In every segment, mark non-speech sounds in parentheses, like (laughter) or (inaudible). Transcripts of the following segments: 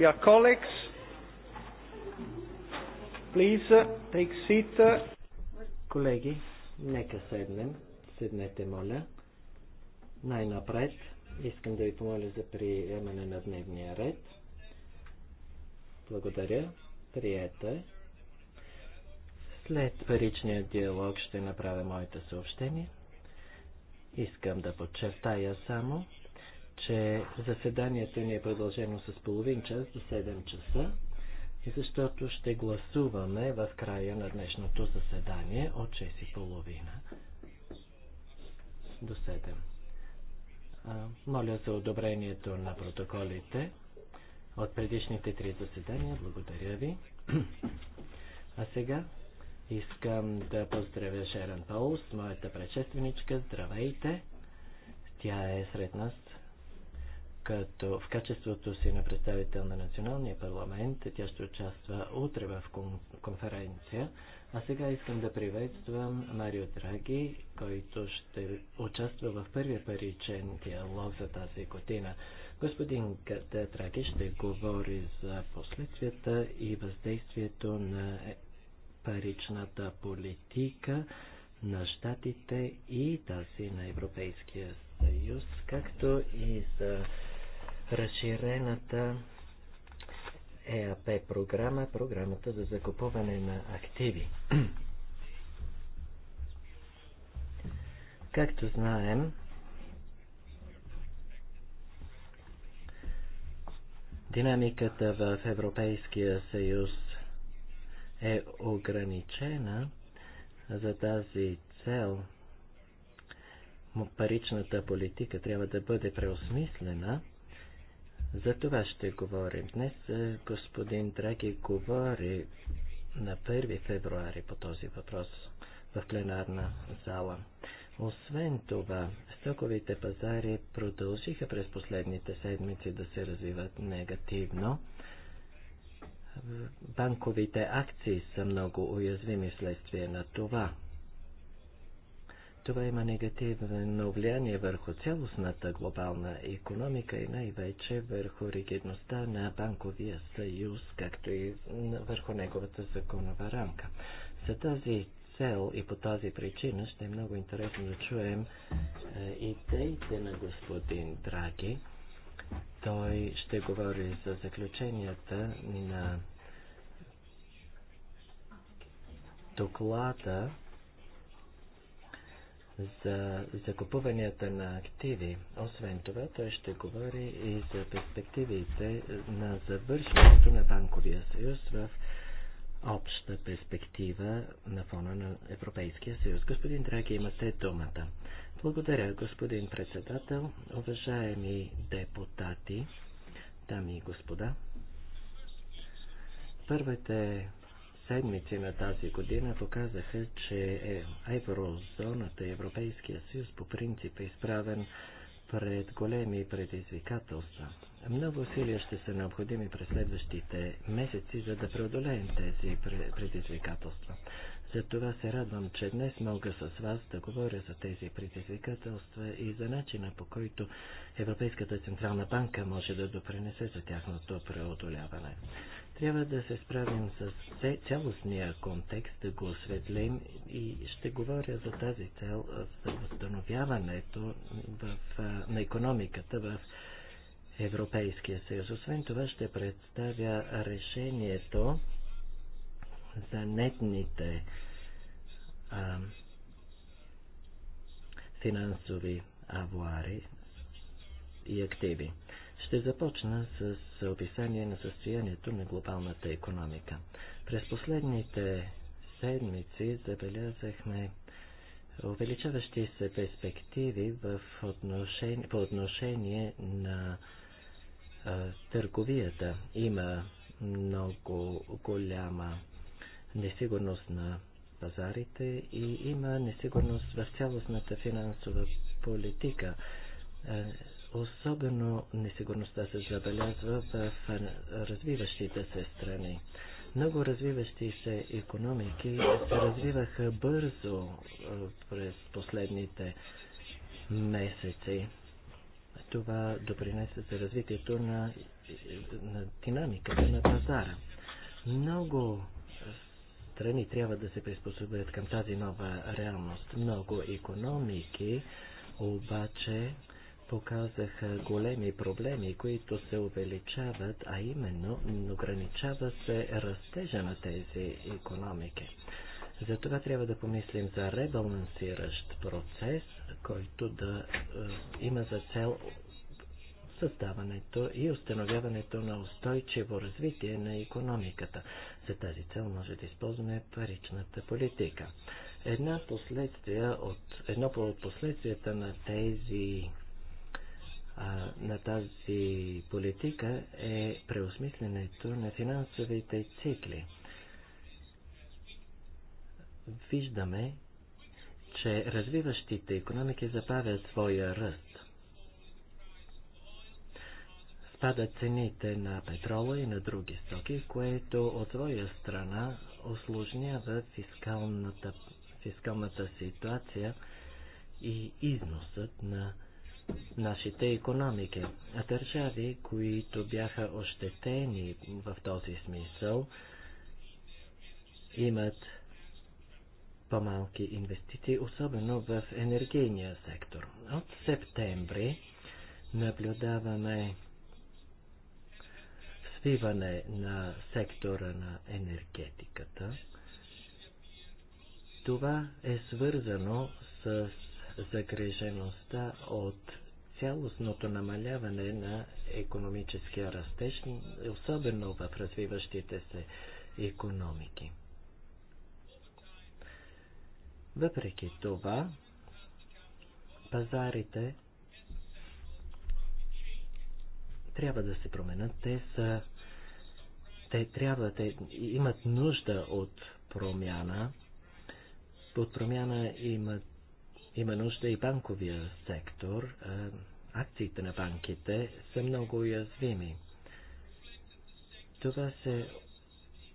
Dear colleagues, please uh, take seat. Колеги, нека седнем. Седнете, моля. Най-напред искам да ви помоля за приемане на дневния ред. Благодаря. Приета е. След паричния диалог ще направя моите съобщения. Искам да подчертая само, че заседанието ни е продължено с половин час до 7 часа и защото ще гласуваме в края на днешното заседание от половина до 7. Моля за одобрението на протоколите от предишните три заседания. Благодаря ви. А сега искам да поздравя Шерон Паулс, моята предшественичка. Здравейте! Тя е сред нас като в качеството си на представител на Националния парламент, тя ще участва утре в конференция. А сега искам да приветствам Марио Драги, който ще участва в първия паричен диалог за тази година. Господин Драги ще говори за последствията и въздействието на паричната политика на щатите и тази на Европейския съюз, както и за разширената ЕАП програма, програмата за закупуване на активи. (clears throat) Както знаем, динамиката в Европейския съюз е ограничена за тази цел. Паричната политика трябва да бъде преосмислена за това ще говорим днес. Е, господин Драги говори на 1 февруари по този въпрос в пленарна зала. Освен това, стоковите пазари продължиха през последните седмици да се развиват негативно. Банковите акции са много уязвими следствие на това. Това има негативно влияние върху цялостната глобална економика и най-вече върху ригидността на банковия съюз, както и върху неговата законова рамка. За тази цел и по тази причина ще е много интересно да чуем е, идеите на господин Драги. Той ще говори за заключенията на доклада за закупуванията на активи. Освен това, той ще говори и за перспективите на завършването на банковия съюз в обща перспектива на фона на Европейския съюз. Господин Драги, имате думата. Благодаря, господин председател, уважаеми депутати, дами и господа. първите седмици на тази година показаха, че е, еврозоната и Европейския съюз по принцип е изправен пред големи предизвикателства. Много усилия ще са необходими през следващите месеци, за да преодолеем тези предизвикателства. Затова се радвам, че днес мога с вас да говоря за тези предизвикателства и за начина по който Европейската Централна банка може да допринесе за тяхното преодоляване. Трябва да се справим с цялостния контекст, да го осветлим и ще говоря за тази цел за възстановяването в, на економиката в Европейския съюз. Освен това ще представя решението за нетните а, финансови авуари и активи. Ще започна с описание на състоянието на глобалната економика. През последните седмици забелязахме увеличаващи се перспективи в отношение, по отношение на а, търговията. Има много голяма несигурност на пазарите и има несигурност в цялостната финансова политика. Е, особено несигурността се забелязва в е, развиващите се страни. Много развиващи се економики се развиваха бързо е, през последните месеци. Това допринесе за развитието на, на динамиката на пазара. Много страни трябва да се приспособят към тази нова реалност. Много економики обаче показаха големи проблеми, които се увеличават, а именно ограничава се растежа на тези економики. Затова трябва да помислим за ребалансиращ процес, който да е, има за цел създаването и установяването на устойчиво развитие на економиката. За тази цел може да използваме паричната политика. Една последствия от, едно от последствията на тези на тази политика е преосмисленето на финансовите цикли. Виждаме, че развиващите економики забавят своя ръст. Падат цените на петрола и на други стоки, което от своя страна осложнява фискалната, фискалната ситуация и износът на нашите економики. А държави, които бяха ощетени в този смисъл, имат по-малки инвестиции, особено в енергийния сектор. От септември наблюдаваме развиване на сектора на енергетиката. Това е свързано с загрежеността от цялостното намаляване на економическия растеж, особено в развиващите се економики. Въпреки това, пазарите трябва да се променят. Те са те трябва, те имат нужда от промяна. От промяна има, има нужда и банковия сектор. Акциите на банките са много уязвими. Това се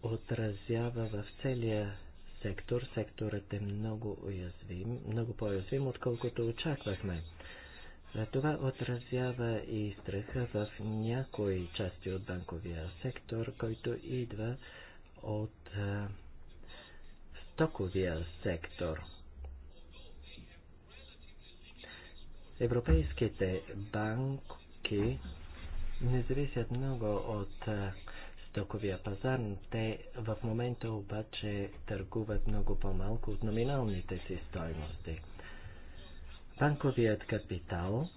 отразява в целия сектор. Секторът е много уязвим, много по-уязвим, отколкото очаквахме. Това отразява и страха в някои части от банковия сектор, който идва от а, стоковия сектор. Европейските банки не зависят много от а, стоковия пазар. Те в момента обаче търгуват много по-малко от номиналните си стоимости. Банковият капитал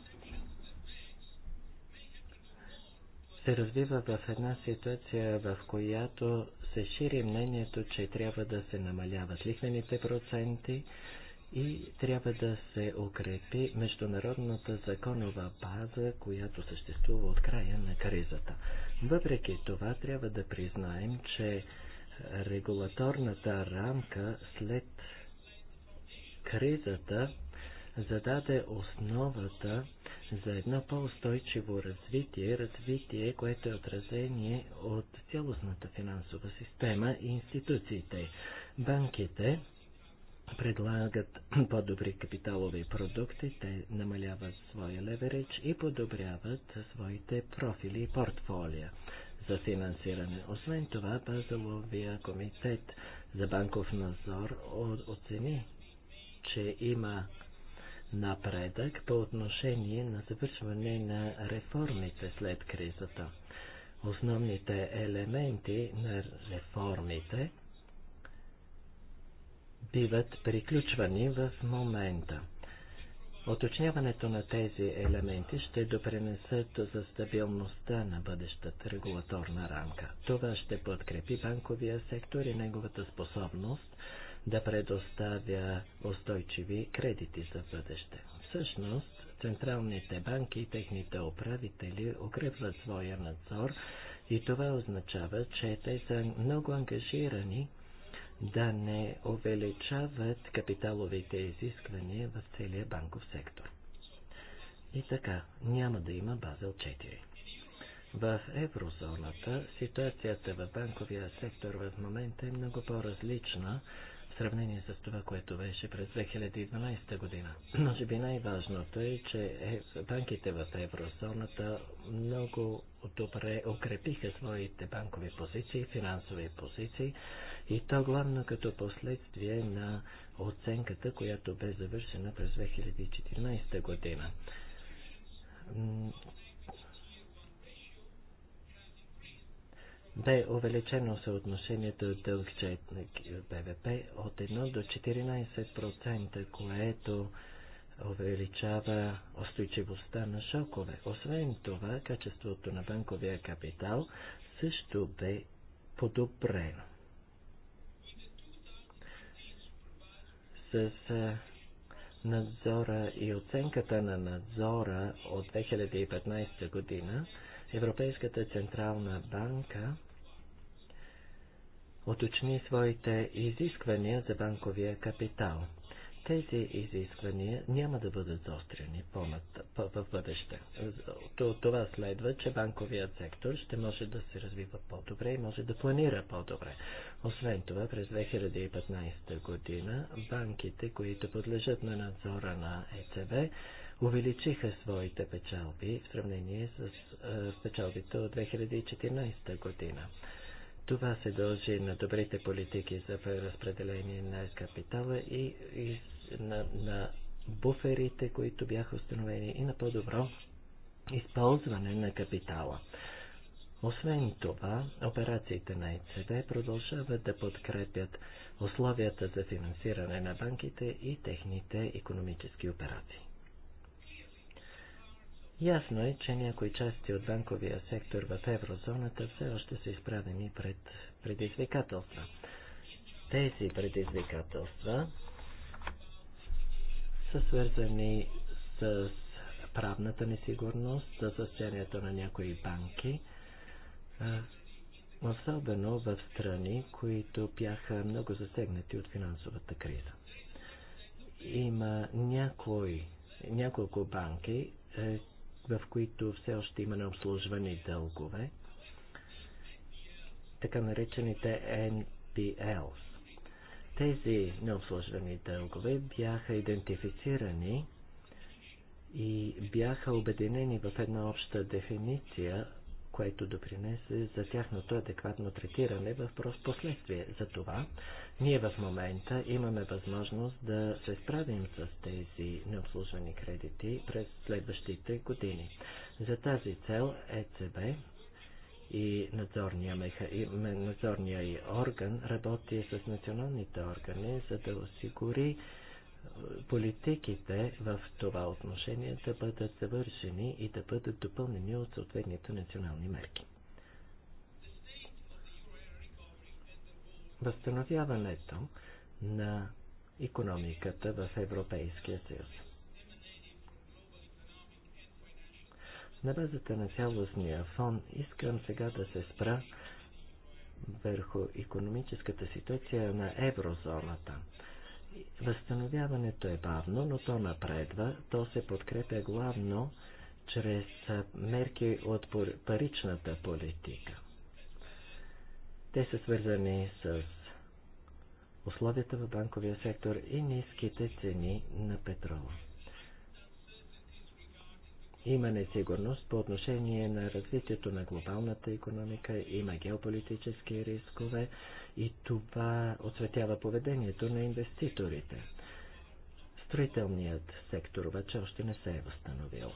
се развива в една ситуация, в която се шири мнението, че трябва да се намаляват лихвените проценти и трябва да се укрепи международната законова база, която съществува от края на кризата. Въпреки това, трябва да признаем, че регулаторната рамка след кризата зададе основата за едно по-устойчиво развитие, развитие, което е отразение от цялостната финансова система и институциите. Банките предлагат (clears throat) по-добри капиталови продукти, те намаляват своя леверидж и подобряват своите профили и портфолия за финансиране. Освен това, Базеловия комитет за банков надзор оцени, че има напредък по отношение на завършване на реформите след кризата. Основните елементи на реформите биват приключвани в момента. Оточняването на тези елементи ще допренесат за стабилността на бъдещата регулаторна рамка. Това ще подкрепи банковия сектор и неговата способност да предоставя устойчиви кредити за бъдеще. Всъщност, централните банки и техните управители укрепват своя надзор и това означава, че те са много ангажирани да не увеличават капиталовите изисквания в целия банков сектор. И така, няма да има Базел 4. В еврозоната ситуацията в банковия сектор в момента е много по-различна сравнение с това, което беше през 2012 година. Може би най-важното е, че е, банките в еврозоната много добре укрепиха своите банкови позиции, финансови позиции и то главно като последствие на оценката, която бе завършена през 2014 година бе увеличено съотношението от дълг БВП от 1 до 14%, което увеличава устойчивостта на шокове. Освен това, качеството на банковия капитал също бе подобрено. С надзора и оценката на надзора от 2015 година Европейската централна банка уточни своите изисквания за банковия капитал. Тези изисквания няма да бъдат заострени в бъдеще. Това следва, че банковият сектор ще може да се развива по-добре и може да планира по-добре. Освен това, през 2015 година банките, които подлежат на надзора на ЕЦБ, увеличиха своите печалби в сравнение с печалбите от 2014 година. Това се дължи на добрите политики за преразпределение на капитала и, и на, на буферите, които бяха установени и на по-добро използване на капитала. Освен това, операциите на ЕЦБ продължават да подкрепят условията за финансиране на банките и техните економически операции. Ясно е, че някои части от банковия сектор в еврозоната все още са изправени пред предизвикателства. Тези предизвикателства са свързани с правната несигурност, с състоянието на някои банки, особено в страни, които бяха много засегнати от финансовата криза. Има някои, няколко банки, е, в които все още има необслужвани дългове, така наречените NPLs. Тези необслужвани дългове бяха идентифицирани и бяха обединени в една обща дефиниция което допринесе за тяхното адекватно третиране в последствие. Затова ние в момента имаме възможност да се справим с тези необслужвани кредити през следващите години. За тази цел ЕЦБ и надзорния, меха... и надзорния и орган работи с националните органи, за да осигури политиките в това отношение да бъдат завършени и да бъдат допълнени от съответните национални мерки. Възстановяването на економиката в Европейския съюз. На базата на цялостния фон искам сега да се спра върху економическата ситуация на еврозоната. Възстановяването е бавно, но то напредва. То се подкрепя главно чрез мерки от паричната политика. Те са свързани с условията в банковия сектор и ниските цени на петрола. Има несигурност по отношение на развитието на глобалната економика, има геополитически рискове и това осветява поведението на инвеститорите. Строителният сектор обаче още не се е възстановил.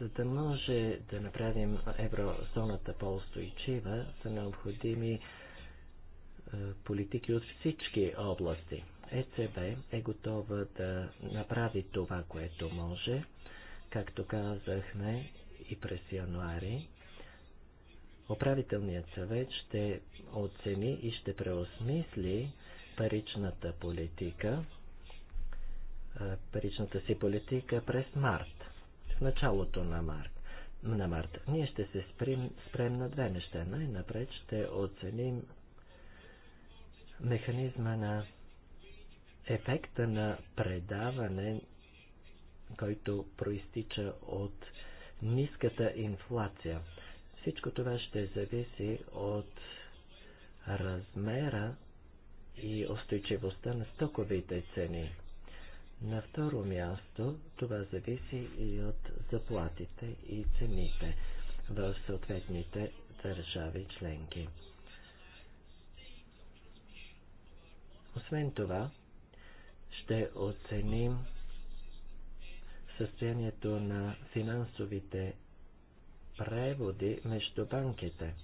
За да може да направим еврозоната по-устойчива, са необходими е, политики от всички области. ЕЦБ е готова да направи това, което може Както казахме и през януари, управителният съвет ще оцени и ще преосмисли паричната политика, паричната си политика през март, в началото на март. На март. Ние ще се спрем, спрем на две неща. Най-напред ще оценим механизма на ефекта на предаване който проистича от ниската инфлация. Всичко това ще зависи от размера и устойчивостта на стоковите цени. На второ място това зависи и от заплатите и цените в съответните държави членки. Освен това, ще оценим състоянието на финансовите преводи между банките.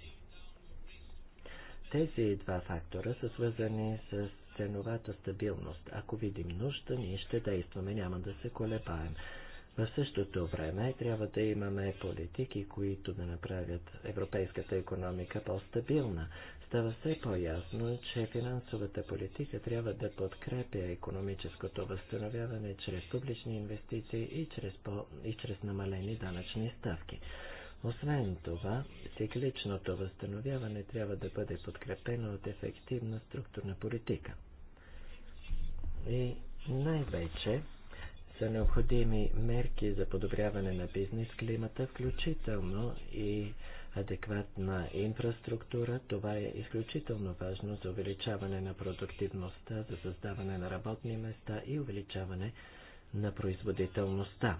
Тези два фактора са свързани с ценовата стабилност. Ако видим нужда, ние ще действаме, няма да се колебаем. В същото време трябва да имаме политики, които да направят европейската економика по-стабилна става все по-ясно, че финансовата политика трябва да подкрепя економическото възстановяване чрез публични инвестиции и чрез, по, и чрез намалени данъчни ставки. Освен това, цикличното възстановяване трябва да бъде подкрепено от ефективна структурна политика. И най-вече са необходими мерки за подобряване на бизнес климата, включително и адекватна инфраструктура. Това е изключително важно за увеличаване на продуктивността, за създаване на работни места и увеличаване на производителността.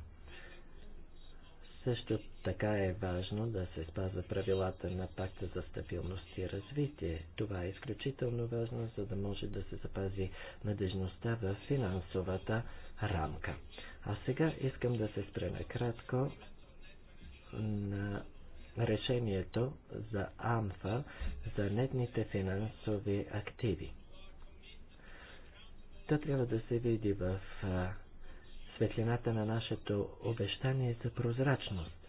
Също така е важно да се спазва правилата на пакта за стабилност и развитие. Това е изключително важно, за да може да се запази надежността в финансовата рамка. А сега искам да се спре накратко на решението за АМФА за нетните финансови активи. Та трябва да се види в светлината на нашето обещание за прозрачност.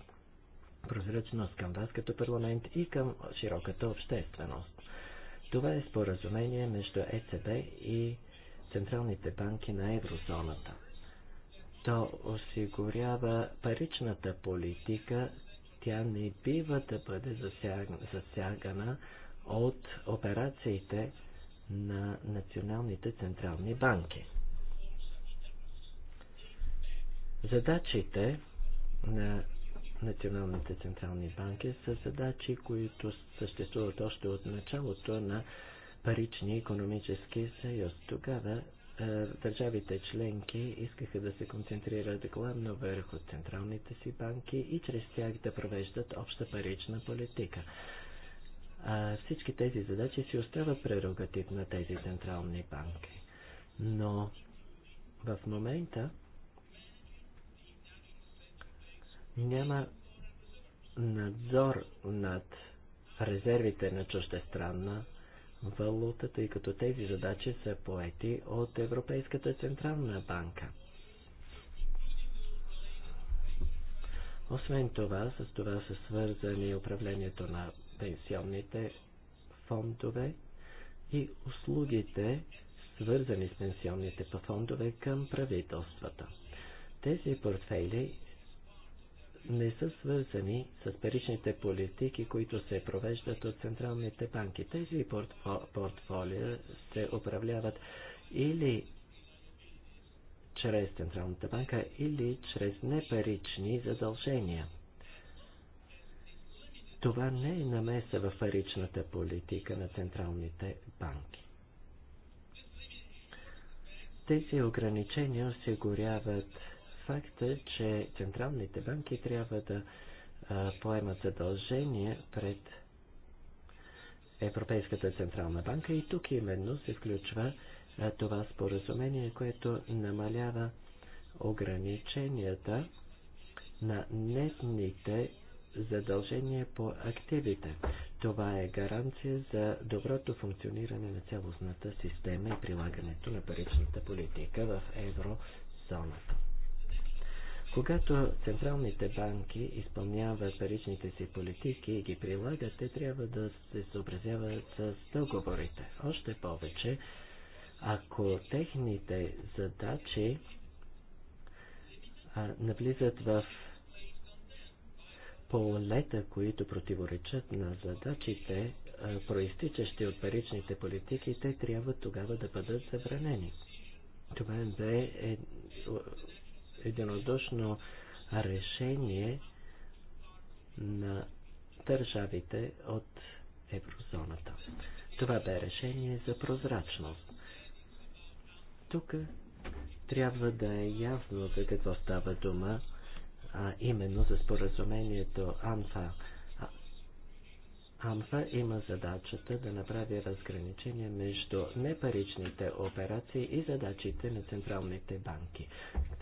Прозрачност към вас като парламент и към широката общественост. Това е споразумение между ЕЦБ и централните банки на еврозоната. То осигурява паричната политика тя не бива да бъде засягана от операциите на националните централни банки. Задачите на националните централни банки са задачи, които съществуват още от началото на паричния економически съюз. Тогава е, държавите членки искаха да се концентрират главно върху централните си банки и чрез тях да провеждат обща парична политика. А всички тези задачи си остават прерогатив на тези централни банки. Но в момента няма надзор над резервите на чуждестранна валута, тъй като тези задачи са поети от Европейската Централна банка. Освен това, с това са свързани управлението на пенсионните фондове и услугите, свързани с пенсионните фондове към правителствата. Тези портфейли не са свързани с паричните политики, които се провеждат от централните банки. Тези портфо портфолио се управляват или чрез Централната банка или чрез непарични задължения. Това не е намеса в паричната политика на централните банки. Тези ограничения осигуряват Факт е, че централните банки трябва да а, поемат задължение пред Европейската централна банка и тук именно се включва а, това споразумение, което намалява ограниченията на нетните задължения по активите. Това е гаранция за доброто функциониране на цялостната система и прилагането на паричната политика в еврозоната. Когато централните банки изпълняват паричните си политики и ги прилагат, те трябва да се съобразяват с договорите. Още повече, ако техните задачи а, навлизат в полета, които противоречат на задачите, а, проистичащи от паричните политики, те трябва тогава да бъдат забранени. Това е единодушно решение на държавите от еврозоната. Това бе решение за прозрачност. Тук трябва да е ясно за какво става дума, а именно за споразумението АНФА. АМФА има задачата да направи разграничение между непаричните операции и задачите на централните банки.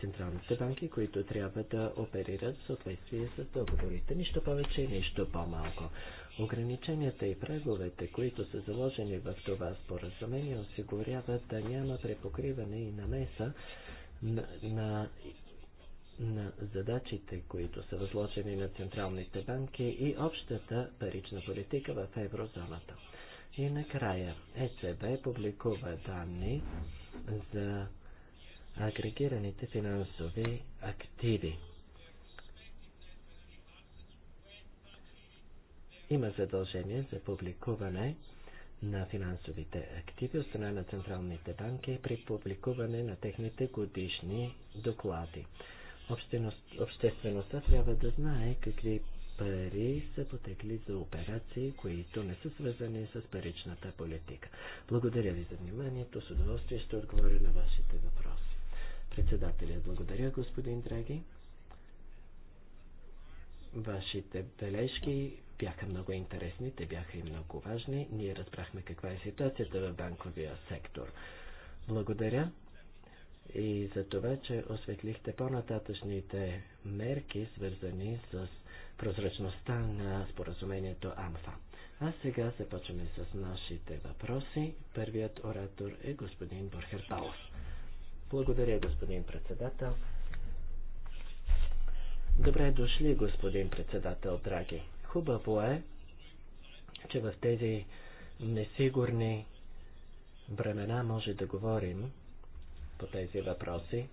Централните банки, които трябва да оперират в съответствие с договорите. Нищо повече и нищо по-малко. Ограниченията и преговете, които са заложени в това споразумение, осигуряват да няма препокриване и намеса на, на на задачите, които са възложени на централните банки и общата парична политика в еврозоната. И накрая ЕЦБ публикува данни за агрегираните финансови активи. Има задължение за публикуване на финансовите активи от страна на централните банки при публикуване на техните годишни доклади обществеността трябва да знае какви пари са потекли за операции, които не са свързани с паричната политика. Благодаря ви за вниманието. С удоволствие ще отговоря на вашите въпроси. Председателят, благодаря, господин Драги. Вашите бележки бяха много интересни, те бяха и много важни. Ние разбрахме каква е ситуацията в банковия сектор. Благодаря и за това, че осветлихте по-нататъчните мерки, свързани с прозрачността на споразумението АМФА. А сега започваме с нашите въпроси. Първият оратор е господин Борхер Паус. Благодаря, господин председател. Добре дошли, господин председател, драги. Хубаво е, че в тези несигурни времена може да говорим по тези въпроси,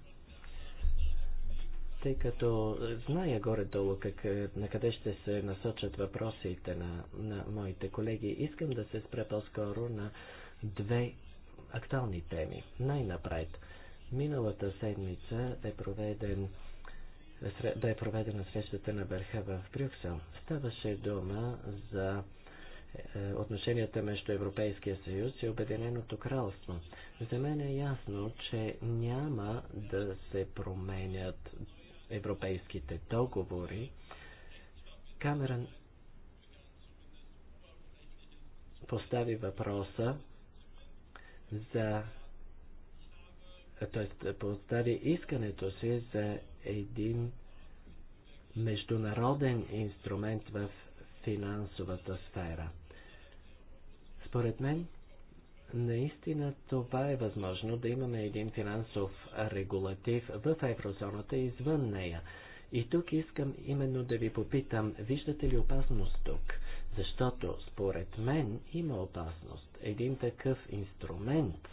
тъй като зная горе-долу как, на къде ще се насочат въпросите на, на моите колеги, искам да се спре по-скоро на две актуални теми. Най-напред, миналата седмица е проведен да е проведена срещата на върха в Брюксел. Ставаше дума за е, отношенията между Европейския съюз и Обединеното кралство. За мен е ясно, че няма да се променят европейските договори. Камеран постави въпроса за т.е. постави искането си за един международен инструмент в финансовата сфера – според мен, наистина това е възможно да имаме един финансов регулатив в еврозоната и извън нея. И тук искам именно да ви попитам, виждате ли опасност тук? Защото според мен има опасност. Един такъв инструмент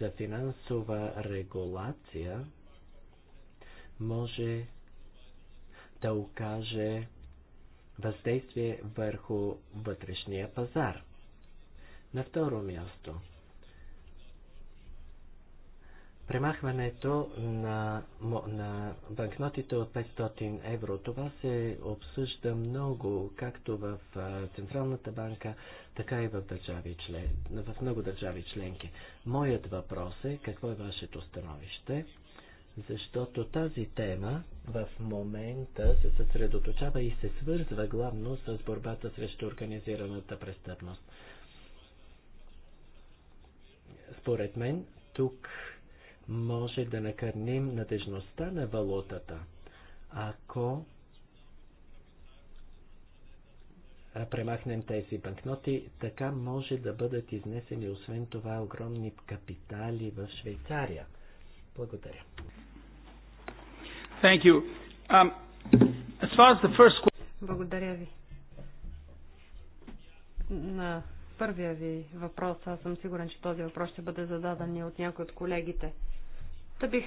за финансова регулация може да окаже въздействие върху вътрешния пазар. На второ място, премахването на, на банкнотите от 500 евро. Това се обсъжда много, както в Централната банка, така и в, държави член, в много държави членки. Моят въпрос е какво е вашето становище, защото тази тема в момента се съсредоточава и се свързва главно с борбата срещу организираната престъпност. Според мен, тук може да накърним надежността на валутата, ако премахнем тези банкноти, така може да бъдат изнесени освен това огромни капитали в Швейцария. Благодаря. Thank you. Um, as far as the first... Благодаря ви. На първия ви въпрос, аз съм сигурен, че този въпрос ще бъде зададен и от някой от колегите. Та бих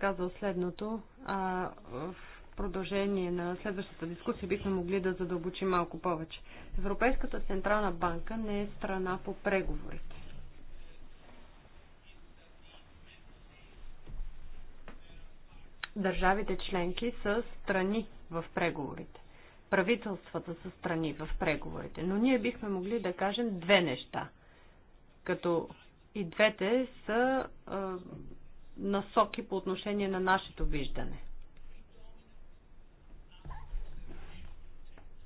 казал следното. А, в продължение на следващата дискусия бихме могли да задълбочим малко повече. Европейската централна банка не е страна по преговорите. Държавите членки са страни в преговорите. Правителствата са страни в преговорите. Но ние бихме могли да кажем две неща. Като и двете са а, насоки по отношение на нашето виждане.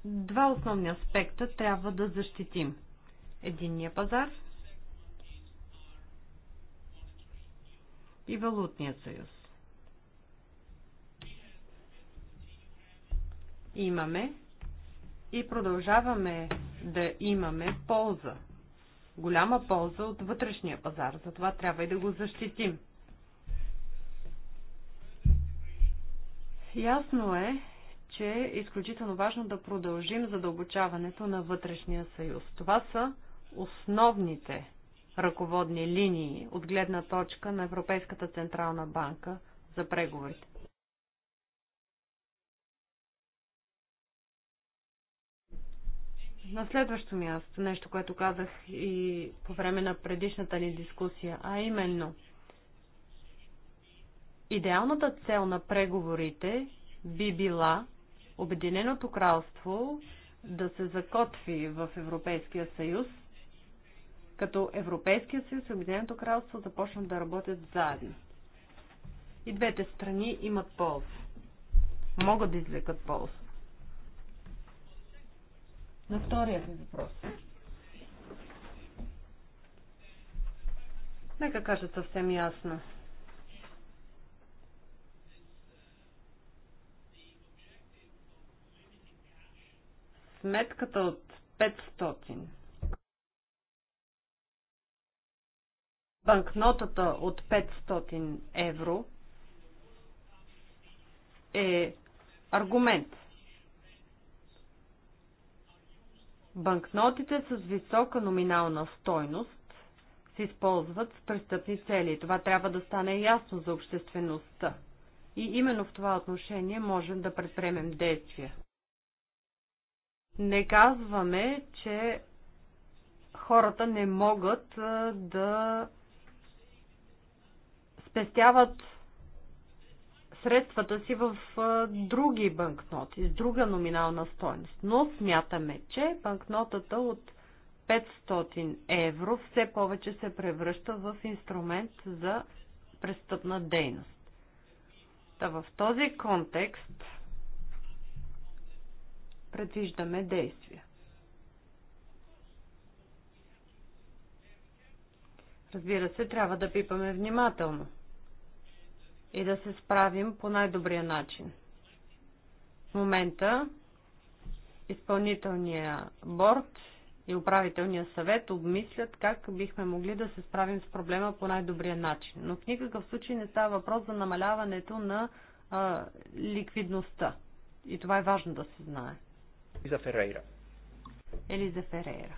Два основни аспекта трябва да защитим. Единния пазар и валутния съюз. имаме и продължаваме да имаме полза, голяма полза от вътрешния пазар. Затова трябва и да го защитим. Ясно е, че е изключително важно да продължим задълбочаването на вътрешния съюз. Това са основните ръководни линии от гледна точка на Европейската централна банка за преговорите. На следващо място, нещо, което казах и по време на предишната ни дискусия, а именно идеалната цел на преговорите би била Обединеното кралство да се закотви в Европейския съюз, като Европейския съюз и Обединеното кралство започнат да работят заедно. И двете страни имат полза. Могат да извлекат полза на втория ви въпрос. Нека кажа съвсем ясно. Сметката от 500 банкнотата от 500 евро е аргумент Банкнотите с висока номинална стойност се използват с престъпни цели. Това трябва да стане ясно за обществеността. И именно в това отношение можем да предприемем действия. Не казваме, че хората не могат да спестяват средствата си в други банкноти, с друга номинална стоеност, Но смятаме, че банкнотата от 500 евро все повече се превръща в инструмент за престъпна дейност. Та в този контекст предвиждаме действия. Разбира се, трябва да пипаме внимателно – и да се справим по най-добрия начин. В момента изпълнителния борт и управителния съвет обмислят как бихме могли да се справим с проблема по най-добрия начин. Но в никакъв случай не става въпрос за намаляването на а, ликвидността. И това е важно да се знае. Елиза Ферейра. Елиза Ферейра.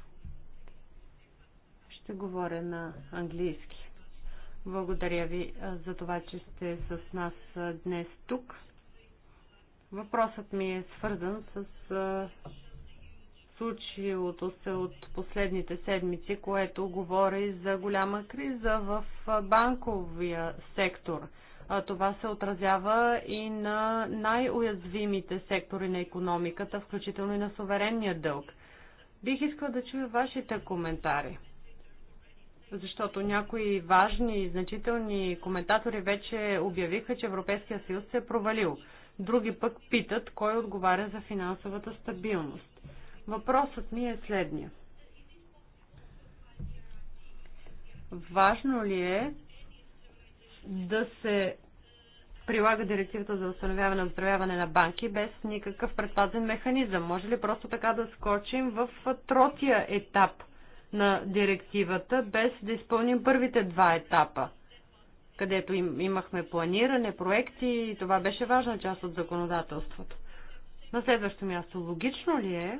Ще говоря на английски. Благодаря ви за това, че сте с нас днес тук. Въпросът ми е свързан с случилото се от последните седмици, което говори за голяма криза в банковия сектор. Това се отразява и на най-уязвимите сектори на економиката, включително и на суверенния дълг. Бих искал да чуя вашите коментари защото някои важни и значителни коментатори вече обявиха, че Европейския съюз се е провалил. Други пък питат кой отговаря за финансовата стабилност. Въпросът ми е следния. Важно ли е да се прилага директивата за установяване и оздравяване на банки без никакъв предпазен механизъм? Може ли просто така да скочим в тротия етап – на директивата, без да изпълним първите два етапа, където им, имахме планиране, проекти и това беше важна част от законодателството. На следващо място, логично ли е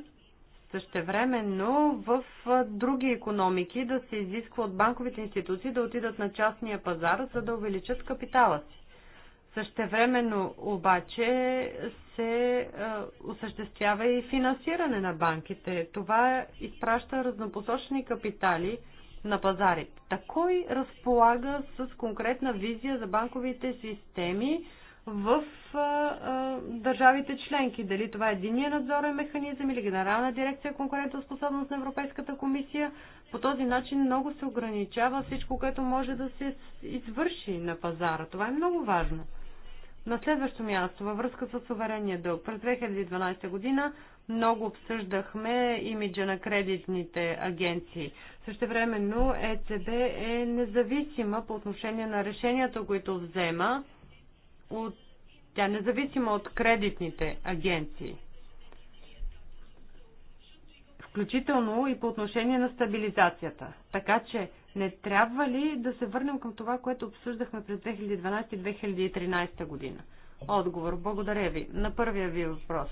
същевременно в други економики да се изисква от банковите институции да отидат на частния пазар, за да увеличат капитала си? Същевременно обаче се осъществява и финансиране на банките. Това изпраща разнопосочни капитали на пазарите. Такой разполага с конкретна визия за банковите системи в а, а, държавите членки. Дали това е единия надзорен механизъм или Генерална дирекция конкурентоспособност на Европейската комисия. По този начин много се ограничава всичко, което може да се извърши на пазара. Това е много важно. На следващо място, във връзка с суверения дълг, през 2012 година много обсъждахме имиджа на кредитните агенции. Същевременно ЕЦБ е независима по отношение на решенията, които взема от тя е независима от кредитните агенции. Включително и по отношение на стабилизацията. Така че не трябва ли да се върнем към това, което обсъждахме през 2012 и 2013 година? Отговор. Благодаря ви. На първия ви въпрос.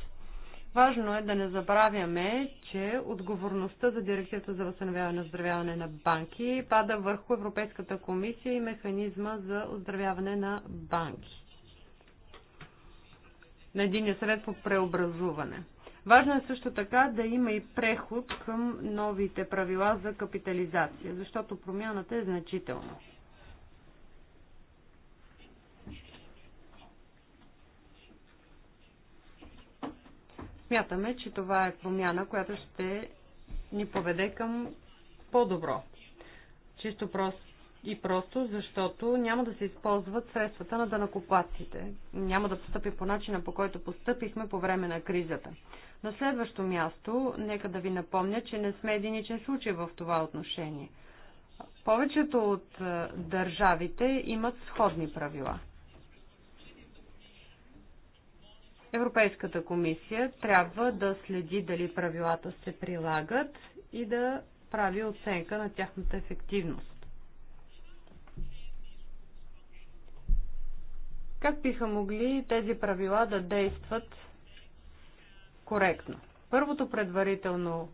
Важно е да не забравяме, че отговорността за директивата за възстановяване и оздравяване на банки пада върху Европейската комисия и механизма за оздравяване на банки. На единия съвет по преобразуване. Важно е също така да има и преход към новите правила за капитализация, защото промяната е значителна. Смятаме, че това е промяна, която ще ни поведе към по-добро. Чисто просто и просто защото няма да се използват средствата на дънакоплатците. Няма да постъпи по начина, по който постъпихме по време на кризата. На следващо място, нека да ви напомня, че не сме единичен случай в това отношение. Повечето от е, държавите имат сходни правила. Европейската комисия трябва да следи дали правилата се прилагат и да прави оценка на тяхната ефективност. Как биха могли тези правила да действат коректно? Първото предварително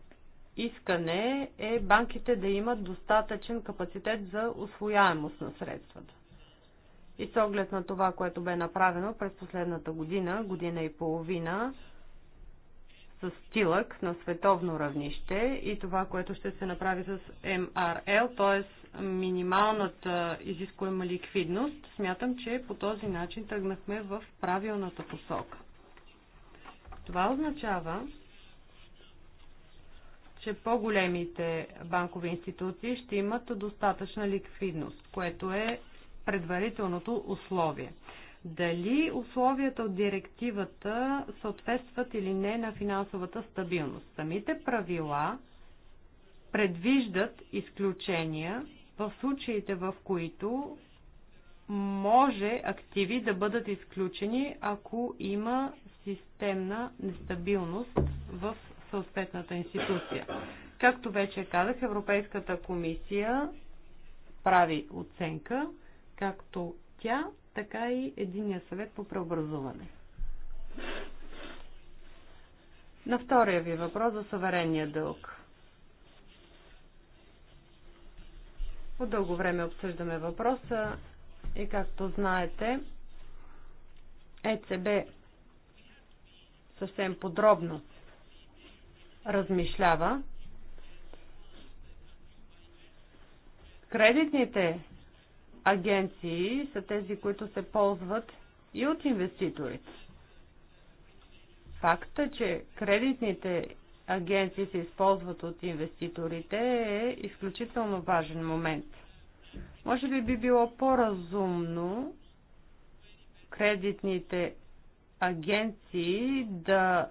искане е банките да имат достатъчен капацитет за освояемост на средствата. И с оглед на това, което бе направено през последната година, година и половина, с тилък на световно равнище и това, което ще се направи с МРЛ, т.е минималната изискуема ликвидност, смятам, че по този начин тръгнахме в правилната посока. Това означава, че по-големите банкови институции ще имат достатъчна ликвидност, което е предварителното условие. Дали условията от директивата съответстват или не на финансовата стабилност? Самите правила предвиждат изключения в случаите, в които може активи да бъдат изключени, ако има системна нестабилност в съответната институция. Както вече казах, Европейската комисия прави оценка, както тя, така и Единия съвет по преобразуване. На втория ви въпрос за съверения дълг. От дълго време обсъждаме въпроса и както знаете, ЕЦБ съвсем подробно размишлява. Кредитните агенции са тези, които се ползват и от инвеститорите. Факта, че кредитните агенции се използват от инвеститорите е изключително важен момент. Може би би било по-разумно кредитните агенции да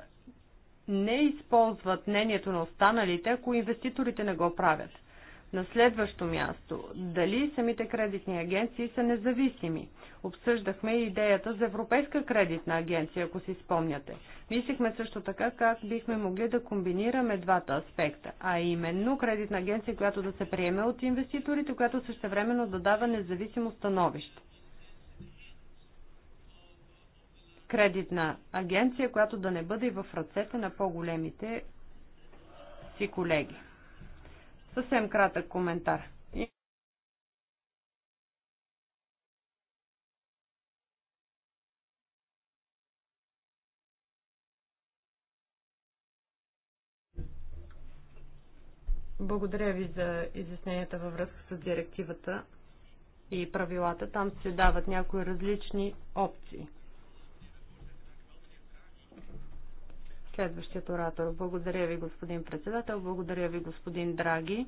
не използват мнението на останалите, ако инвеститорите не го правят. На следващо място, дали самите кредитни агенции са независими? Обсъждахме идеята за Европейска кредитна агенция, ако си спомняте. Мислихме също така как бихме могли да комбинираме двата аспекта, а именно кредитна агенция, която да се приеме от инвеститорите, която същевременно да дава независимо становище. Кредитна агенция, която да не бъде в ръцете на по-големите си колеги. Съвсем кратък коментар. Благодаря ви за изясненията във връзка с директивата и правилата. Там се дават някои различни опции. Следващият оратор. Благодаря ви, господин председател. Благодаря ви, господин Драги.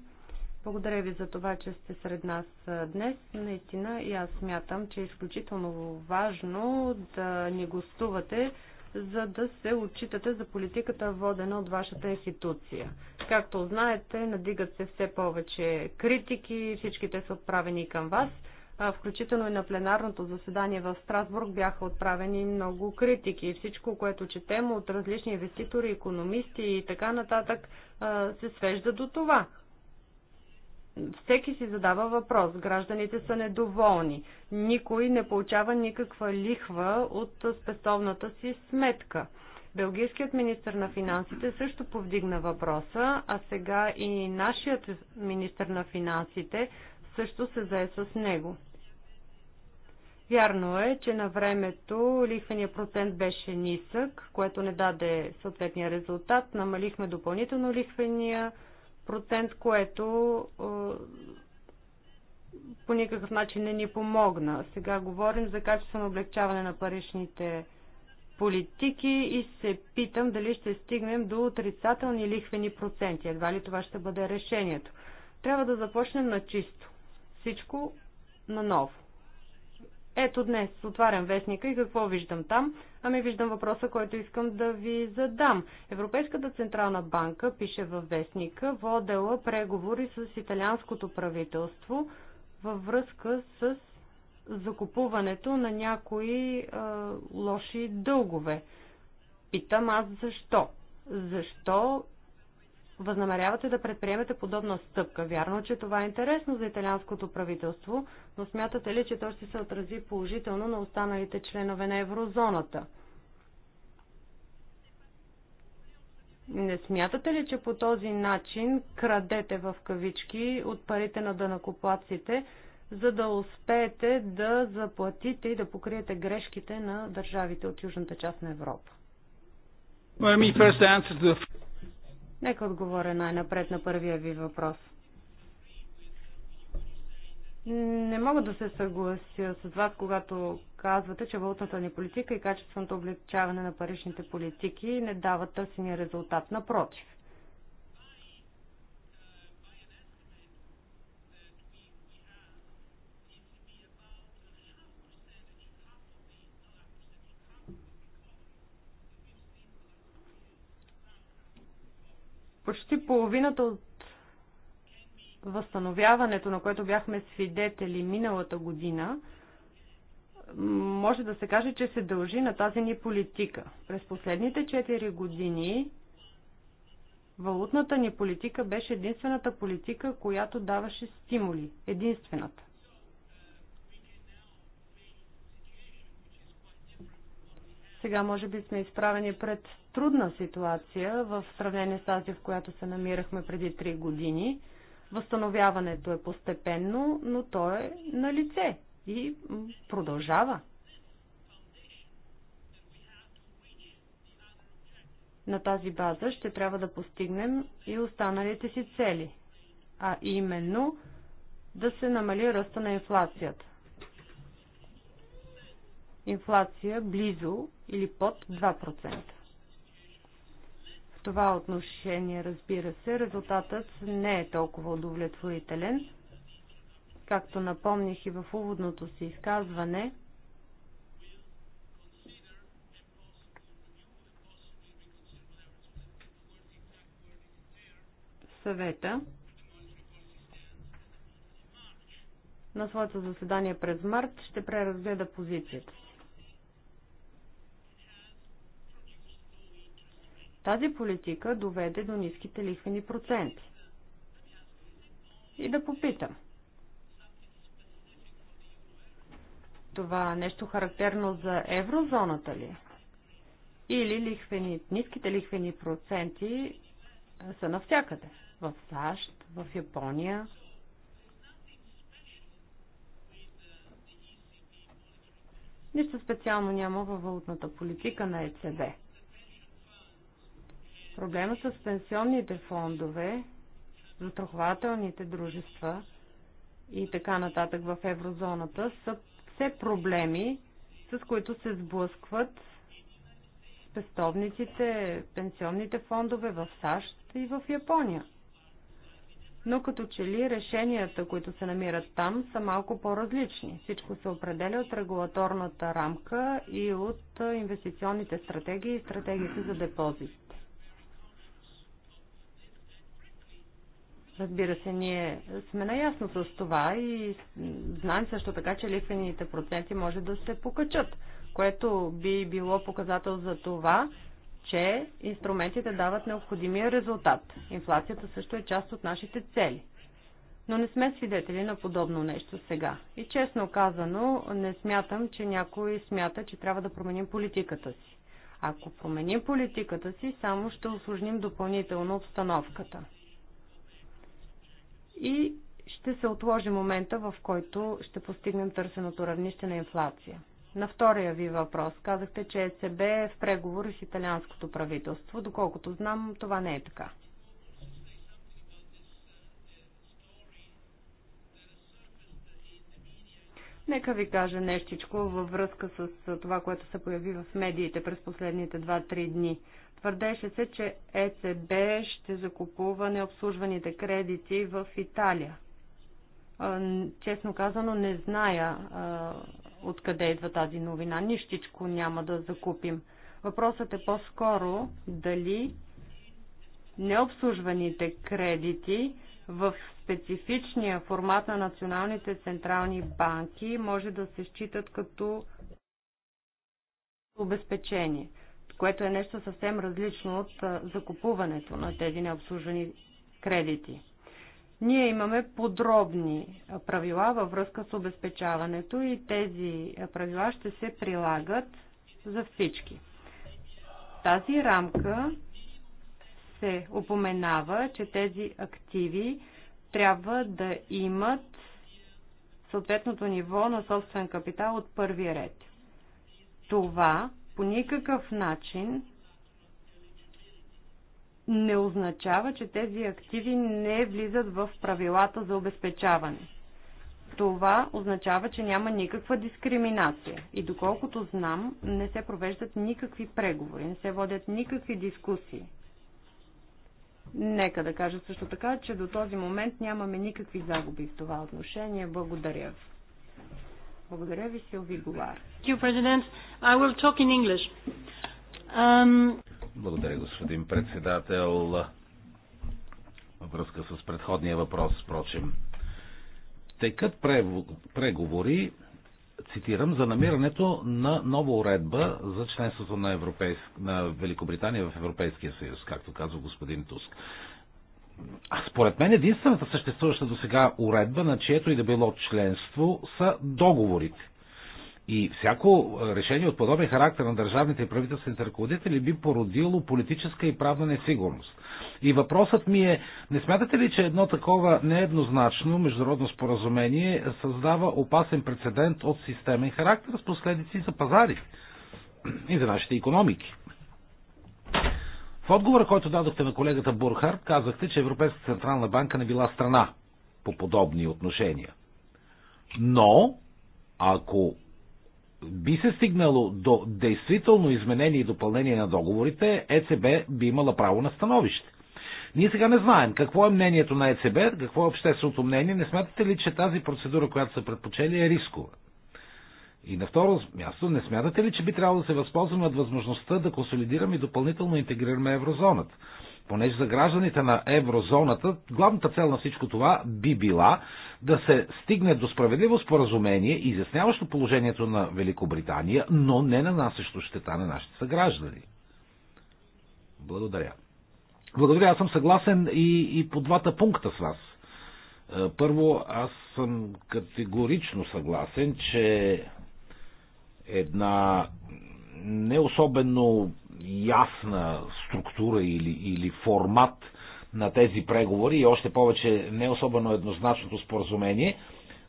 Благодаря ви за това, че сте сред нас днес. Наистина и аз смятам, че е изключително важно да ни гостувате, за да се отчитате за политиката водена от вашата институция. Както знаете, надигат се все повече критики, всичките са отправени към вас – включително и на пленарното заседание в Страсбург, бяха отправени много критики. Всичко, което четем от различни инвеститори, економисти и така нататък, се свежда до това. Всеки си задава въпрос. Гражданите са недоволни. Никой не получава никаква лихва от спестовната си сметка. Белгийският министр на финансите също повдигна въпроса, а сега и нашият министр на финансите също се зае с него. Вярно е, че на времето лихвения процент беше нисък, което не даде съответния резултат. Намалихме допълнително лихвения процент, което е, по никакъв начин не ни помогна. Сега говорим за качествено облегчаване на паричните политики и се питам дали ще стигнем до отрицателни лихвени проценти. Едва ли това ще бъде решението. Трябва да започнем на чисто. Всичко наново. Ето днес отварям вестника и какво виждам там? Ами виждам въпроса, който искам да ви задам. Европейската централна банка, пише във вестника, водела преговори с италианското правителство във връзка с закупуването на някои а, лоши дългове. Питам аз защо. Защо възнамерявате да предприемете подобна стъпка? Вярно, че това е интересно за италианското правителство, но смятате ли, че то ще се отрази положително на останалите членове на еврозоната? Не смятате ли, че по този начин крадете в кавички от парите на дънакоплаците, за да успеете да заплатите и да покриете грешките на държавите от южната част на Европа? Нека отговоря най-напред на първия ви въпрос. Не мога да се съглася с вас, когато казвате, че валутната ни политика и качественото облегчаване на паричните политики не дават търсения резултат. Напротив. Почти половината от възстановяването, на което бяхме свидетели миналата година, може да се каже, че се дължи на тази ни политика. През последните 4 години валутната ни политика беше единствената политика, която даваше стимули. Единствената. Сега може би сме изправени пред трудна ситуация в сравнение с тази, в която се намирахме преди 3 години. Възстановяването е постепенно, но то е на лице и продължава. На тази база ще трябва да постигнем и останалите си цели, а именно да се намали ръста на инфлацията. Инфлация близо или под 2%. В това отношение, разбира се, резултатът не е толкова удовлетворителен. Както напомних и в уводното си изказване, съвета на своето заседание през март ще преразгледа позицията си. Тази политика доведе до ниските лихвени проценти. И да попитам. Това нещо характерно за еврозоната ли? Е? Или лихвени, ниските лихвени проценти са навсякъде? В САЩ, в Япония, Нищо специално няма във валутната политика на ЕЦБ. Проблема с пенсионните фондове, затрахователните дружества и така нататък в еврозоната са все проблеми, с които се сблъскват спестовниците, пенсионните фондове в САЩ и в Япония. Но като че ли решенията, които се намират там, са малко по-различни. Всичко се определя от регулаторната рамка и от инвестиционните стратегии и стратегиите за депозит. Разбира се, ние сме наясно с това и знаем също така, че лихвените проценти може да се покачат, което би било показател за това, че инструментите дават необходимия резултат. Инфлацията също е част от нашите цели. Но не сме свидетели на подобно нещо сега. И честно казано, не смятам, че някой смята, че трябва да променим политиката си. Ако променим политиката си, само ще осложним допълнително обстановката и ще се отложи момента, в който ще постигнем търсеното равнище на инфлация. На втория ви въпрос казахте, че ЕЦБ е в преговори с италианското правителство. Доколкото знам, това не е така. Нека ви кажа нещичко във връзка с това, което се появи в медиите през последните 2-3 дни. Твърдеше се, че ЕЦБ ще закупува необслужваните кредити в Италия. Честно казано, не зная откъде идва тази новина. Нищичко няма да закупим. Въпросът е по-скоро дали необслужваните кредити в специфичния формат на националните централни банки може да се считат като обезпечение, което е нещо съвсем различно от закупуването на тези необслужени кредити. Ние имаме подробни правила във връзка с обезпечаването и тези правила ще се прилагат за всички. Тази рамка се упоменава, че тези активи трябва да имат съответното ниво на собствен капитал от първи ред. Това по никакъв начин не означава, че тези активи не влизат в правилата за обезпечаване. Това означава, че няма никаква дискриминация. И доколкото знам, не се провеждат никакви преговори, не се водят никакви дискусии. Нека да кажа също така, че до този момент нямаме никакви загуби в това отношение. Благодаря ви. Благодаря ви, Силви Говар. Um, Благодаря, господин председател. Във връзка с предходния въпрос, впрочем. Текат преговори цитирам, за намирането на нова уредба за членството на, Европейс... на Великобритания в Европейския съюз, както казва господин Туск. А според мен единствената съществуваща до сега уредба, на чието и да било членство, са договорите. И всяко решение от подобен характер на държавните и правителствените ръководители би породило политическа и правна несигурност. И въпросът ми е, не смятате ли, че едно такова нееднозначно международно споразумение създава опасен прецедент от системен характер с последици за пазари и за нашите економики? В отговора, който дадохте на колегата Бурхард, казахте, че Европейската централна банка не била страна по подобни отношения. Но, ако би се стигнало до действително изменение и допълнение на договорите, ЕЦБ би имала право на становище. Ние сега не знаем какво е мнението на ЕЦБ, какво е общественото мнение. Не смятате ли, че тази процедура, която са предпочели, е рискова? И на второ място, не смятате ли, че би трябвало да се възползваме от възможността да консолидираме и допълнително интегрираме еврозоната? Понеже за гражданите на еврозоната, главната цел на всичко това би била да се стигне до справедливо споразумение, изясняващо положението на Великобритания, но не нанасящо щета на нашите съграждани. Благодаря. Благодаря, аз съм съгласен и, и по двата пункта с вас. Е, първо, аз съм категорично съгласен, че една не особено ясна структура или, или формат – на тези преговори и още повече не особено еднозначното споразумение,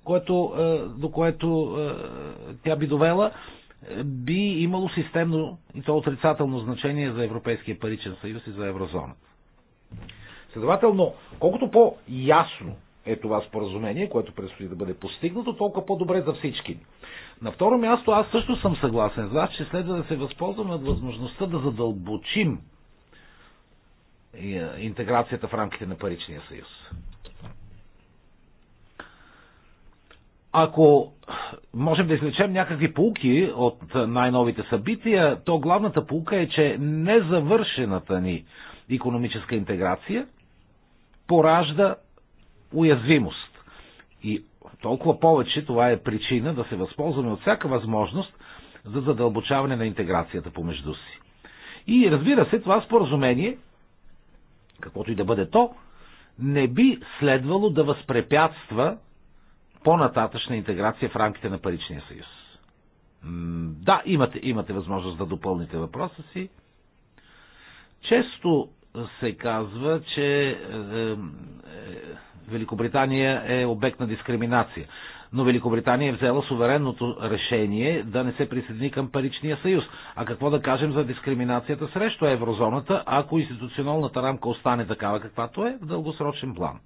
което, е, до което е, тя би довела, би имало системно и то отрицателно значение за Европейския паричен съюз и за еврозоната. Следователно, колкото по-ясно е това споразумение, което предстои да бъде постигнато, толкова по-добре за всички. На второ място, аз също съм съгласен с вас, че следва да се възползваме от възможността да задълбочим интеграцията в рамките на паричния съюз. Ако можем да извлечем някакви полуки от най-новите събития, то главната полука е, че незавършената ни економическа интеграция поражда уязвимост. И толкова повече това е причина да се възползваме от всяка възможност за задълбочаване на интеграцията помежду си. И разбира се, това споразумение каквото и да бъде то, не би следвало да възпрепятства по-нататъчна интеграция в рамките на паричния съюз. Да, имате, имате възможност да допълните въпроса си. Често се казва, че е, е, Великобритания е обект на дискриминация но Великобритания е взела суверенното решение да не се присъедини към паричния съюз. А какво да кажем за дискриминацията срещу еврозоната, ако институционалната рамка остане такава каквато е в дългосрочен план?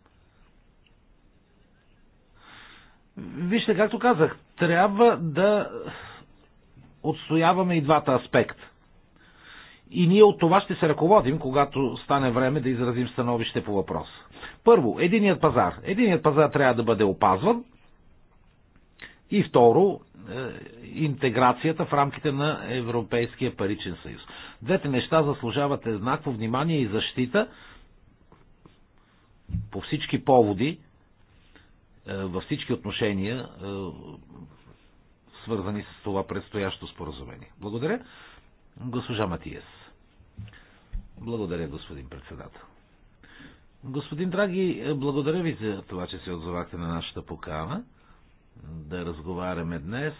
Вижте, както казах, трябва да отстояваме и двата аспекта. И ние от това ще се ръководим, когато стане време да изразим становище по въпрос. Първо, единият пазар. Единият пазар трябва да бъде опазван, и второ, е, интеграцията в рамките на Европейския паричен съюз. Двете неща заслужават еднакво внимание и защита по всички поводи, е, във всички отношения, е, свързани с това предстоящо споразумение. Благодаря. Госпожа Матиес. Благодаря, господин председател. Господин Драги, благодаря ви за това, че се отзовахте на нашата покана да разговаряме днес.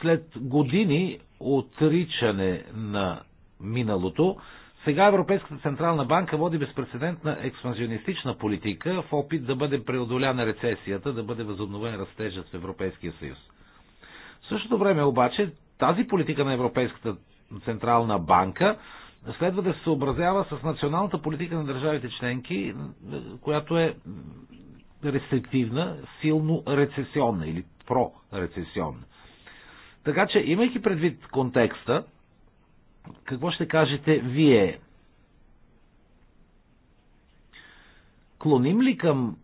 След години отричане на миналото, сега Европейската Централна банка води безпредседентна експанзионистична политика в опит да бъде преодоляна рецесията, да бъде възобновен растежът в Европейския съюз. В същото време обаче тази политика на Европейската Централна банка следва да се съобразява с националната политика на държавите членки, която е рестриктивна, силно рецесионна или прорецесионна. Така че, имайки предвид контекста, какво ще кажете вие? Клоним ли към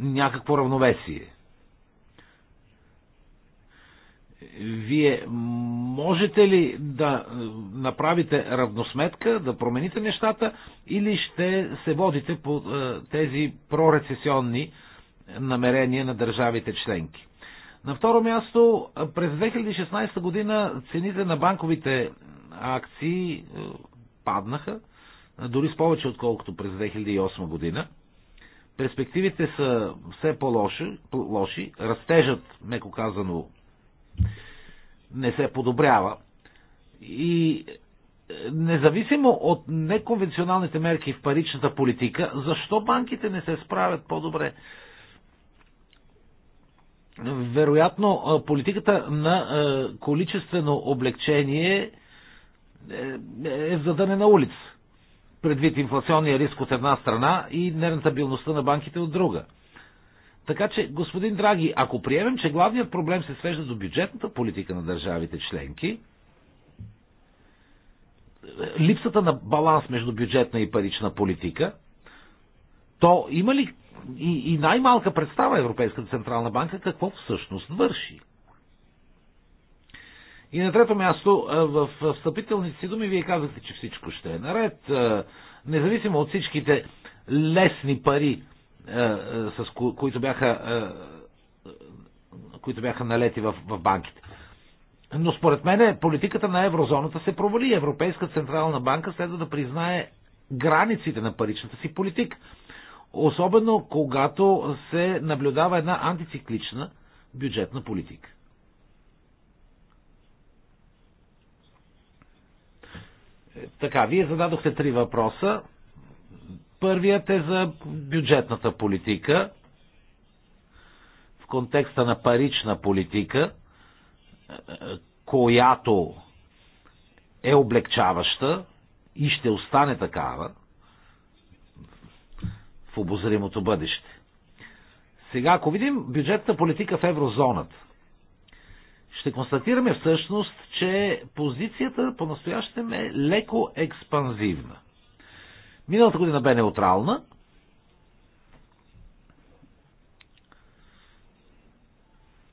някакво равновесие? вие можете ли да е, направите равносметка, да промените нещата или ще се водите по е, тези прорецесионни намерения на държавите членки? На второ място, през 2016 година цените на банковите акции е, паднаха, дори с повече отколкото през 2008 година. Перспективите са все по-лоши, растежът, меко казано, не се подобрява. И е, независимо от неконвенционалните мерки в паричната политика, защо банките не се справят по-добре? Вероятно, е, политиката на е, количествено облегчение е в на улица, предвид инфлационния риск от една страна и нерентабилността на банките от друга – така че, господин Драги, ако приемем, че главният проблем се свежда до бюджетната политика на държавите членки, липсата на баланс между бюджетна и парична политика, то има ли и, и най-малка представа Европейската Централна банка какво всъщност върши? И на трето място, в встъпителните си думи вие казахте, че всичко ще е наред, независимо от всичките лесни пари, е, е, с ко, които бяха е, които бяха налети в, в банките. Но според мен политиката на еврозоната се провали. Европейска централна банка следва да признае границите на паричната си политика. Особено когато се наблюдава една антициклична бюджетна политика. Така, вие зададохте три въпроса. Първият е за бюджетната политика в контекста на парична политика, е, която е облегчаваща и ще остане такава в обозримото бъдеще. Сега, ако видим бюджетната политика в еврозоната, ще констатираме всъщност, че позицията по-настоящем е леко експанзивна. Миналата година бе неутрална.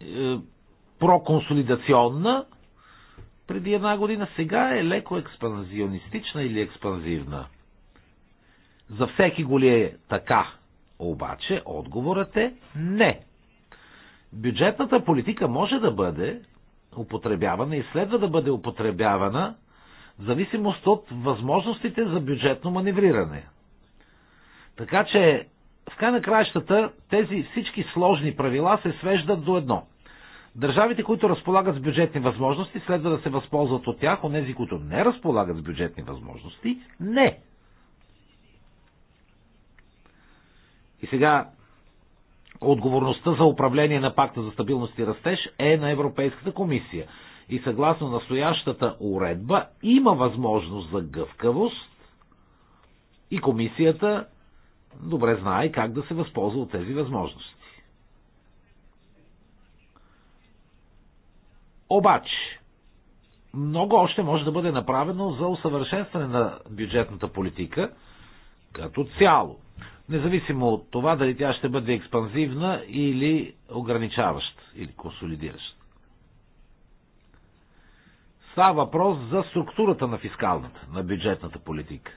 Е, проконсолидационна преди една година, сега е леко експанзионистична или експанзивна. За всеки го ли е така? Обаче отговорът е не. Бюджетната политика може да бъде употребявана и следва да бъде употребявана в зависимост от възможностите за бюджетно маневриране. Така че, в край на краищата, тези всички сложни правила се свеждат до едно. Държавите, които разполагат с бюджетни възможности, следва да се възползват от тях, онези, които не разполагат с бюджетни възможности, не. И сега, отговорността за управление на пакта за стабилност и растеж е на Европейската комисия и съгласно настоящата уредба има възможност за гъвкавост и комисията добре знае как да се възползва от тези възможности. Обаче, много още може да бъде направено за усъвършенстване на бюджетната политика като цяло. Независимо от това дали тя ще бъде експанзивна или ограничаваща или консолидираща. Става е въпрос за структурата на фискалната, на бюджетната политика.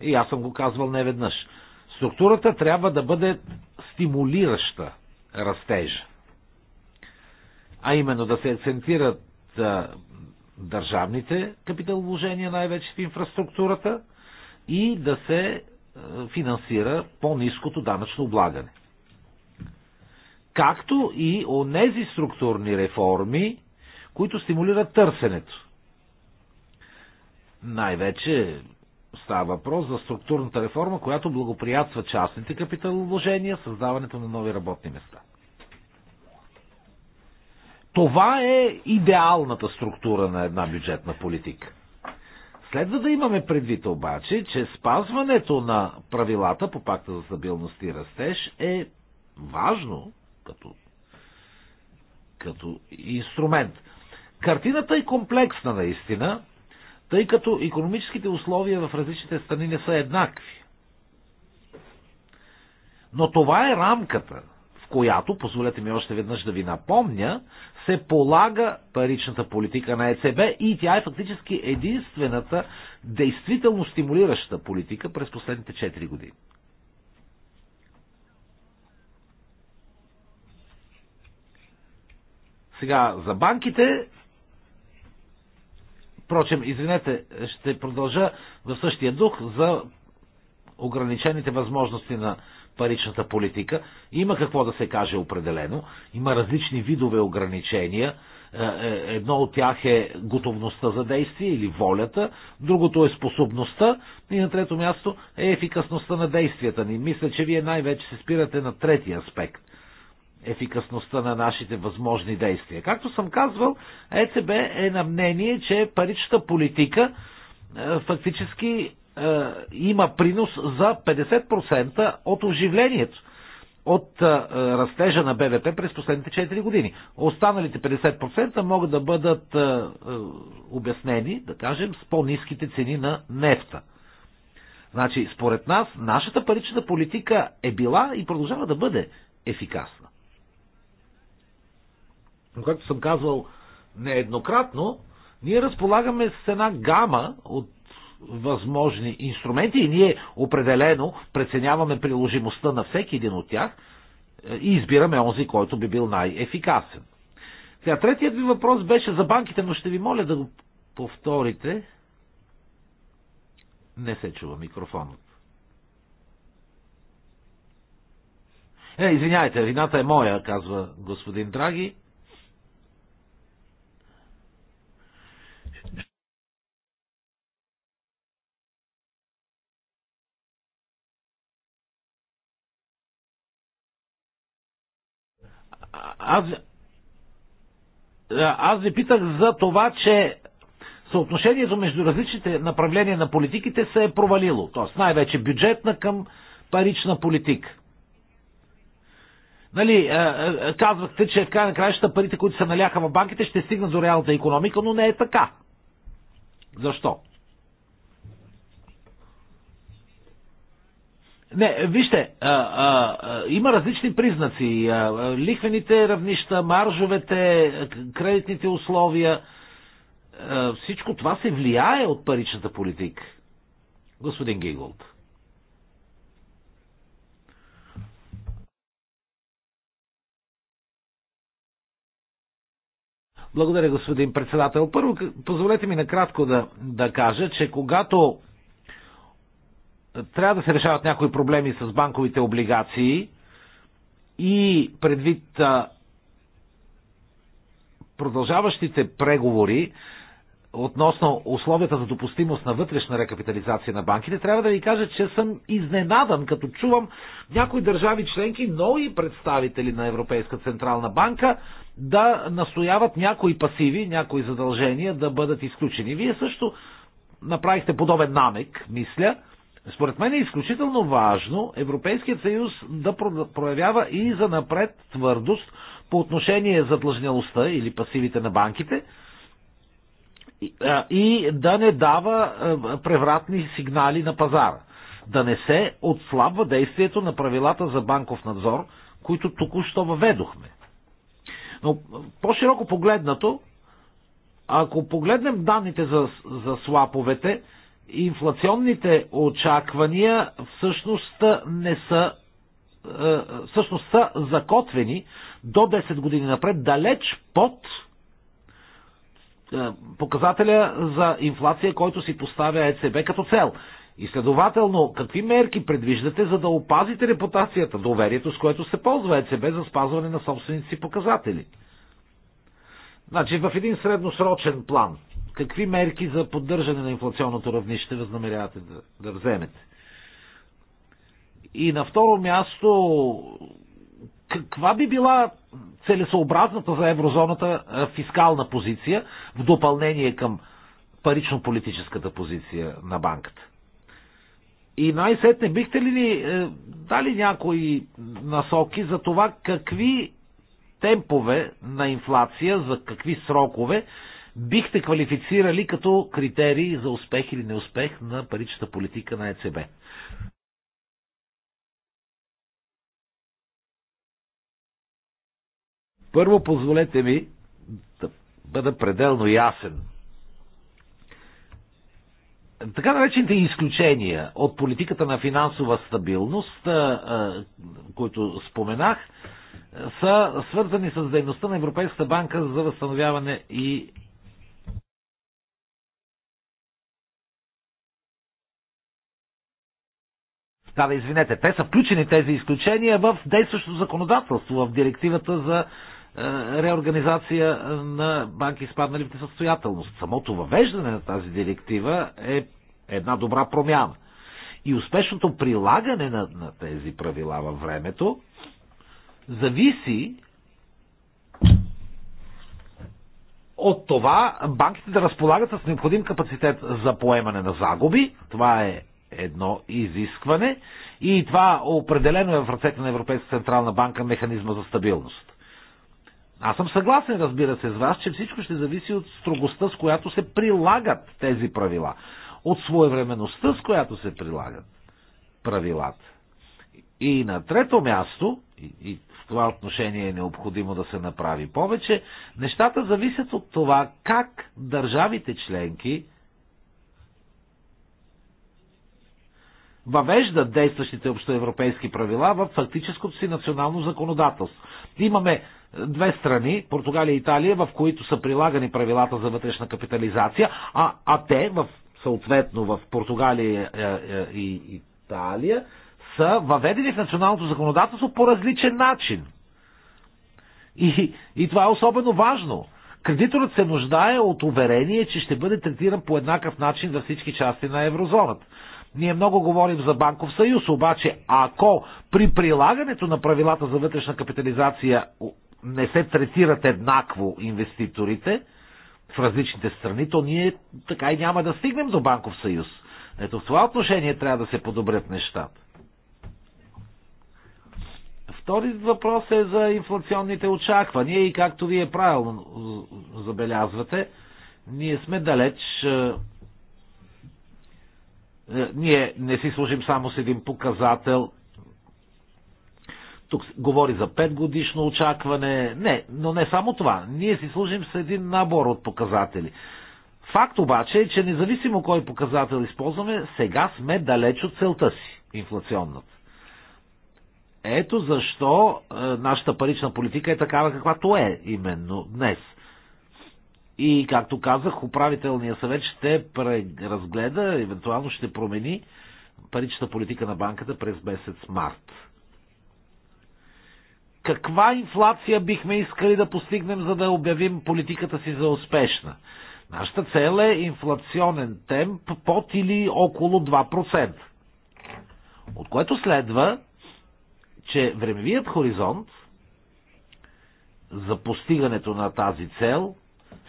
И аз съм го казвал не веднъж. Структурата трябва да бъде стимулираща растежа. А именно да се акцентират държавните капиталовложения, най-вече в инфраструктурата, и да се финансира по-низкото данъчно облагане. Както и онези структурни реформи, които стимулират търсенето. Най-вече става въпрос за структурната реформа, която благоприятства частните капиталовложения, създаването на нови работни места. Това е идеалната структура на една бюджетна политика. Следва да имаме предвид обаче, че спазването на правилата по пакта за стабилност и растеж е важно като, като инструмент. Картината е комплексна наистина, тъй като економическите условия в различните страни не са еднакви. Но това е рамката, в която, позволете ми още веднъж да ви напомня, се полага паричната политика на ЕЦБ и тя е фактически единствената действително стимулираща политика през последните 4 години. Сега, за банките Впрочем, извинете, ще продължа в същия дух за ограничените възможности на паричната политика. Има какво да се каже определено. Има различни видове ограничения. Е, е, едно от тях е готовността за действие или волята, другото е способността и на трето място е ефикасността на действията ни. Мисля, че вие най-вече се спирате на третия аспект – ефикасността на нашите възможни действия. Както съм казвал, ЕЦБ е на мнение, че паричната политика е, фактически е, има принос за 50% от оживлението от е, растежа на БВП през последните 4 години. Останалите 50% могат да бъдат обяснени, да кажем, с по-низките цени на нефта. Значи, според нас, нашата парична политика е била и продължава да бъде ефикасна. Но както съм казвал нееднократно, ние разполагаме с една гама от възможни инструменти и ние определено преценяваме приложимостта на всеки един от тях е, и избираме онзи, който би бил най-ефикасен. Сега, третият ви въпрос беше за банките, но ще ви моля да го повторите. Не се чува микрофонът. Е, извиняйте, вината е моя, казва господин Драги. аз, аз ви питах за това, че съотношението между различните направления на политиките се е провалило. Тоест най-вече бюджетна към парична политика. Нали, казвахте, че в край на краищата парите, които се наляха в банките, ще стигнат до реалната економика, но не е така. Защо? Не, вижте, а, а, а, има различни признаци. А, а, лихвените равнища, маржовете, кредитните условия. А, всичко това се влияе от паричната политика. Господин Гиголд. Благодаря, господин председател. Първо, позволете ми накратко да, да кажа, че когато трябва да се решават някои проблеми с банковите облигации и предвид продължаващите преговори относно условията за допустимост на вътрешна рекапитализация на банките, трябва да ви кажа, че съм изненадан, като чувам някои държави членки, но и представители на Европейска Централна банка да настояват някои пасиви, някои задължения да бъдат изключени. Вие също направихте подобен намек, мисля – според мен е изключително важно Европейският съюз да проявява и за напред твърдост по отношение задлъжнялостта или пасивите на банките и да не дава превратни сигнали на пазара. Да не се отслабва действието на правилата за банков надзор, които току-що въведохме. Но по-широко погледнато, ако погледнем данните за, за слаповете, инфлационните очаквания всъщност не са е, всъщност са закотвени до 10 години напред, далеч под е, показателя за инфлация, който си поставя ЕЦБ като цел. И следователно, какви мерки предвиждате, за да опазите репутацията, доверието, с което се ползва ЕЦБ за спазване на собствените си показатели? Значи, в един средносрочен план, какви мерки за поддържане на инфлационното равнище възнамерявате да, да вземете? И на второ място, каква би била целесообразната за еврозоната фискална позиция в допълнение към парично-политическата позиция на банката? И най-сетне бихте ли ни е, дали някои насоки за това какви темпове на инфлация, за какви срокове бихте квалифицирали като критерии за успех или неуспех на паричната политика на ЕЦБ? Първо позволете ми да бъда пределно ясен. Така наречените изключения от политиката на финансова стабилност, които споменах, са свързани с дейността на Европейската банка за възстановяване и Да, да извинете, те са включени тези изключения в действащото законодателство, в директивата за е, реорганизация на банки изпаднали в несъстоятелност. Самото въвеждане на тази директива е една добра промяна. И успешното прилагане на, на тези правила във времето зависи от това банките да разполагат с необходим капацитет за поемане на загуби. Това е едно изискване и това определено е в ръцете на Европейска централна банка механизма за стабилност. Аз съм съгласен, разбира се, с вас, че всичко ще зависи от строгостта, с която се прилагат тези правила, от своевременността, с която се прилагат правилата. И на трето място, и, в това отношение е необходимо да се направи повече, нещата зависят от това как държавите членки въвеждат действащите общоевропейски правила в фактическото си национално законодателство. Имаме е, две страни, Португалия и Италия, в които са прилагани правилата за вътрешна капитализация, а, а те, в, съответно в Португалия е, е, и Италия, са въведени в националното законодателство по различен начин. И, и това е особено важно. Кредиторът се нуждае от уверение, че ще бъде третиран по еднакъв начин за всички части на еврозоната. Ние много говорим за банков съюз, обаче ако при прилагането на правилата за вътрешна капитализация не се третират еднакво инвеститорите в различните страни, то ние така и няма да стигнем до банков съюз. Ето в това отношение трябва да се подобрят нещата. Втори въпрос е за инфлационните очаквания и както вие правилно забелязвате, ние сме далеч е, е, ние не си служим само с един показател. Тук говори за 5 годишно очакване. Не, но не само това. Ние си служим с един набор от показатели. Факт обаче е, че независимо кой показател използваме, сега сме далеч от целта си, инфлационната. Ето защо е, нашата парична политика е такава каквато е именно днес – и, както казах, управителният съвет ще преразгледа евентуално ще промени паричната политика на банката през месец март. Каква инфлация бихме искали да постигнем, за да обявим политиката си за успешна? Нашата цел е инфлационен темп под или около 2%. От което следва, че времевият хоризонт за постигането на тази цел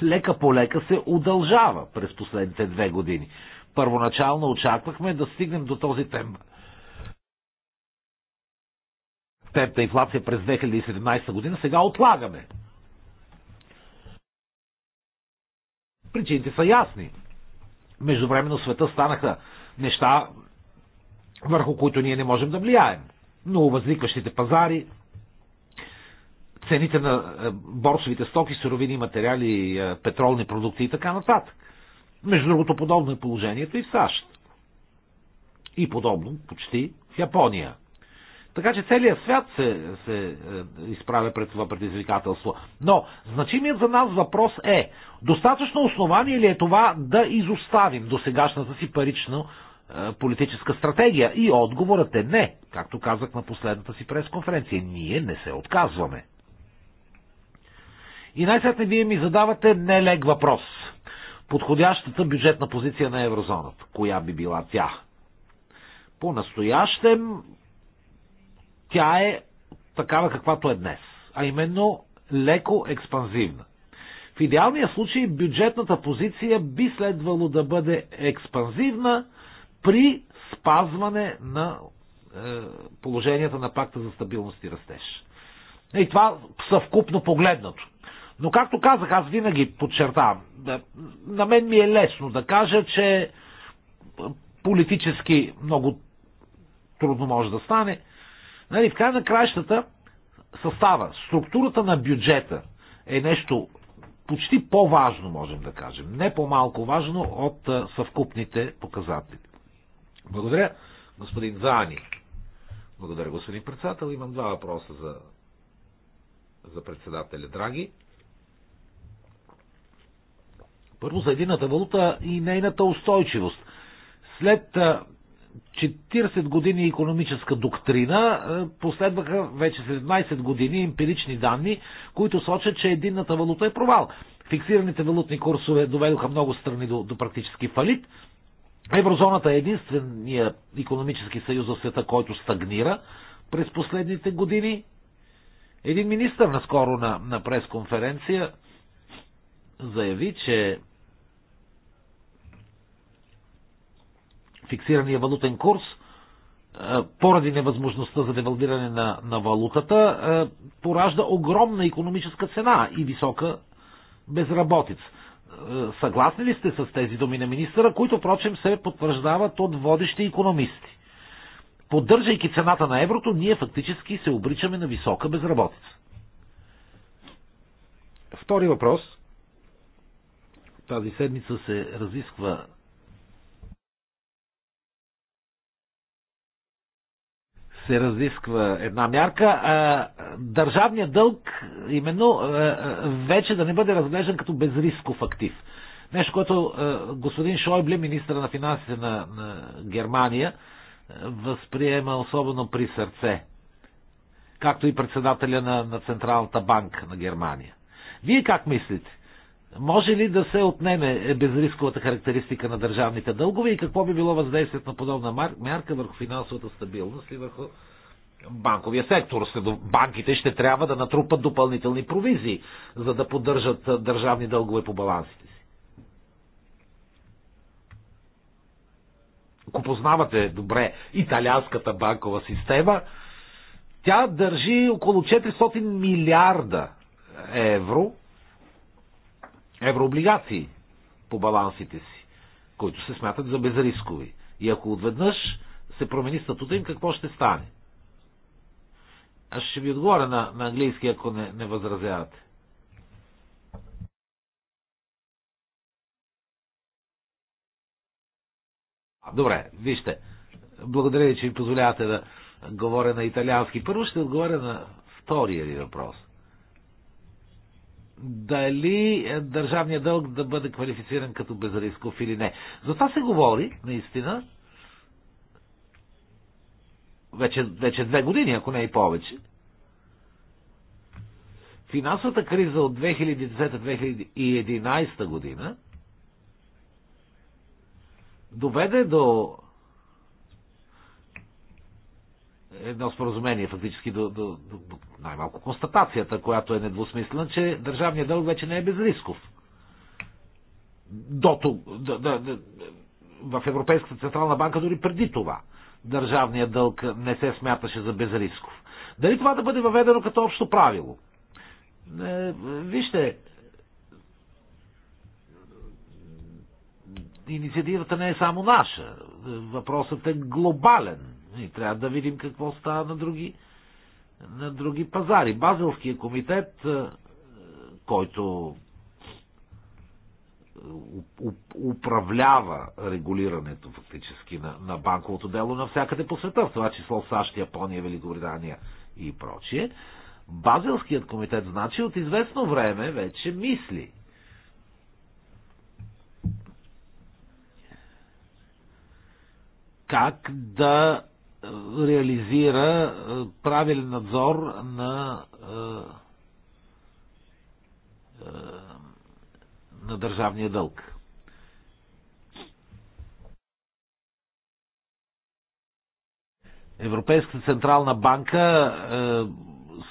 лека по лека се удължава през последните две години. Първоначално очаквахме да стигнем до този темп. Темпта инфлация през 2017 година сега отлагаме. Причините са ясни. Междувременно света станаха неща, върху които ние не можем да влияем. Но възникващите пазари, цените на е, борсовите стоки, суровини, материали, е, петролни продукти и така нататък. Между другото, подобно е положението и в САЩ. И подобно почти в Япония. Така че целият свят се, се е, изправя пред това предизвикателство. Но значимият за нас въпрос е, достатъчно основание ли е това да изоставим до сегашната си парична политическа стратегия? И отговорът е не, както казах на последната си пресконференция. Ние не се отказваме. И най-сетне вие ми задавате нелег въпрос. Подходящата бюджетна позиция на еврозоната. Коя би била тя? По-настоящем тя е такава каквато е днес, а именно леко експанзивна. В идеалния случай бюджетната позиция би следвало да бъде експанзивна при спазване на е, положенията на пакта за стабилност и растеж. И това съвкупно погледнато. Но както казах, аз винаги подчертавам, да, на мен ми е лесно да кажа, че политически много трудно може да стане. Нали, в край на краищата състава, структурата на бюджета е нещо почти по-важно, можем да кажем. Не по-малко важно от съвкупните показатели. Благодаря, господин Зани. Благодаря, господин председател. Имам два въпроса за, за председателя Драги. Първо за едината валута и нейната устойчивост. След 40 години економическа доктрина, последваха вече 17 години емпирични данни, които сочат, че единната валута е провал. Фиксираните валутни курсове доведоха много страни до, до практически фалит. Еврозоната е единствения економически съюз в света, който стагнира през последните години. Един министр наскоро на, на пресконференция заяви, че фиксирания валутен курс, е, поради невъзможността за девалдиране на, на валутата, е, поражда огромна економическа цена и висока безработица. Е, съгласни ли сте с тези думи на министъра, които, впрочем, се потвърждават от водещи економисти? Поддържайки цената на еврото, ние фактически се обричаме на висока безработица. Втори въпрос. Тази седмица се разисква се разисква една мярка. Държавният дълг именно вече да не бъде разглеждан като безрисков актив. Нещо, което господин Шойбле, министра на финансите на, на Германия, възприема особено при сърце. Както и председателя на, на Централната банка на Германия. Вие как мислите? Може ли да се отнеме безрисковата характеристика на държавните дългове и какво би било въздействието на подобна мярка върху финансовата стабилност и върху банковия сектор? Банките ще трябва да натрупат допълнителни провизии, за да поддържат държавни дългове по балансите си. Ако познавате добре италианската банкова система, тя държи около 400 милиарда евро – еврооблигации по балансите си, които се смятат за безрискови. И ако отведнъж се промени статута им, какво ще стане? Аз ще ви отговоря на, на английски, ако не, не възразявате. Добре, вижте. Благодаря ви, че ми позволявате да говоря на италиански. Първо ще отговоря на втория ви въпрос – дали е, държавния дълг да бъде квалифициран като безрисков или не. За това се говори, наистина, вече, вече две години, ако не и повече. Финансовата криза от 2010-2011 година доведе до едно споразумение, фактически до, до, до, до най-малко констатацията, която е недвусмислена, че държавният дълг вече не е безрисков. Дото, да, да, да, в Европейската централна банка дори преди това държавният дълг не се смяташе за безрисков. Дали това да бъде въведено като общо правило? Не, вижте, инициативата не е само наша. Въпросът е глобален и трябва да видим какво става на други, на други пазари. Базелския комитет, е, който управлява регулирането фактически на, на банковото дело навсякъде по света, в това число САЩ, Япония, Великобритания и прочие. Базелският комитет, значи, от известно време вече мисли. Как да реализира правилен надзор на, на държавния дълг. Европейската централна банка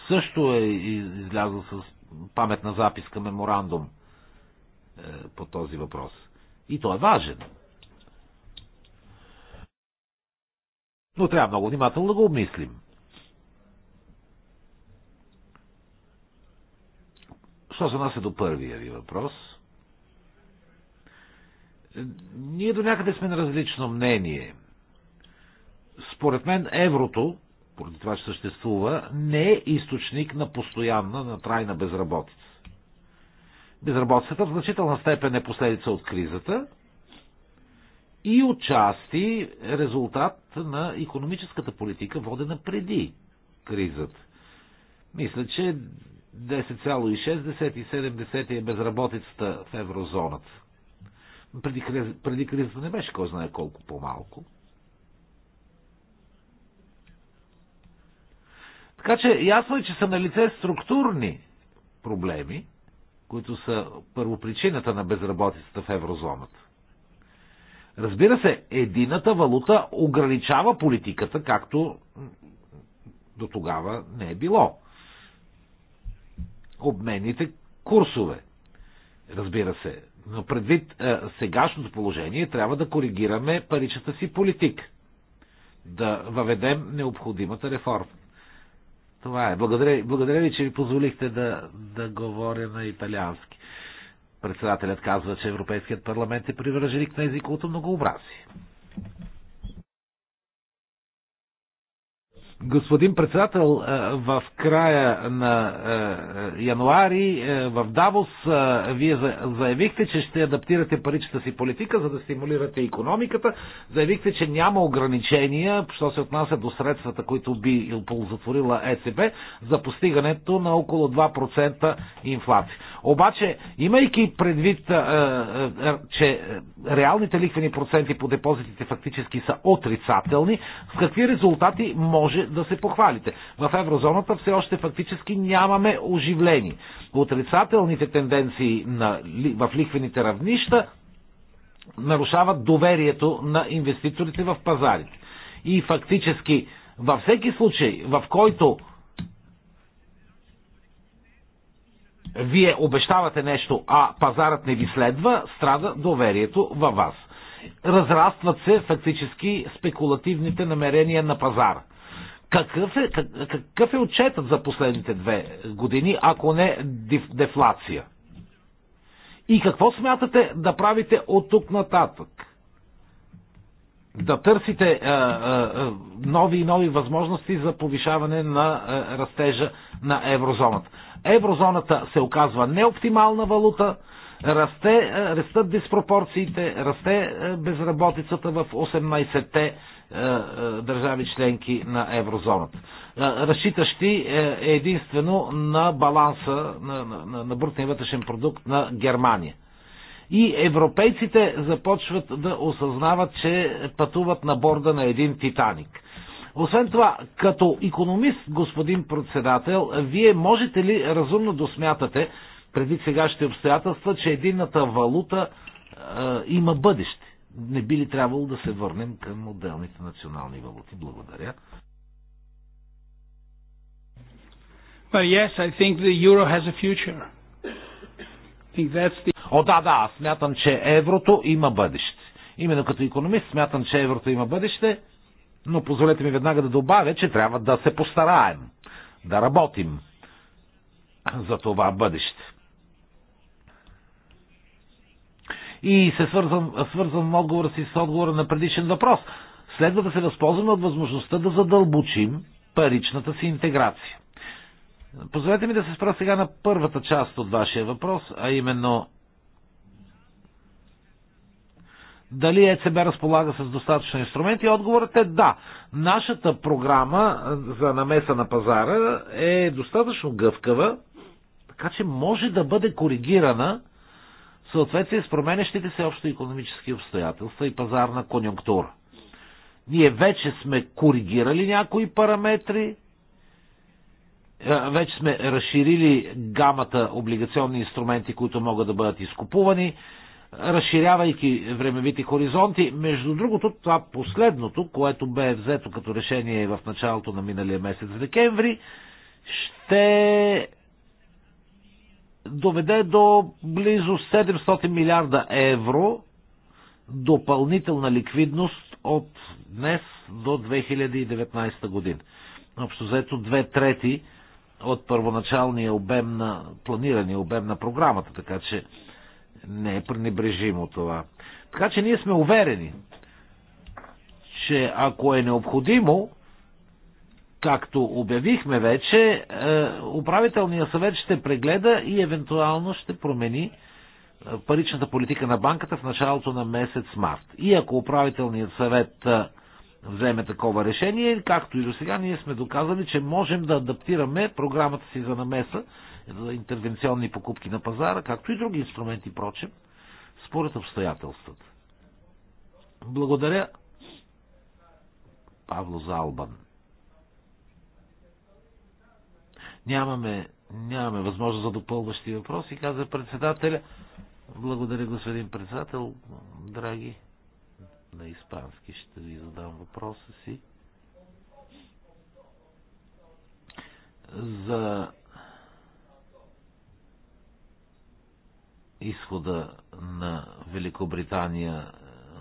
също е излязла с паметна записка, меморандум по този въпрос. И той е важен. Но трябва много внимателно да го обмислим. Що за нас е до първия ви въпрос? Ние до някъде сме на различно мнение. Според мен еврото, поради това, че съществува, не е източник на постоянна, на трайна безработица. Безработицата в значителна степен е последица от кризата – и отчасти резултат на економическата политика, водена преди кризата. Мисля, че 10,6-10,7 е безработицата в еврозоната. Преди, преди кризата не беше кой знае колко по-малко. Така че ясно е, че са на лице структурни проблеми, които са първопричината на безработицата в еврозоната. Разбира се, едината валута ограничава политиката, както до тогава не е било. Обменните курсове. Разбира се. Но предвид е, сегашното положение, трябва да коригираме паричата си политик, Да въведем необходимата реформа. Това е. Благодаря, благодаря ви, че ви позволихте да, да говоря на италиански. Председателят казва, че Европейският парламент е привърженик на езиковото многообразие. Господин председател, е, в края на е, е, януари в Давос вие заявихте, че ще адаптирате паричната си политика, за да стимулирате економиката. Заявихте, че няма ограничения, що се отнася до средствата, които би оползотворила ЕЦБ за постигането на около 2% инфлация. Обаче, имайки предвид, че реалните лихвени проценти по депозитите фактически са отрицателни, с какви резултати може да се похвалите. В еврозоната все още фактически нямаме оживление. Отрицателните тенденции на, в лихвените равнища нарушават доверието на инвеститорите в пазарите. И фактически във всеки случай, в който вие обещавате нещо, а пазарът не ви следва, страда доверието във вас. Разрастват се фактически спекулативните намерения на пазара. Какъв е, как, какъв е отчетът за последните две години, ако не дефлация? И какво смятате да правите от тук нататък? Да търсите е, е, нови и нови възможности за повишаване на е, растежа на еврозоната. Еврозоната се оказва неоптимална валута, расте, растат диспропорциите, расте безработицата в 18-те е, е, държави членки на еврозоната. Е, разчитащи е единствено на баланса на, на, на брутния вътрешен продукт на Германия. И европейците започват да осъзнават, че пътуват на борда на един Титаник. Освен това, като економист, господин председател, вие можете ли разумно да смятате, преди сегашните обстоятелства, че единната валута е, има бъдеще? не би ли трябвало да се върнем към отделните национални валути? Благодаря. But yes, I think the euro has a future. I think that's the... О, да, да, аз смятам, че еврото има бъдеще. Именно като економист смятам, че еврото има бъдеще, но позволете ми веднага да добавя, че трябва да се постараем, да работим за това бъдеще. И се свързвам, свързвам отговора си с отговора на предишен въпрос. Следва да се възползваме от възможността да задълбочим паричната си интеграция. Позволете ми да се спра сега на първата част от вашия въпрос, а именно дали ЕЦБ разполага с достатъчно инструменти? Отговорът е да. Нашата програма за намеса на пазара е достатъчно гъвкава, така че може да бъде коригирана съответствие с променещите се общо економически обстоятелства и пазарна конюнктура. Ние вече сме коригирали някои параметри, вече сме разширили гамата облигационни инструменти, които могат да бъдат изкупувани, разширявайки времевите хоризонти. Между другото, това последното, което бе взето като решение в началото на миналия месец декември, ще доведе до близо 700 милиарда евро допълнителна ликвидност от днес до 2019 година. Общо заето две трети от първоначалния обем на планирания обем на програмата, така че не е пренебрежимо това. Така че ние сме уверени, че ако е необходимо, Както обявихме вече, е, управителният съвет ще прегледа и евентуално ще промени е, паричната политика на банката в началото на месец март. И ако управителният съвет е, вземе такова решение, както и до сега, ние сме доказали, че можем да адаптираме програмата си за намеса, за интервенционни покупки на пазара, както и други инструменти, прочим, според обстоятелствата. Благодаря, Павло Залбан. Нямаме, нямаме възможност за допълващи въпроси, каза председателя. Благодаря, господин председател. Драги, на испански ще ви задам въпроса си. За изхода на Великобритания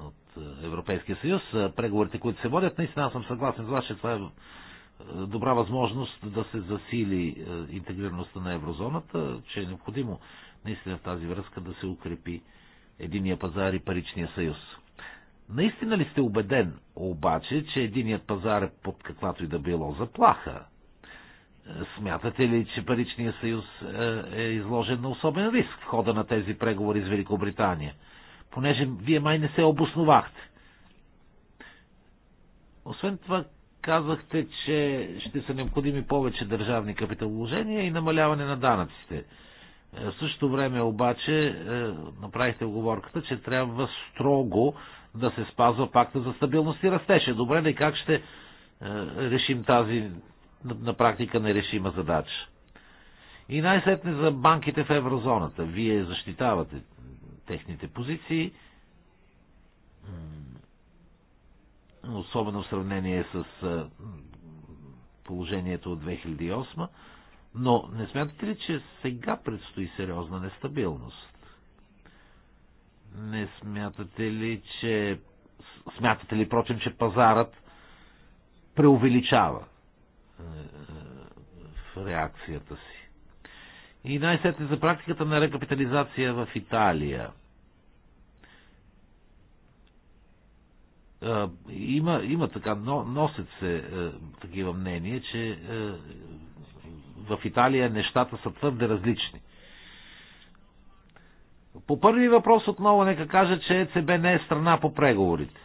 от Европейския съюз, преговорите, които се водят, наистина аз съм съгласен с вас, че това е добра възможност да се засили е, интегрираността на еврозоната, че е необходимо наистина в тази връзка да се укрепи единия пазар и паричния съюз. Наистина ли сте убеден обаче, че единият пазар е под каквато и да било заплаха? Е, смятате ли, че паричният съюз е, е изложен на особен риск в хода на тези преговори с Великобритания? Понеже вие май не се обосновахте. Освен това, Казахте, че ще са необходими повече държавни капиталовложения и намаляване на данъците. Е, в същото време обаче е, направихте оговорката, че трябва строго да се спазва пакта за стабилност и растеше. Добре, ли как ще е, решим тази на практика нерешима задача? И най-сетне за банките в еврозоната. Вие защитавате техните позиции особено в сравнение с положението от 2008, но не смятате ли, че сега предстои сериозна нестабилност? Не смятате ли, че... Смятате ли, прочим, че пазарът преувеличава в реакцията си? И най-сетне за практиката на рекапитализация в Италия – Има, има така, но, носят се е, такива мнения, че е, в Италия нещата са твърде различни. По първи въпрос отново нека кажа, че ЕЦБ не е страна по преговорите.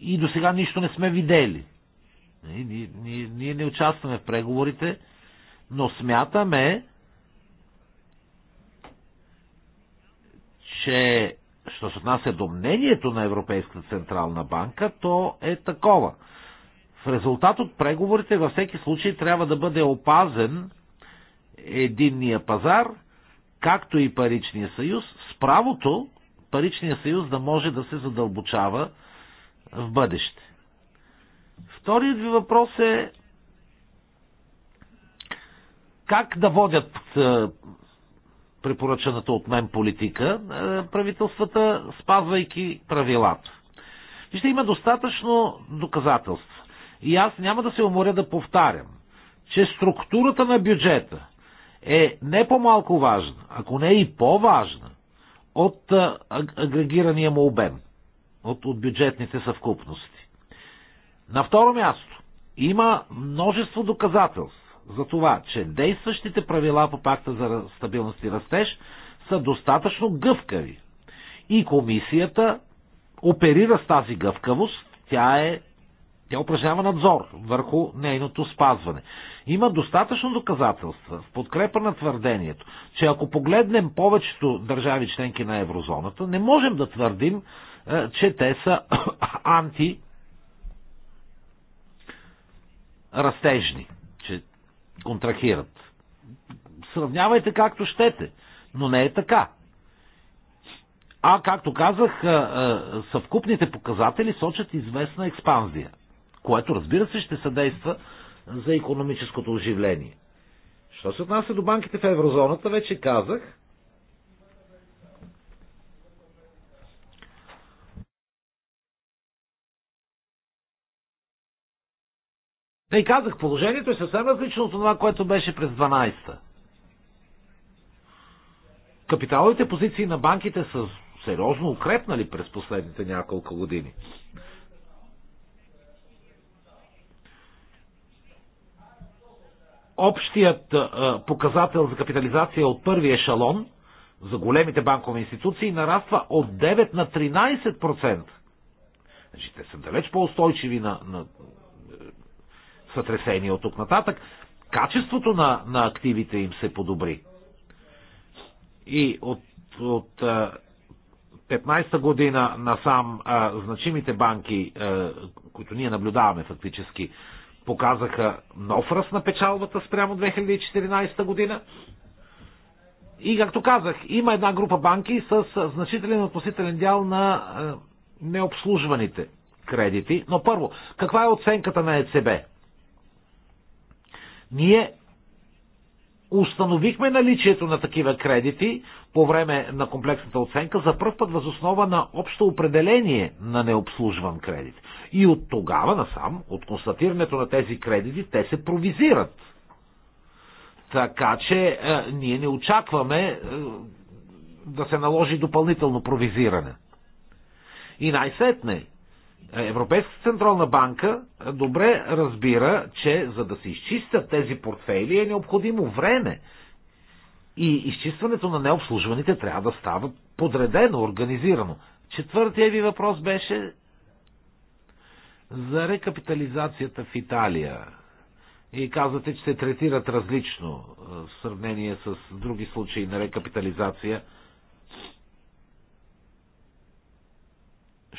И до сега нищо не сме видели. Нали, ние, ние, ние не участваме в преговорите, но смятаме, че що се отнася до мнението на Европейската централна банка, то е такова. В резултат от преговорите във всеки случай трябва да бъде опазен единния пазар, както и паричния съюз, с правото паричния съюз да може да се задълбочава в бъдеще. Вторият ви въпрос е как да водят е, препоръчаната от мен политика, е, правителствата, спазвайки правилата. Вижте, има достатъчно доказателства. И аз няма да се уморя да повтарям, че структурата на бюджета е не по-малко важна, ако не и по-важна от е, агрегирания му обем, от, от бюджетните съвкупности. На второ място, има множество доказателства за това, че действащите правила по пакта за стабилност и растеж са достатъчно гъвкави. И комисията оперира с тази гъвкавост, тя е тя упражнява надзор върху нейното спазване. Има достатъчно доказателства в подкрепа на твърдението, че ако погледнем повечето държави членки на еврозоната, не можем да твърдим, е, че те са (clears throat) анти растежни контрахират. Сравнявайте както щете, но не е така. А, както казах, съвкупните показатели сочат известна експанзия, което разбира се ще съдейства за економическото оживление. Що се отнася до банките в еврозоната, вече казах, Тъй казах, положението е съвсем различно от това, което беше през 12-та. Капиталовите позиции на банките са сериозно укрепнали през последните няколко години. Общият показател за капитализация от първия ешалон за големите банкови институции нараства от 9 на 13%. Значи, те са далеч по-устойчиви на, на сътресение от тук нататък, качеството на, на активите им се подобри. И от, от 15-та е, година насам а, е, значимите банки, а, е, които ние наблюдаваме фактически, показаха нов ръст на печалбата спрямо 2014 година. И, както казах, има една група банки с значителен относителен дял на необслужваните кредити. Но първо, каква е оценката на ЕЦБ ние установихме наличието на такива кредити по време на комплексната оценка за първ път възоснова на общо определение на необслужван кредит. И от тогава насам, от констатирането на тези кредити, те се провизират. Така че е, ние не очакваме е, да се наложи допълнително провизиране. И най-сетне, Европейската централна банка добре разбира, че за да се изчистят тези портфейли е необходимо време. И изчистването на необслужваните трябва да става подредено, организирано. Четвъртия ви въпрос беше за рекапитализацията в Италия. И казвате, че се третират различно в сравнение с други случаи на рекапитализация –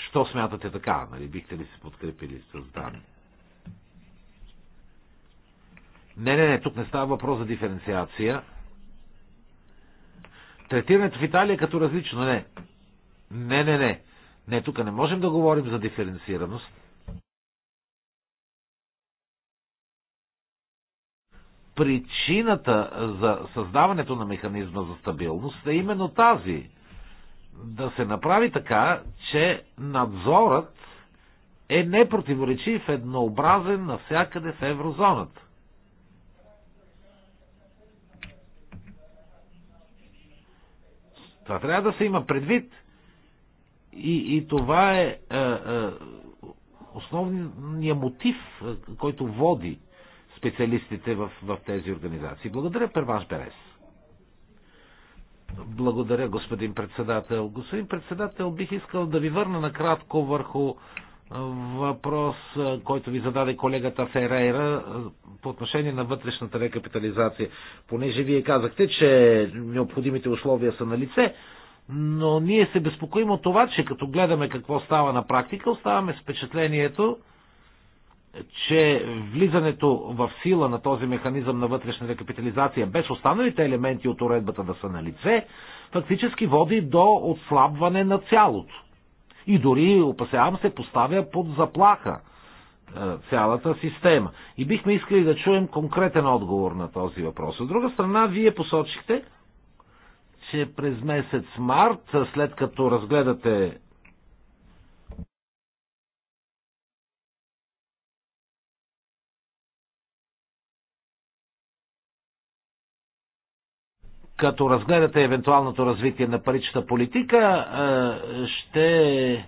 Що смятате така? Нали? Бихте ли се подкрепили с данни? Не, не, не, тук не става въпрос за диференциация. Третирането в Италия е като различно, не. Не, не, не. Не, тук не можем да говорим за диференцираност. Причината за създаването на механизма за стабилност е именно тази да се направи така, че надзорът е непротиворечив, еднообразен навсякъде в еврозоната. Това трябва да се има предвид и, и това е, е, е основният мотив, е, който води специалистите в, в тези организации. Благодаря, Перванш Берес. Благодаря, господин председател. Господин председател, бих искал да ви върна накратко върху въпрос, който ви зададе колегата Ферейра по отношение на вътрешната рекапитализация. Понеже вие казахте, че необходимите условия са на лице, но ние се безпокоим от това, че като гледаме какво става на практика, оставаме с впечатлението, че влизането в сила на този механизъм на вътрешна рекапитализация без останалите елементи от уредбата да са на лице, фактически води до отслабване на цялото. И дори, опасявам се, поставя под заплаха е, цялата система. И бихме искали да чуем конкретен отговор на този въпрос. От друга страна, вие посочихте, че през месец март, след като разгледате като разгледате евентуалното развитие на паричната политика, е, ще е,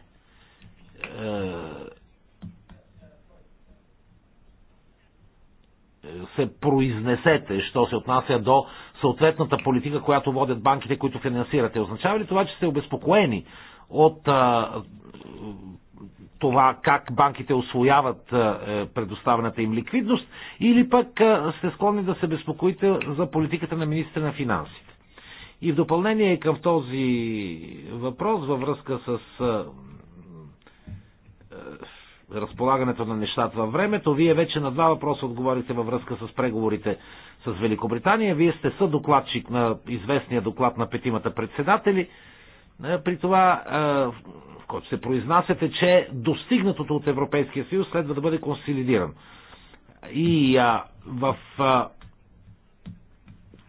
се произнесете, що се отнася до съответната политика, която водят банките, които финансирате. Означава ли това, че сте обезпокоени от е, това как банките освояват е, е, предоставената им ликвидност, или пък е, сте склонни да се безпокоите за политиката на министра на финансите. И в допълнение към този въпрос, във връзка с разполагането на нещата във времето, вие вече на два въпроса отговорите във връзка с преговорите с Великобритания. Вие сте съдокладчик на известния доклад на петимата председатели – при това, в който се произнасяте, че достигнатото от Европейския съюз следва да бъде консолидиран. И а, в а,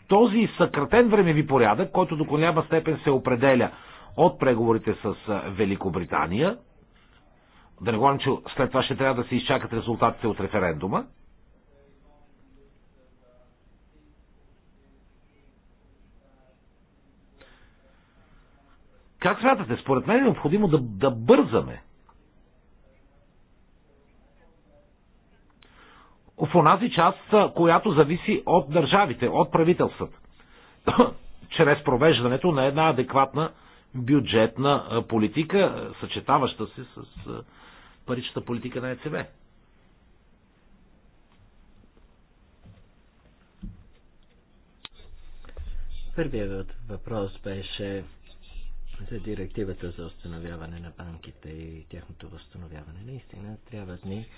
този съкратен времеви порядък, който до голяма степен се определя от преговорите с Великобритания, да не говорим, че след това ще трябва да се изчакат резултатите от референдума, Как смятате? Според мен е необходимо да, да бързаме. В онази част, която зависи от държавите, от правителствата, (coughs) чрез провеждането на една адекватна бюджетна политика, съчетаваща се с паричната политика на ЕЦБ. Първият въпрос беше за директивата за установяване на банките и тяхното възстановяване. Наистина трябва да ни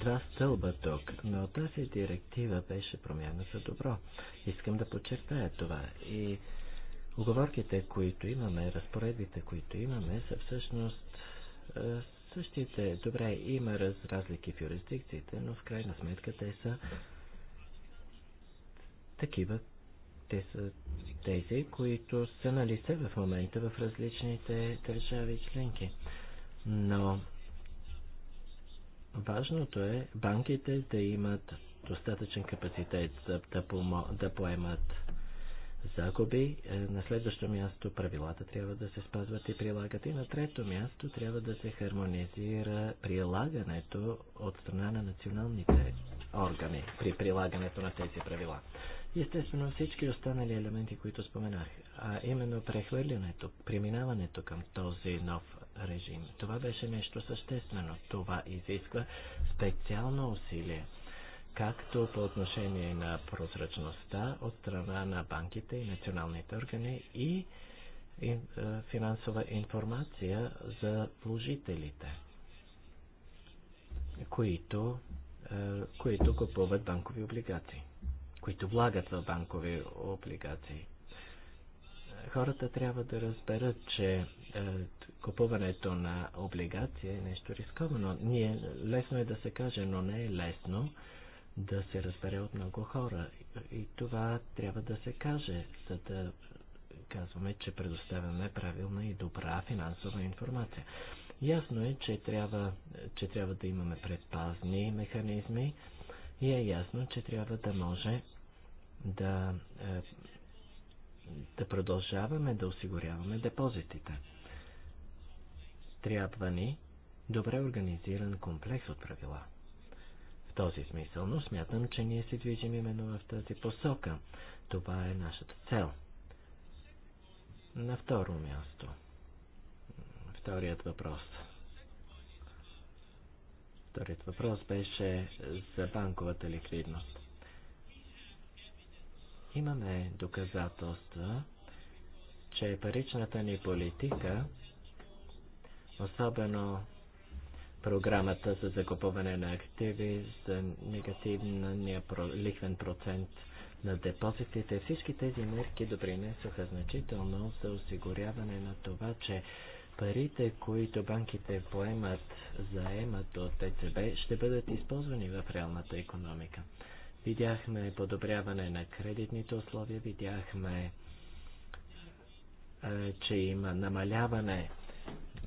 два стълба тук, но тази директива беше промяна за добро. Искам да подчертая това. И оговорките, които имаме, разпоредбите, които имаме, са всъщност е, същите. Добре, има раз, разлики в юрисдикциите, но в крайна сметка те са такива, те са тези, които са на лице в момента в различните държави членки. Но важното е банките да имат достатъчен капацитет да, да, помо, да поемат загуби. Е, на следващо място правилата трябва да се спазват и прилагат. И на трето място трябва да се хармонизира прилагането от страна на националните органи при прилагането на тези правила. Естествено всички останали елементи, които споменах, а именно прехвърлянето, преминаването към този нов режим, това беше нещо съществено. Това изисква специално усилие, както по отношение на прозрачността от страна на банките и националните органи и е, финансова информация за вложителите, които, е, които купуват банкови облигации които влагат в банкови облигации. Хората трябва да разберат, че е, купуването на облигации е нещо рисковано. Ние, лесно е да се каже, но не е лесно да се разбере от много хора. И това трябва да се каже, за да казваме, че предоставяме правилна и добра финансова информация. Ясно е, че трябва, че трябва да имаме предпазни механизми и е ясно, че трябва да може да, е, да продължаваме да осигуряваме депозитите. Трябва ни добре организиран комплекс от правила. В този смисъл, но смятам, че ние се движим именно в тази посока. Това е нашата цел. На второ място. Вторият въпрос. Вторият въпрос беше за банковата ликвидност. Имаме доказателства, че паричната ни политика, особено програмата за закупуване на активи, за негативния лихвен процент на депозитите. Всички тези мерки допринесоха значително за осигуряване на това, че парите, които банките поемат, заемат от ЕЦБ, ще бъдат използвани в реалната економика. Видяхме подобряване на кредитните условия, видяхме, че има намаляване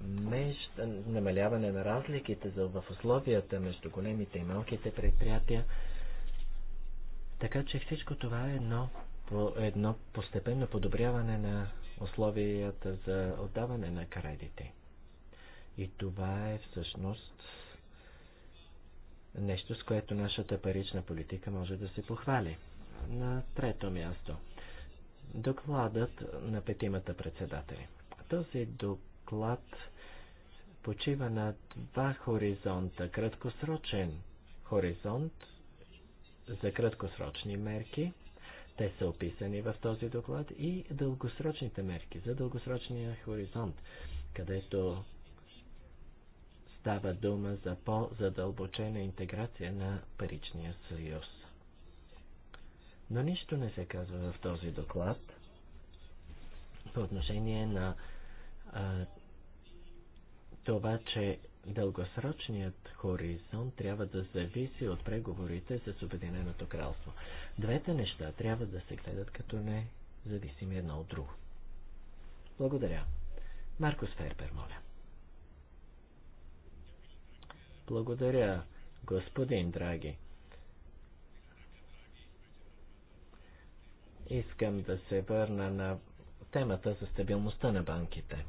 между, намаляване на разликите в условията между големите и малките предприятия. Така че всичко това е едно, едно постепенно подобряване на условията за отдаване на кредити. И това е всъщност нещо, с което нашата парична политика може да се похвали. На трето място. Докладът на петимата председатели. Този доклад почива на два хоризонта. Краткосрочен хоризонт за краткосрочни мерки. Те са описани в този доклад и дългосрочните мерки за дългосрочния хоризонт, където става дума за по-задълбочена интеграция на паричния съюз. Но нищо не се казва в този доклад по отношение на а, това, че дългосрочният хоризонт трябва да зависи от преговорите с Обединеното кралство. Двете неща трябва да се гледат като не зависими едно от друго. Благодаря. Маркус Фербер, моля. Благодаря, господин Драги. Искам да се върна на темата за стабилността на банките.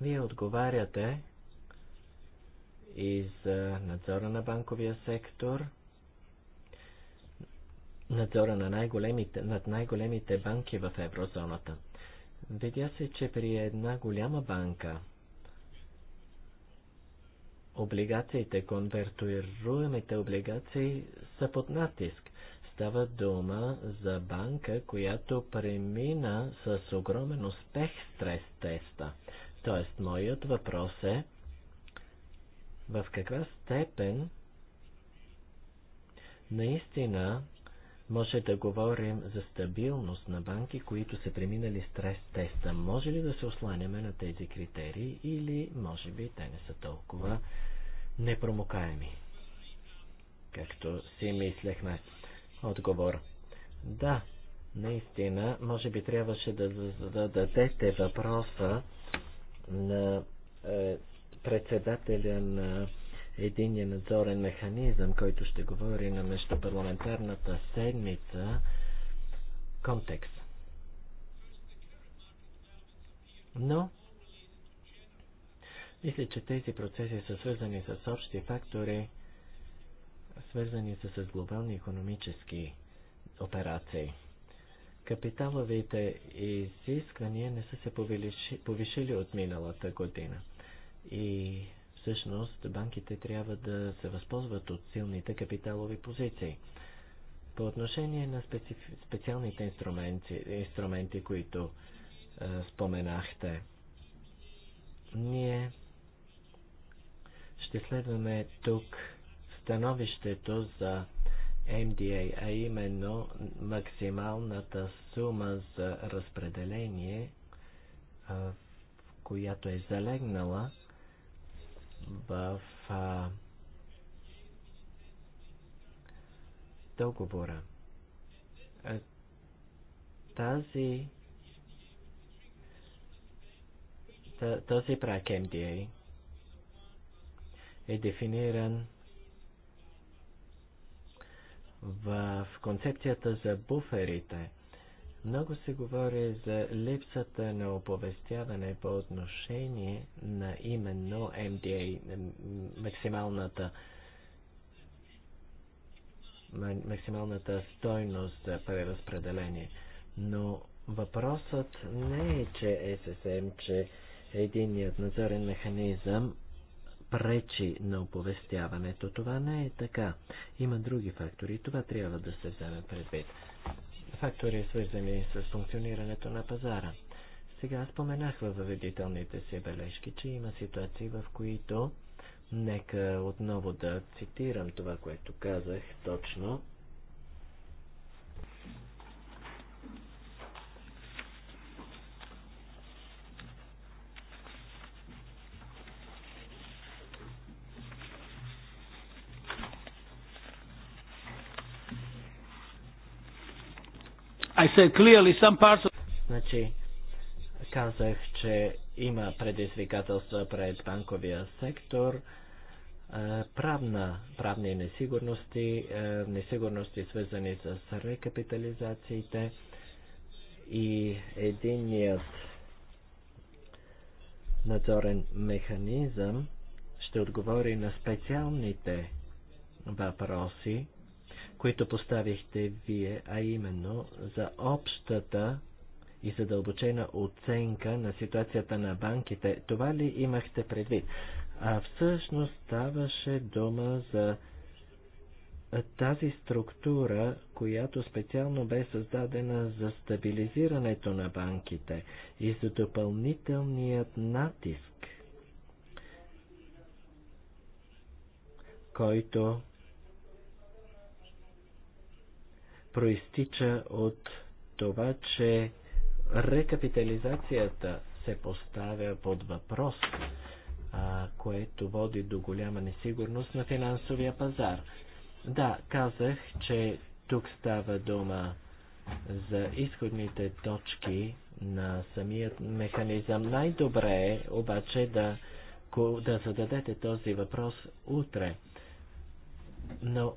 Вие отговаряте и за надзора на банковия сектор, надзора на най-големите, над най-големите банки в еврозоната. Видя се, че при една голяма банка облигациите, конвертируемите облигации са под натиск. Става дума за банка, която премина с огромен успех стрес теста. Тоест, моят въпрос е в каква степен наистина може да говорим за стабилност на банки, които са преминали стрес теста. Може ли да се осланяме на тези критерии или може би те не са толкова непромокаеми? Както си мислехме. Отговор. Да, наистина, може би трябваше да зададете въпроса на е, председателя на единния надзорен механизъм, който ще говори на междупарламентарната седмица контекст. Но, мисля, че тези процеси са свързани с общи фактори, свързани са с глобални економически операции. Капиталовите изисквания не са се повишили от миналата година. И всъщност банките трябва да се възползват от силните капиталови позиции. По отношение на специ... специалните инструменти, инструменти които е, споменахте, ние ще следваме тук становището за MDA, а именно максималната сума за разпределение, е, която е залегнала в а, договора. А, Тази този брак МДА е дефиниран в концепцията за буферите. Много се говори за липсата на оповестяване по отношение на именно МДА, максималната, максималната стойност за преразпределение. Но въпросът не е, че е ССМ, че единият надзорен механизъм пречи на оповестяването. Това не е така. Има други фактори и това трябва да се вземе предвид фактори, свързани с функционирането на пазара. Сега споменах във въведителните си бележки, че има ситуации, в които, нека отново да цитирам това, което казах точно, I said clearly some parts of... Значи, казах, че има предизвикателства пред банковия сектор, е, правна, правни несигурности, е, несигурности свързани с рекапитализациите и единният надзорен механизъм ще отговори на специалните въпроси, които поставихте вие, а именно за общата и задълбочена оценка на ситуацията на банките. Това ли имахте предвид? А всъщност ставаше дума за тази структура, която специално бе създадена за стабилизирането на банките и за допълнителният натиск, който проистича от това, че рекапитализацията се поставя под въпрос, а, което води до голяма несигурност на финансовия пазар. Да, казах, че тук става дума за изходните точки на самият механизъм. Най-добре е обаче да, да зададете този въпрос утре. Но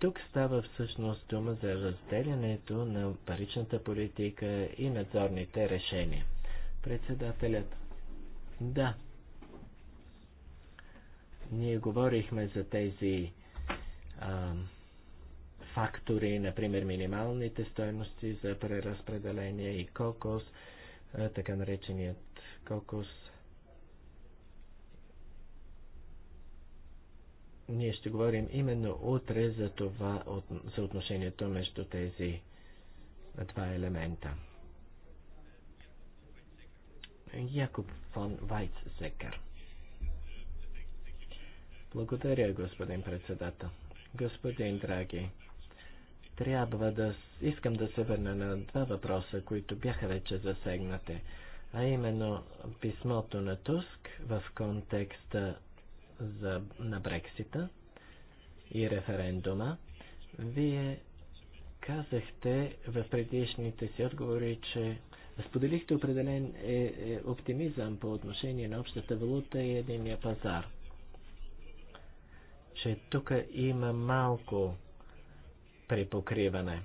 тук става всъщност дума за разделянето на паричната политика и надзорните решения. Председателят. Да. Ние говорихме за тези а, фактори, например минималните стоености за преразпределение и кокос, а, така нареченият кокос ние ще говорим именно утре за това, за отношението между тези два елемента. Якоб фон Вайцсекер. Благодаря, господин председател. Господин Драги, трябва да... Искам да се върна на два въпроса, които бяха вече засегнати, а именно писмото на Туск в контекста за, на Брексита и референдума, вие казахте в предишните си отговори, че споделихте определен е, е, оптимизъм по отношение на общата валута и единия пазар. Че тук има малко припокриване.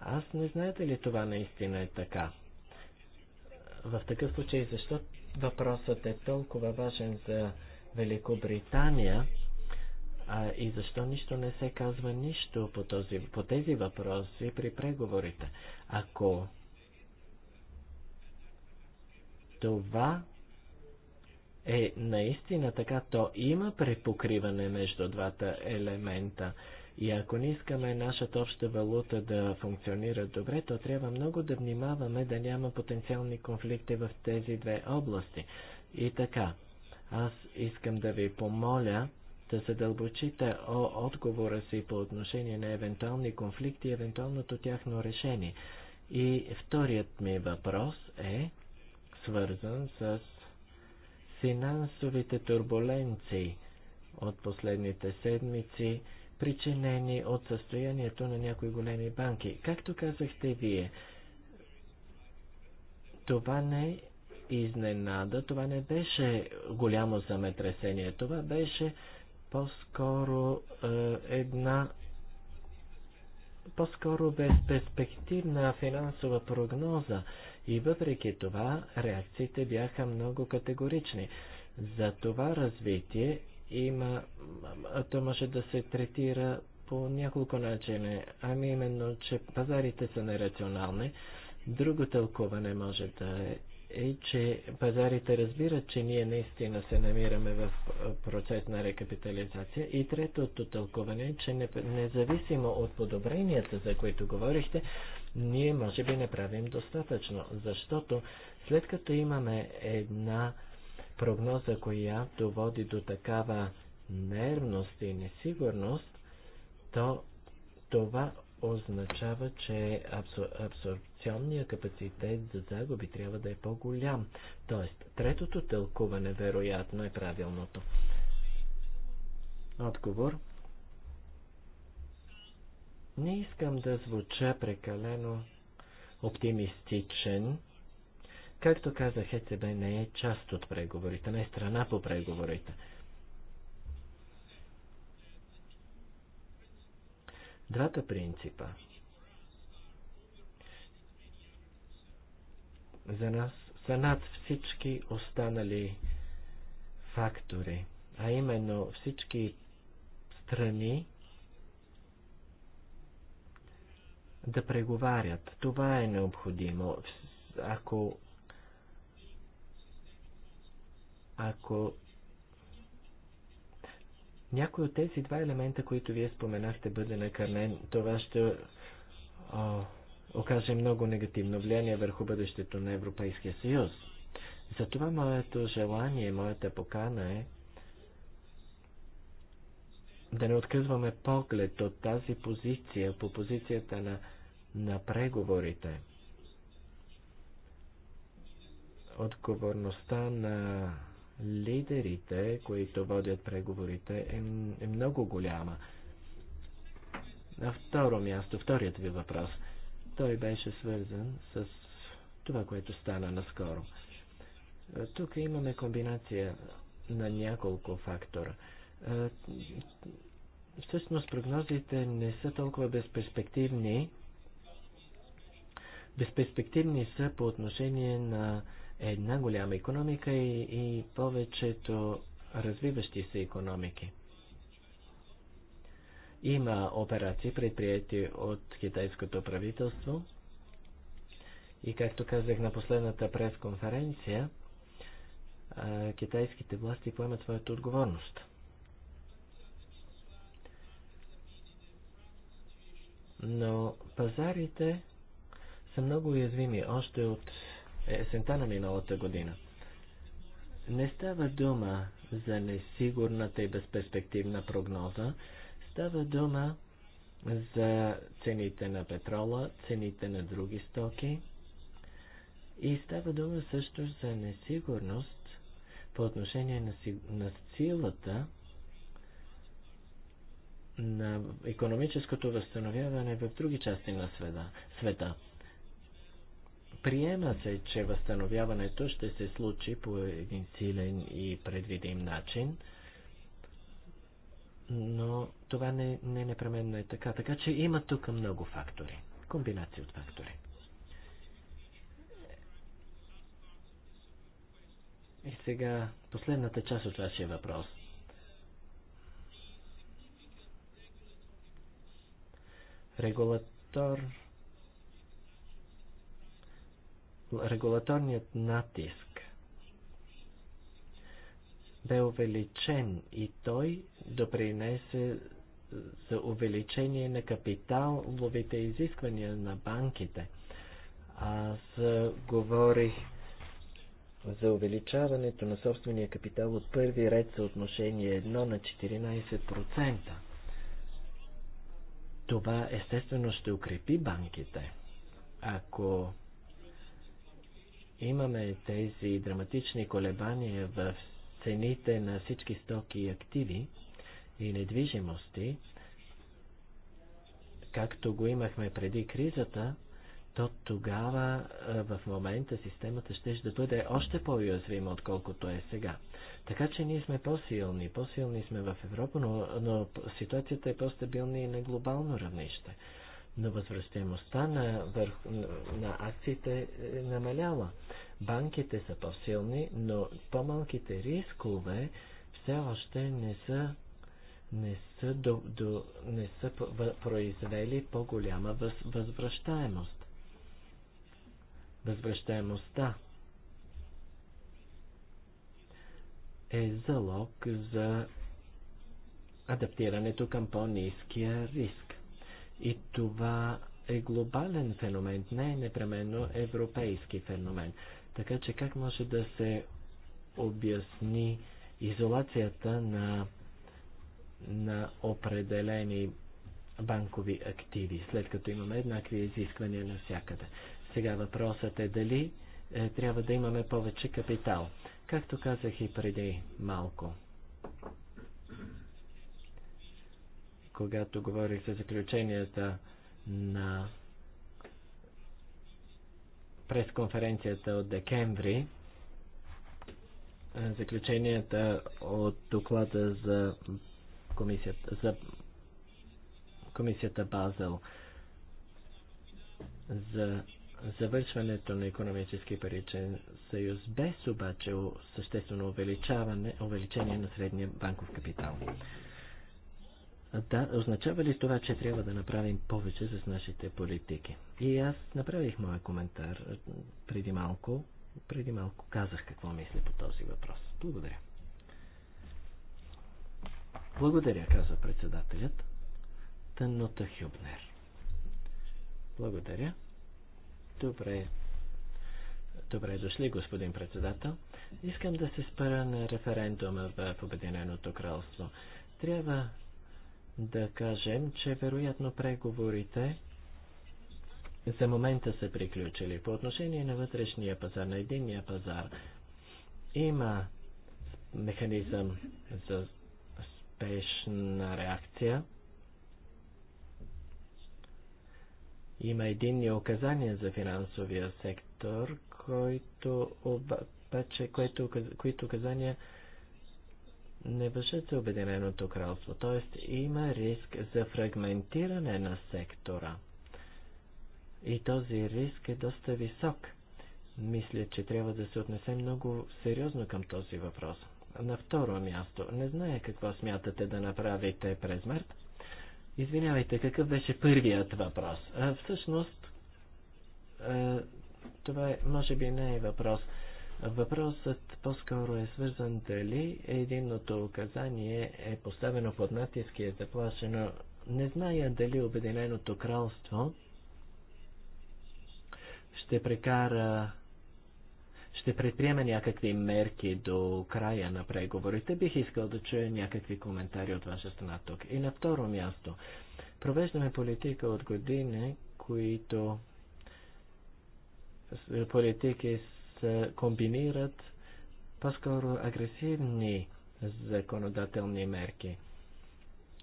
Аз не знаете ли това наистина е така? В такъв случай, защо въпросът е толкова важен за Великобритания а, и защо нищо не се казва нищо по, този, по тези въпроси при преговорите. Ако това е наистина така, то има препокриване между двата елемента. И ако не искаме нашата обща валута да функционира добре, то трябва много да внимаваме да няма потенциални конфликти в тези две области. И така, аз искам да ви помоля да задълбочите о отговора си по отношение на евентуални конфликти и евентуалното тяхно решение. И вторият ми въпрос е свързан с финансовите турбуленции от последните седмици, причинени от състоянието на някои големи банки. Както казахте вие, това не изненада. Това не беше голямо земетресение. Това беше по-скоро е, една по-скоро безперспективна финансова прогноза и въпреки това реакциите бяха много категорични. За това развитие има, то може да се третира по няколко начини, ами именно, че пазарите са нерационални, друго тълкуване може да е, е, че пазарите разбират, че ние наистина се намираме в процес на рекапитализация. И третото тълкуване е, че независимо от подобренията, за които говорихте, ние може би не правим достатъчно, защото след като имаме една прогноза, която води до такава нервност и несигурност, то това означава, че абсор... капацитет за загуби трябва да е по-голям. Тоест, третото тълкуване вероятно е правилното. Отговор. Не искам да звуча прекалено оптимистичен. Както казах, ЕЦБ не е част от преговорите, не е страна по преговорите. двата принципа. За нас са над всички останали фактори, а именно всички страни да преговарят. Това е необходимо. Ако ако някой от тези два елемента, които вие споменахте, бъде накърнен, това ще о, окаже много негативно влияние върху бъдещето на Европейския съюз. Затова моето желание, моята покана е да не отказваме поглед от тази позиция, по позицията на, на преговорите. Отговорността на лидерите, които водят преговорите, е, е много голяма. На второ място, вторият ви въпрос. Той беше свързан с това, което стана наскоро. Тук имаме комбинация на няколко фактора. Е, всъщност прогнозите не са толкова безперспективни. Безперспективни са по отношение на една голяма економика и, и повечето развиващи се економики. Има операции, предприяти от китайското правителство. И както казах на последната пресконференция, китайските власти поемат своята отговорност. Но пазарите са много уязвими още от е есента на миналата година. Не става дума за несигурната и безперспективна прогноза, става дума за цените на петрола, цените на други стоки и става дума също за несигурност по отношение на, си... на силата на економическото възстановяване в други части на света. света. Приема се, че възстановяването ще се случи по един силен и предвидим начин, но това не, не непременно е така. Така че има тук много фактори, комбинации от фактори. И сега последната част от вашия въпрос. Регулатор регулаторният натиск бе увеличен и той допринесе за увеличение на капиталовите изисквания на банките. Аз говорих за увеличаването на собствения капитал от първи ред съотношение 1 на 14%. Това естествено ще укрепи банките. Ако имаме тези драматични колебания в цените на всички стоки и активи и недвижимости, както го имахме преди кризата, то тогава в момента системата ще, да бъде още по-уязвима, отколкото е сега. Така че ние сме по-силни, по-силни сме в Европа, но, но ситуацията е по-стабилна и на глобално равнище но възвръщаемостта на, на акциите е намаляла. Банките са по-силни, но по-малките рискове все още не са, не са, до, до, не са произвели по-голяма въз, възвръщаемост. Възвръщаемостта е залог за адаптирането към по-низкия риск. И това е глобален феномен, не е непременно европейски феномен. Така че как може да се обясни изолацията на, на определени банкови активи, след като имаме еднакви изисквания навсякъде. Сега въпросът е дали е, трябва да имаме повече капитал. Както казах и преди малко когато говорих за заключенията на пресконференцията от декември, заключенията от доклада за комисията, за комисията Базел за завършването на економически паричен съюз, без обаче съществено увеличаване, увеличение на средния банков капитал. Да, означава ли това, че трябва да направим повече с нашите политики? И аз направих моя коментар преди малко. Преди малко казах какво мисля по този въпрос. Благодаря. Благодаря, каза председателят. Танута Хюбнер. Благодаря. Добре. Добре дошли, господин председател. Искам да се спра на референдума в Обединеното кралство. Трябва да кажем, че вероятно преговорите за момента са приключили. По отношение на вътрешния пазар, на единния пазар, има механизъм за спешна реакция. Има единни указания за финансовия сектор, който обаче, които, които указания не въжат за Обединеното кралство, т.е. има риск за фрагментиране на сектора. И този риск е доста висок. Мисля, че трябва да се отнесе много сериозно към този въпрос. На второ място, не зная какво смятате да направите през март. Извинявайте, какъв беше първият въпрос? А, всъщност, а, това е, може би не е въпрос. А, Въпросът по-скоро е свързан дали единното указание е поставено под натиск и е заплашено. Не зная дали Обединеното кралство ще прекара ще предприеме някакви мерки до края на преговорите. Бих искал да чуя някакви коментари от ваша страна тук. И на второ място, провеждаме политика от години, които политики с комбинират по-скоро агресивни законодателни мерки.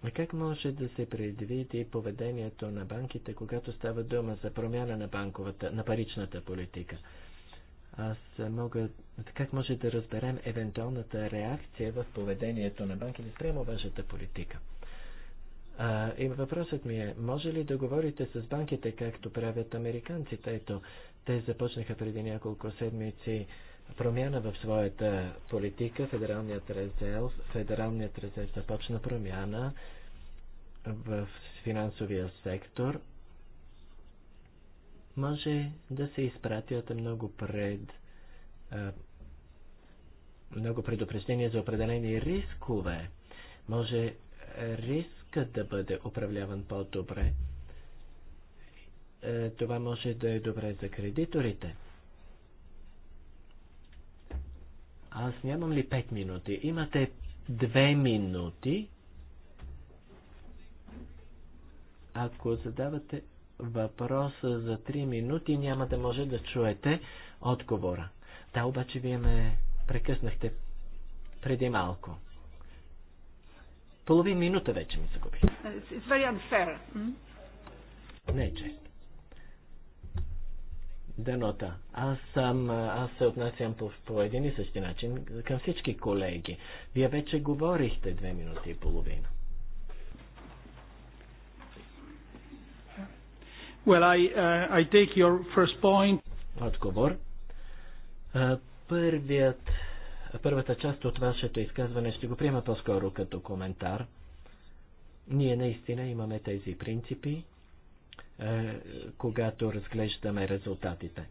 А как може да се предвиди поведението на банките, когато става дума за промяна на, банковата, на паричната политика? Аз мога... Как може да разберем евентуалната реакция в поведението на банките спрямо вашата политика? А, и въпросът ми е, може ли да говорите с банките, както правят американците? Ето, те започнаха преди няколко седмици промяна в своята политика. Федералният резерв, федералният резерв започна промяна в финансовия сектор. Може да се изпратят много пред много предупреждения за определени рискове. Може рискът да бъде управляван по-добре. Е, това може да е добре за кредиторите. Аз нямам ли 5 минути? Имате 2 минути. Ако задавате въпроса за 3 минути, няма да може да чуете отговора. Да, обаче вие ме прекъснахте преди малко. Половин минута вече ми загуби. It's very unfair. Mm? Не, че. Данота, аз, съм, аз се отнасям по, по един и същи начин към всички колеги. Вие вече говорихте две минути и половина. Well, I, uh, I take your first point. Отговор. Първият, първата част от вашето изказване ще го приема по-скоро като коментар. Ние наистина имаме тези принципи е, когато разглеждаме резултатите.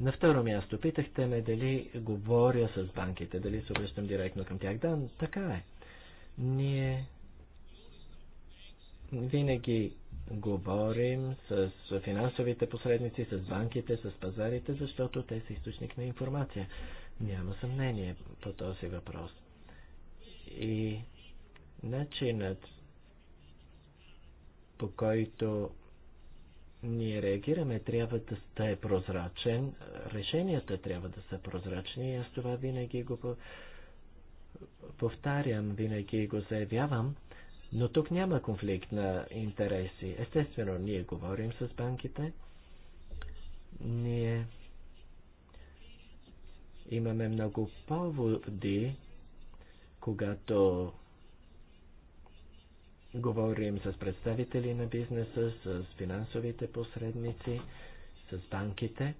На второ място, питахте ме дали говоря с банките, дали се обръщам директно към тях. Да, така е. Ние винаги говорим с финансовите посредници, с банките, с пазарите, защото те са източник на информация. Няма съмнение по този въпрос. И начинът по който ние реагираме, трябва да, е прозрачен, решенията трябва да са прозрачни и аз това винаги го повтарям, винаги го заявявам, но тук няма конфликт на интереси. Естествено, ние говорим с банките, ние имаме много поводи, когато Говорим с представители на бизнеса, с финансовите посредници, с банките.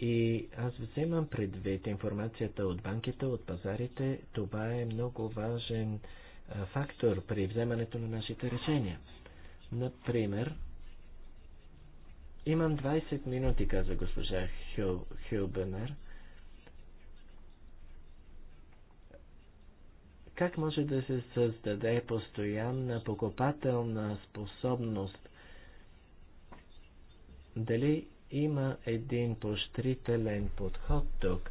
И аз вземам предвид информацията от банките, от пазарите. Това е много важен фактор при вземането на нашите решения. Например, имам 20 минути, каза госпожа Хю, Хил, как може да се създаде постоянна покупателна способност? Дали има един поощрителен подход тук,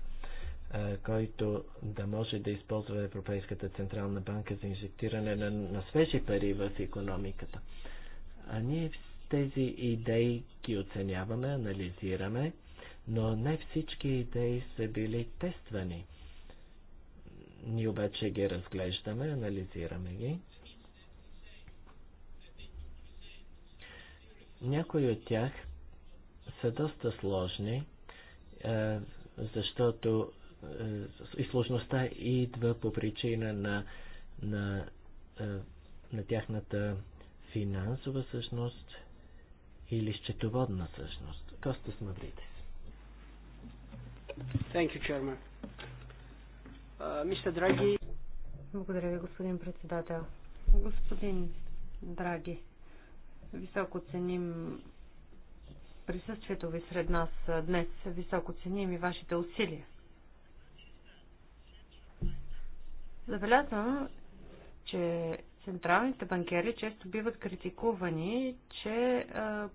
който да може да използва Европейската Централна банка за инжектиране на, на свежи пари в економиката? А ние тези идеи ги оценяваме, анализираме, но не всички идеи са били тествани – ние обаче ги разглеждаме, анализираме ги. Някои от тях са доста сложни, е, защото е, и сложността идва по причина на, на, е, на тяхната финансова същност или счетоводна същност. Костас Мавритис. Thank you, Chairman мистер Драги. Благодаря ви, господин председател. Господин Драги, високо ценим присъствието ви сред нас днес. Високо ценим и вашите усилия. Забелязвам, че централните банкери често биват критикувани, че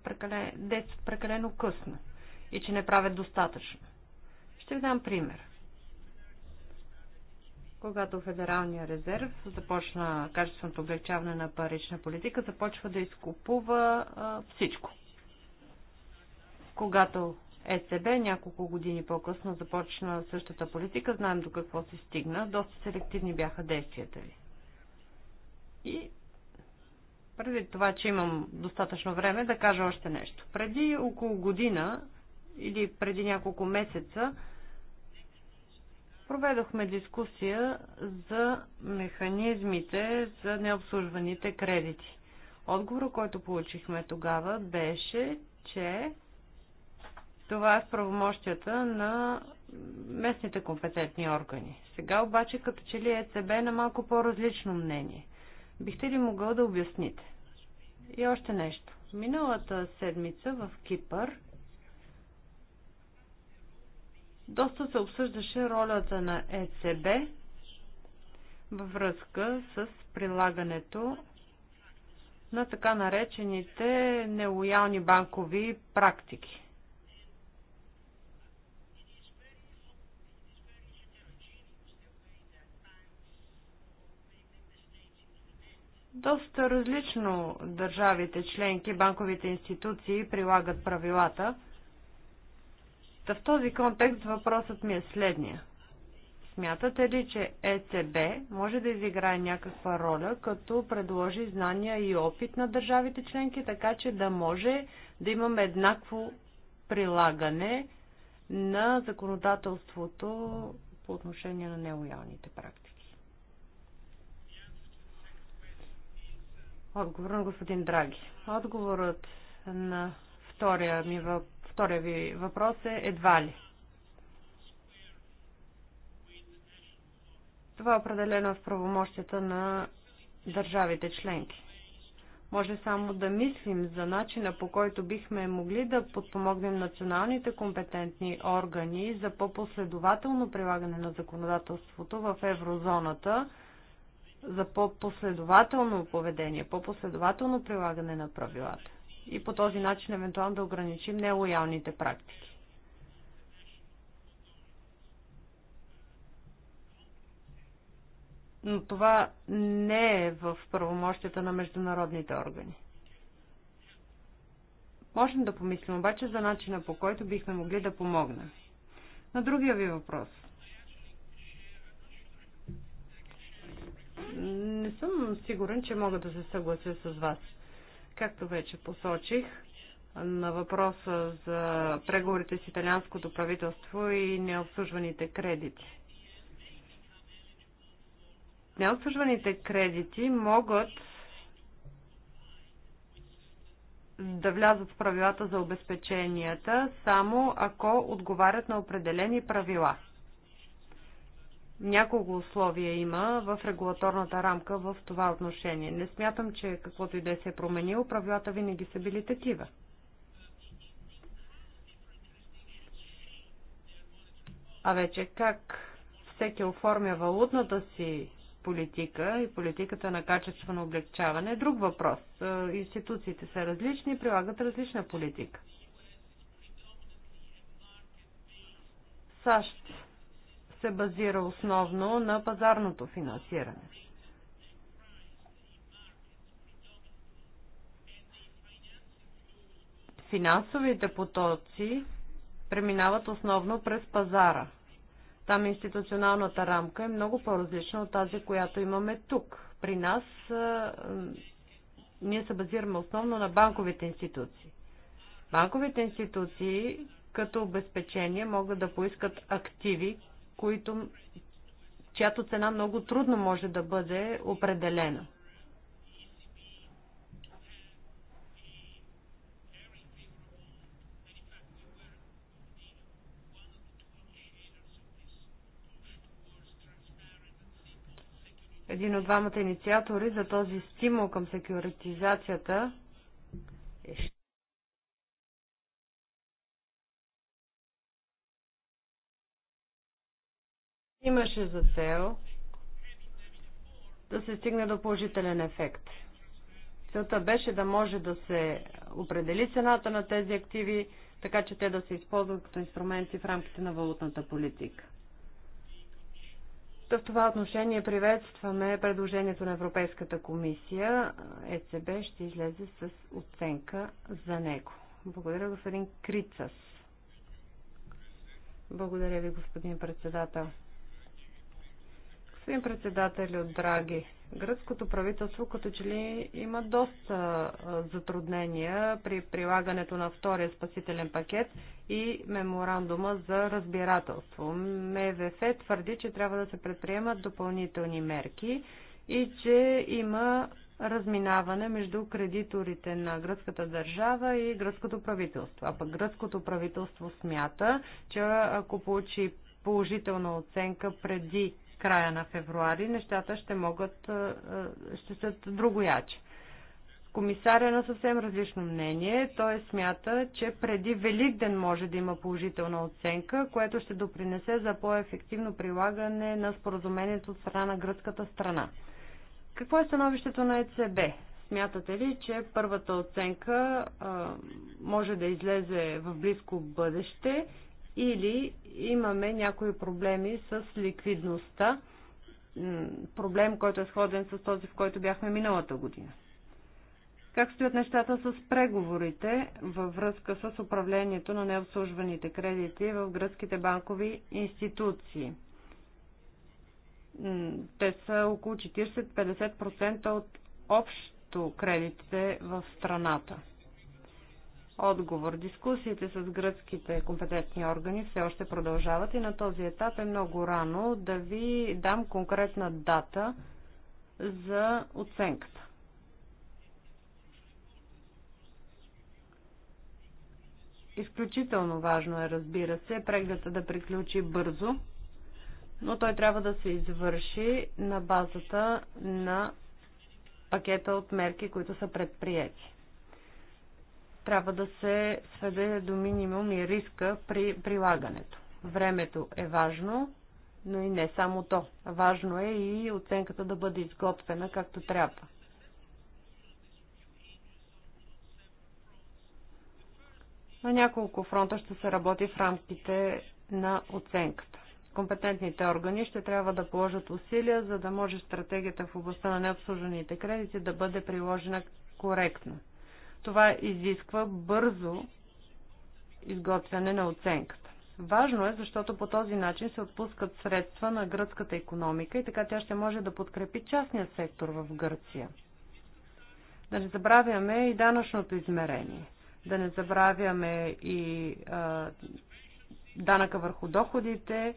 прекален, прекалено късно и че не правят достатъчно. Ще ви дам пример когато Федералния резерв започна качественото облегчаване на парична политика, започва да изкупува а, всичко. Когато ЕЦБ няколко години по-късно започна същата политика, знаем до какво се стигна. Доста селективни бяха действията ви. И преди това, че имам достатъчно време, да кажа още нещо. Преди около година или преди няколко месеца Проведохме дискусия за механизмите за необслужваните кредити. Отговор, който получихме тогава, беше, че това е в правомощията на местните компетентни органи. Сега обаче, като че ли ЕЦБ е на малко по-различно мнение. Бихте ли могъл да обясните? И още нещо. Миналата седмица в Кипър доста се обсъждаше ролята на ЕЦБ във връзка с прилагането на така наречените нелоялни банкови практики. Доста различно държавите членки, банковите институции прилагат правилата – Та в този контекст въпросът ми е следния. Смятате ли, че ЕЦБ може да изиграе някаква роля, като предложи знания и опит на държавите членки, така че да може да имаме еднакво прилагане на законодателството по отношение на нелоялните практики? Отговор на господин Драги. Отговорът на втория ми въпрос Втория ви въпрос е едва ли. Това е определено в правомощията на държавите членки. Може само да мислим за начина по който бихме могли да подпомогнем националните компетентни органи за по-последователно прилагане на законодателството в еврозоната, за по-последователно поведение, по-последователно прилагане на правилата и по този начин евентуално да ограничим нелоялните практики. но това не е в правомощията на международните органи. Можем да помислим обаче за начина по който бихме могли да помогнем. На другия ви въпрос. Не съм сигурен, че мога да се съглася с вас. Както вече посочих, на въпроса за преговорите с италианското правителство и необслужваните кредити. Необслужваните кредити могат да влязат в правилата за обезпеченията, само ако отговарят на определени правила – няколко условия има в регулаторната рамка в това отношение. Не смятам, че каквото и да се е променило, правилата винаги са били такива. А вече как всеки оформя валутната си политика и политиката на качествено облегчаване е друг въпрос. Е, институциите са различни и прилагат различна политика. САЩ се базира основно на пазарното финансиране. Финансовите потоци преминават основно през пазара. Там институционалната рамка е много по-различна от тази, която имаме тук. При нас ние се базираме основно на банковите институции. Банковите институции като обезпечение могат да поискат активи, които, чиято цена много трудно може да бъде определена. един от двамата инициатори за този стимул към секюритизацията е имаше за цел да се стигне до положителен ефект. Целта беше да може да се определи цената на тези активи, така че те да се използват като инструменти в рамките на валутната политика. В това отношение приветстваме предложението на Европейската комисия. ЕЦБ ще излезе с оценка за него. Благодаря, господин Крицас. Благодаря ви, господин председател. Господин председател от Драги, гръцкото правителство като че ли има доста затруднения при прилагането на втория спасителен пакет и меморандума за разбирателство. МВФ твърди, че трябва да се предприемат допълнителни мерки и че има разминаване между кредиторите на гръцката държава и гръцкото правителство. А пък гръцкото правителство смята, че ако получи положителна оценка преди края на февруари, нещата ще могат, ще са другояче. Комисаря на съвсем различно мнение. Той смята, че преди Великден може да има положителна оценка, което ще допринесе за по-ефективно прилагане на споразумението от страна на гръцката страна. Какво е становището на ЕЦБ? Смятате ли, че първата оценка а, може да излезе в близко бъдеще или имаме някои проблеми с ликвидността, проблем, който е сходен с този, в който бяхме миналата година. Как стоят нещата с преговорите във връзка с управлението на необслужваните кредити в гръцките банкови институции? Те са около 40-50% от общо кредитите в страната. Отговор. Дискусиите с гръцките компетентни органи все още продължават и на този етап е много рано да ви дам конкретна дата за оценката. Изключително важно е, разбира се, прегледа да приключи бързо, но той трябва да се извърши на базата на пакета от мерки, които са предприяти трябва да се сведе до минимум и риска при прилагането. Времето е важно, но и не само то. Важно е и оценката да бъде изготвена както трябва. На няколко фронта ще се работи в рамките на оценката. Компетентните органи ще трябва да положат усилия, за да може стратегията в областта на необслужените кредити да бъде приложена коректно. Това изисква бързо изготвяне на оценката. Важно е, защото по този начин се отпускат средства на гръцката економика и така тя ще може да подкрепи частния сектор в Гърция. Да не забравяме и данъчното измерение. Да не забравяме и а, данъка върху доходите,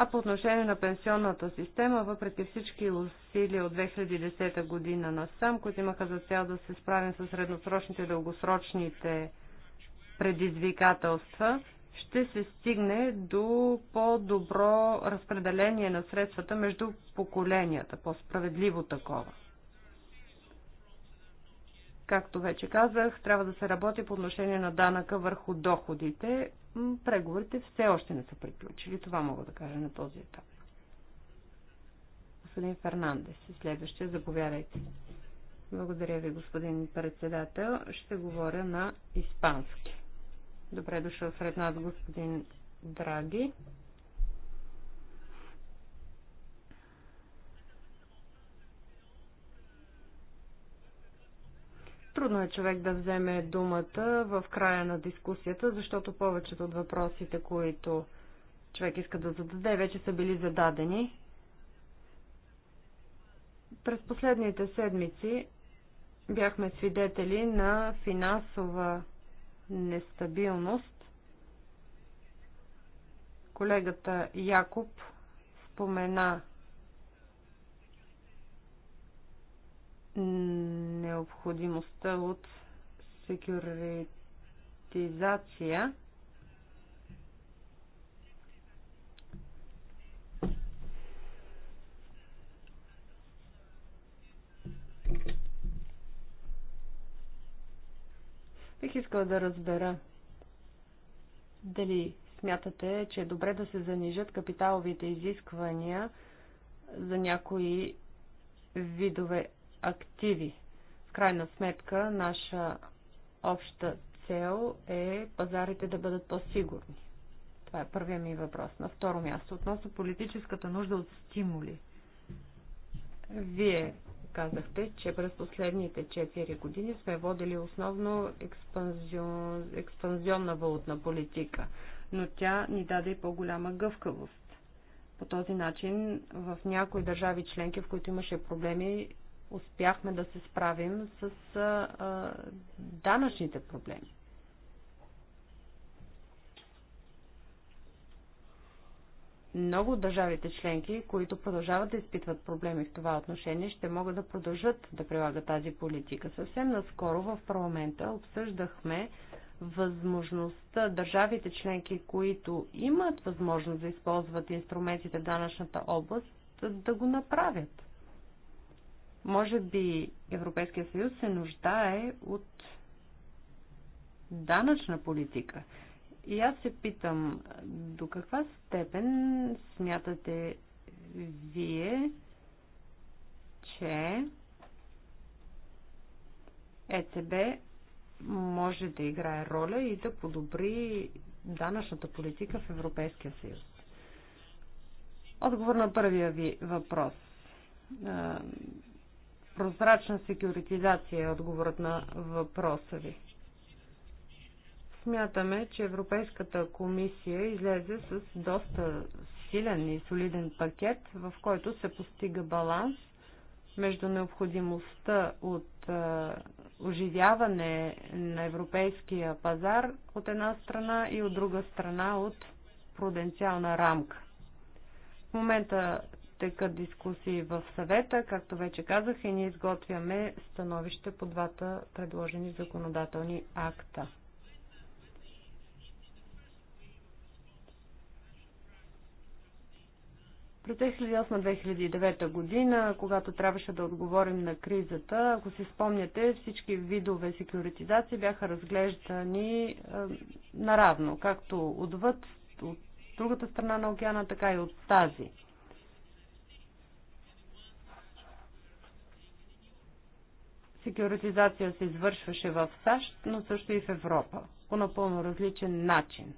а по отношение на пенсионната система, въпреки всички усилия от 2010 година насам, които имаха за цел да се справим с средносрочните и дългосрочните предизвикателства, ще се стигне до по-добро разпределение на средствата между поколенията, по-справедливо такова. Както вече казах, трябва да се работи по отношение на данъка върху доходите преговорите все още не са приключили. Това мога да кажа на този етап. Господин Фернандес, е следващия, заповядайте. Благодаря ви, господин председател. Ще говоря на испански. Добре дошъл сред нас господин Драги. Трудно е човек да вземе думата в края на дискусията, защото повечето от въпросите, които човек иска да зададе, вече са били зададени. През последните седмици бяхме свидетели на финансова нестабилност. Колегата Якоб спомена необходимостта от секюритизация. Бих искала да разбера дали смятате, че е добре да се занижат капиталовите изисквания за някои видове активи. В крайна сметка, наша обща цел е пазарите да бъдат по-сигурни. Това е първият ми въпрос. На второ място, относно политическата нужда от стимули. Вие казахте, че през последните 4 години сме водили основно експанзион, експанзионна валутна политика, но тя ни даде и по-голяма гъвкавост. По този начин в някои държави членки, в които имаше проблеми, успяхме да се справим с а, данъчните проблеми. Много от държавите членки, които продължават да изпитват проблеми в това отношение, ще могат да продължат да прилагат тази политика. Съвсем наскоро в парламента обсъждахме възможността държавите членки, които имат възможност да използват инструментите в данъчната област, да го направят. Може би Европейския съюз се нуждае от данъчна политика. И аз се питам, до каква степен смятате вие, че ЕЦБ може да играе роля и да подобри данъчната политика в Европейския съюз? Отговор на първия ви въпрос прозрачна секюритизация е отговорът на въпроса ви. Смятаме, че Европейската комисия излезе с доста силен и солиден пакет, в който се постига баланс между необходимостта от оживяване на европейския пазар от една страна и от друга страна от пруденциална рамка. В момента текат дискусии в съвета. Както вече казах, и ние изготвяме становище по двата предложени законодателни акта. През 2008-2009 година, когато трябваше да отговорим на кризата, ако си спомняте, всички видове секюритизации бяха разглеждани е, наравно, както отвъд, от другата страна на океана, така и от тази. Секюритизация се извършваше в САЩ, но също и в Европа, по напълно различен начин.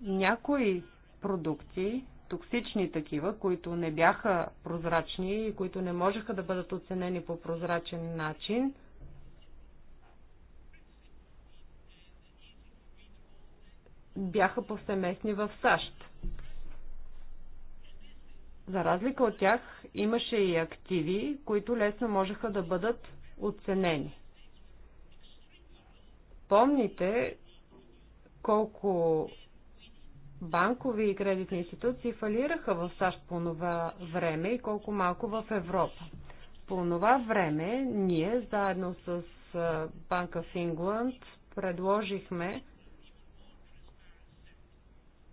Някои продукти, токсични такива, които не бяха прозрачни и които не можеха да бъдат оценени по прозрачен начин, бяха повсеместни в САЩ. За разлика от тях имаше и активи, които лесно можеха да бъдат оценени. Помните колко банкови и кредитни институции фалираха в САЩ по това време и колко малко в Европа. По това време ние заедно с Банка в Ингланд предложихме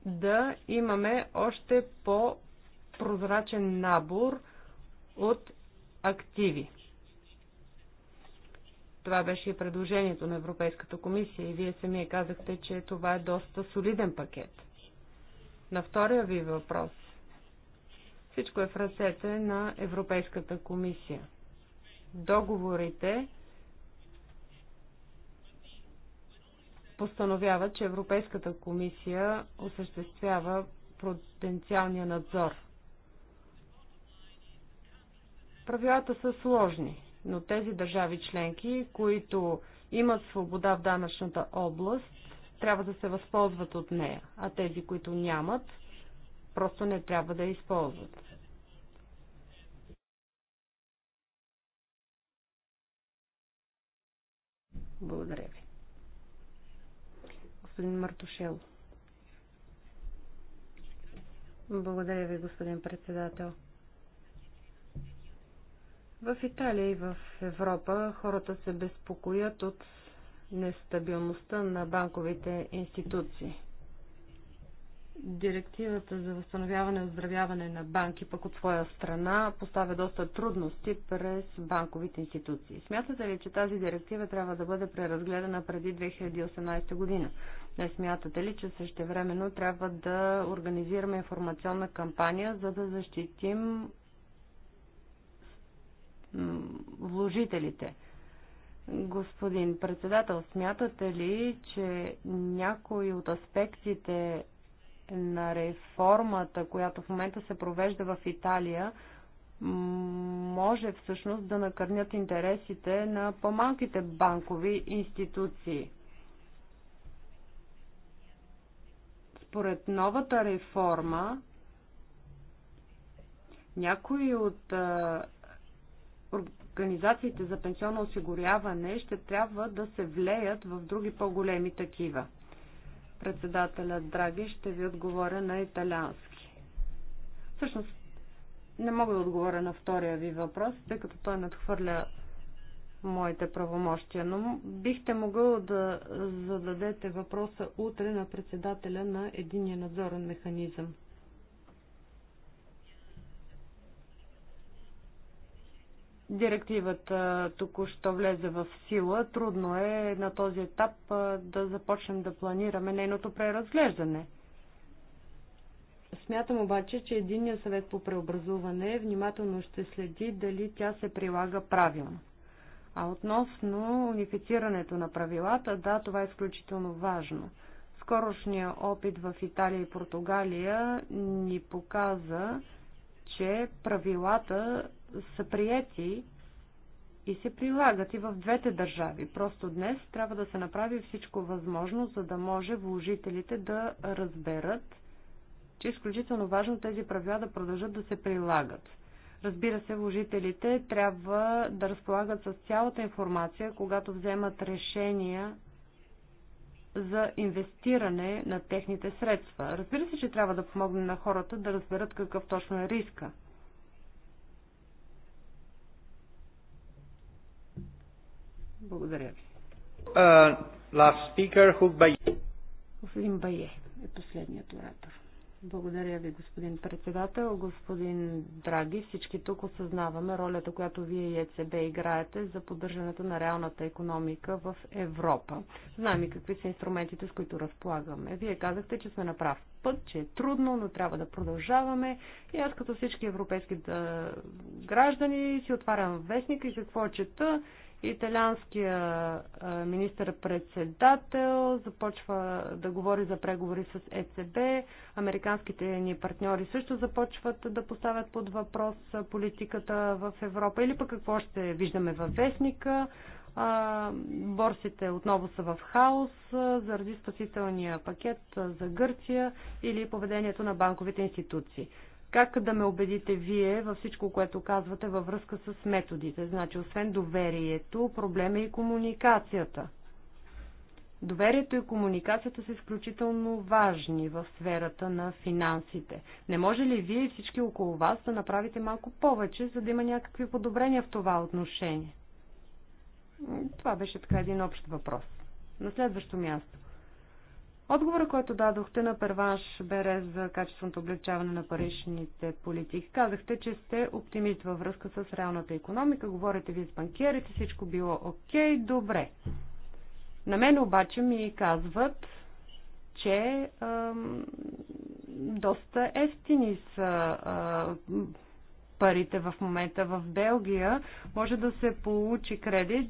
да имаме още по прозрачен набор от активи. Това беше и предложението на Европейската комисия и вие самия казахте, че това е доста солиден пакет. На втория ви въпрос. Всичко е в ръцете на Европейската комисия. Договорите постановяват, че Европейската комисия осъществява потенциалния надзор – Правилата са сложни, но тези държави членки, които имат свобода в данъчната област, трябва да се възползват от нея, а тези, които нямат, просто не трябва да я използват. Благодаря ви. Господин Мартушел. Благодаря ви, господин председател. В Италия и в Европа хората се безпокоят от нестабилността на банковите институции. Директивата за възстановяване и оздравяване на банки пък от своя страна поставя доста трудности през банковите институции. Смятате ли, че тази директива трябва да бъде преразгледана преди 2018 година? Не смятате ли, че същевременно трябва да организираме информационна кампания, за да защитим вложителите. Господин председател, смятате ли, че някои от аспектите на реформата, която в момента се провежда в Италия, може всъщност да накърнят интересите на по-малките банкови институции? Според новата реформа, някои от организациите за пенсионно осигуряване ще трябва да се влеят в други по-големи такива. Председателя Драги ще ви отговоря на италиански. Всъщност, не мога да отговоря на втория ви въпрос, тъй като той надхвърля моите правомощия, но бихте могъл да зададете въпроса утре на председателя на единия надзорен механизъм. Директивата току-що влезе в сила. Трудно е на този етап да започнем да планираме нейното преразглеждане. Смятам обаче, че Единният съвет по преобразуване внимателно ще следи дали тя се прилага правилно. А относно унифицирането на правилата, да, това е изключително важно. Скорошният опит в Италия и Португалия ни показа, че правилата са приети и се прилагат и в двете държави. Просто днес трябва да се направи всичко възможно, за да може вложителите да разберат, че е изключително важно тези правила да продължат да се прилагат. Разбира се, вложителите трябва да разполагат с цялата информация, когато вземат решения за инвестиране на техните средства. Разбира се, че трябва да помогнем на хората да разберат какъв точно е риска. Благодаря ви. Uh, last speaker, Господин Бае е последният оратор. Благодаря ви, господин председател. Господин Драги, всички тук осъзнаваме ролята, която вие и ЕЦБ играете за поддържането на реалната економика в Европа. Знаем и какви са инструментите, с които разполагаме. Вие казахте, че сме на прав път, че е трудно, но трябва да продължаваме. И аз като всички европейски граждани си отварям вестника и какво чета Италианския министър-председател започва да говори за преговори с ЕЦБ. Американските ни партньори също започват да поставят под въпрос политиката в Европа. Или пък какво ще виждаме във вестника? Борсите отново са в хаос заради спасителния пакет за Гърция или поведението на банковите институции. Как да ме убедите вие във всичко, което казвате във връзка с методите? Значи, освен доверието, проблема е и комуникацията. Доверието и комуникацията са изключително важни в сферата на финансите. Не може ли вие и всички около вас да направите малко повече, за да има някакви подобрения в това отношение? Това беше така един общ въпрос. На следващо място – Отговора, който дадохте на перванш Берез за качественото облегчаване на паричните политики, казахте, че сте оптимист във връзка с реалната економика, говорите ви с банкерите, всичко било окей, okay, добре. На мен обаче ми казват, че ам, доста ефтини са а, парите в момента в Белгия. Може да се получи кредит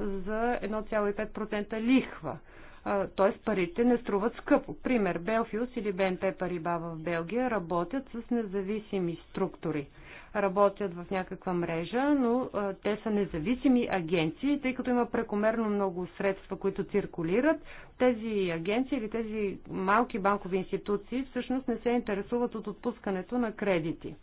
за 1,5% лихва т.е. парите не струват скъпо. Пример, Белфиус или БНП Париба в Белгия работят с независими структури. Работят в някаква мрежа, но те са независими агенции, тъй като има прекомерно много средства, които циркулират. Тези агенции или тези малки банкови институции всъщност не се интересуват от отпускането на кредити.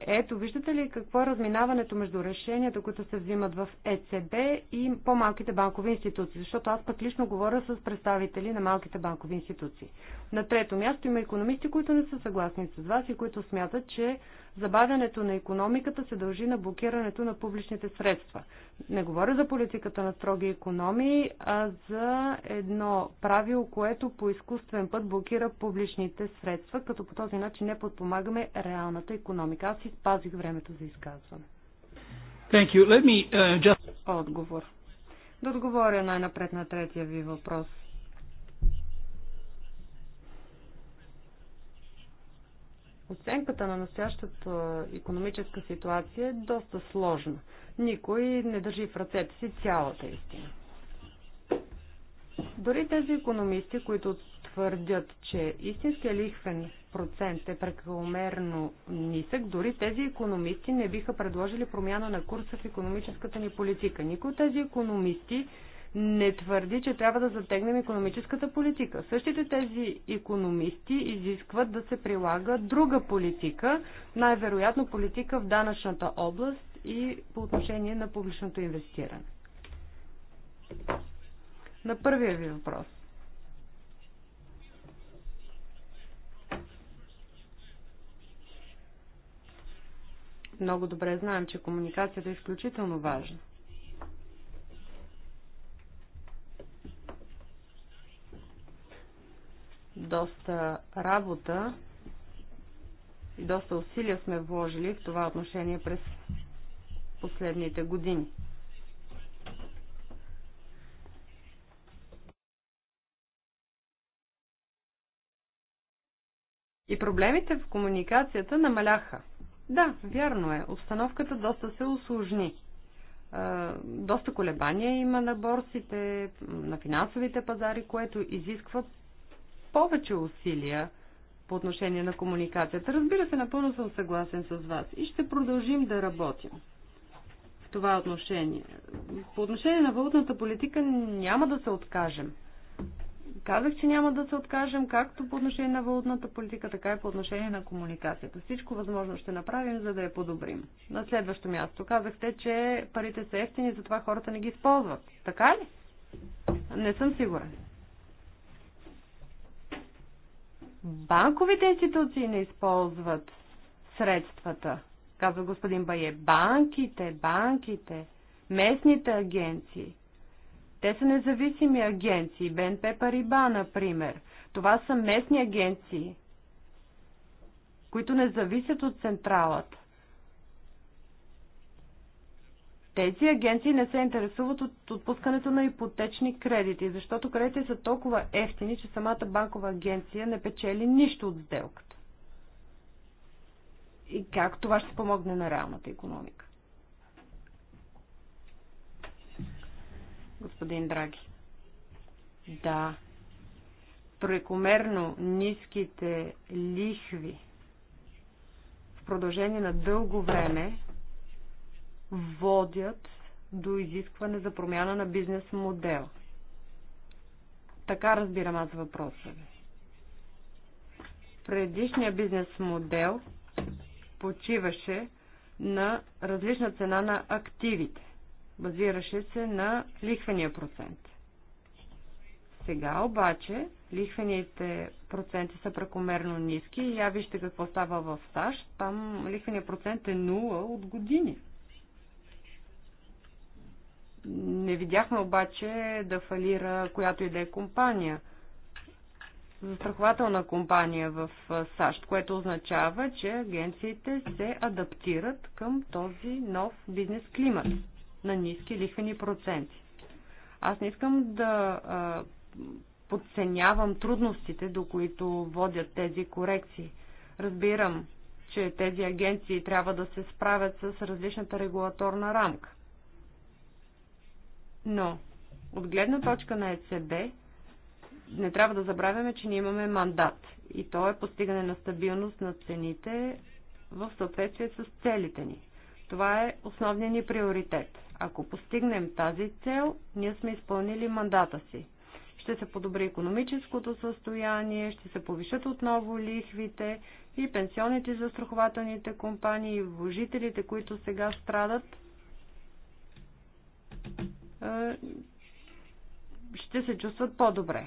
Ето, виждате ли какво е разминаването между решенията, които се взимат в ЕЦБ и по-малките банкови институции, защото аз пък лично говоря с представители на малките банкови институции. На трето място има економисти, които не са съгласни с вас и които смятат, че Забавянето на економиката се дължи на блокирането на публичните средства. Не говоря за политиката на строги економии, а за едно правило, което по изкуствен път блокира публичните средства, като по този начин не подпомагаме реалната економика. Аз изпазих времето за изказване. Thank you. Let me, uh, just... Отговор. Да отговоря най-напред на третия ви въпрос. Оценката на настоящата економическа ситуация е доста сложна. Никой не държи в ръцете си цялата истина. Дори тези економисти, които твърдят, че истинския лихвен процент е прекалмерно нисък, дори тези економисти не биха предложили промяна на курса в економическата ни политика. Никой от тези економисти не твърди, че трябва да затегнем економическата политика. Същите тези економисти изискват да се прилага друга политика, най-вероятно политика в данъчната област и по отношение на публичното инвестиране. На първия ви въпрос. Много добре знаем, че комуникацията е изключително важна. доста работа и доста усилия сме вложили в това отношение през последните години. И проблемите в комуникацията намаляха. Да, вярно е. Обстановката доста се осложни. Доста колебания има на борсите, на финансовите пазари, което изискват повече усилия по отношение на комуникацията. Разбира се, напълно съм съгласен с вас и ще продължим да работим в това отношение. По отношение на валутната политика няма да се откажем. Казах, че няма да се откажем както по отношение на валутната политика, така и по отношение на комуникацията. Всичко възможно ще направим, за да я подобрим. На следващо място казахте, че парите са ефтини, затова хората не ги използват. Така ли? Не съм сигурен. банковите институции не използват средствата. Казва господин Бае, банките, банките, местните агенции. Те са независими агенции, БНП Париба, например. Това са местни агенции, които не зависят от централата. Тези агенции не се интересуват от отпускането на ипотечни кредити, защото кредитите са толкова ефтини, че самата банкова агенция не печели нищо от сделката. И как това ще помогне на реалната економика? Господин Драги. Да. Прекомерно ниските лихви в продължение на дълго време водят до изискване за промяна на бизнес модел. Така разбирам аз въпроса ви. Предишния бизнес модел почиваше на различна цена на активите. Базираше се на лихвения процент. Сега обаче лихвените проценти са прекомерно ниски и я вижте какво става в САЩ. Там лихвения процент е 0 от години. Не видяхме обаче да фалира която и да е компания. Застрахователна компания в САЩ, което означава, че агенциите се адаптират към този нов бизнес климат на ниски лихвени проценти. Аз не искам да а, подценявам трудностите, до които водят тези корекции. Разбирам, че тези агенции трябва да се справят с различната регулаторна рамка. Но от гледна точка на ЕЦБ не трябва да забравяме, че ние имаме мандат и то е постигане на стабилност на цените в съответствие с целите ни. Това е основният ни приоритет. Ако постигнем тази цел, ние сме изпълнили мандата си. Ще се подобри економическото състояние, ще се повишат отново лихвите и пенсионните за застрахователните компании и вложителите, които сега страдат, ще се чувстват по-добре.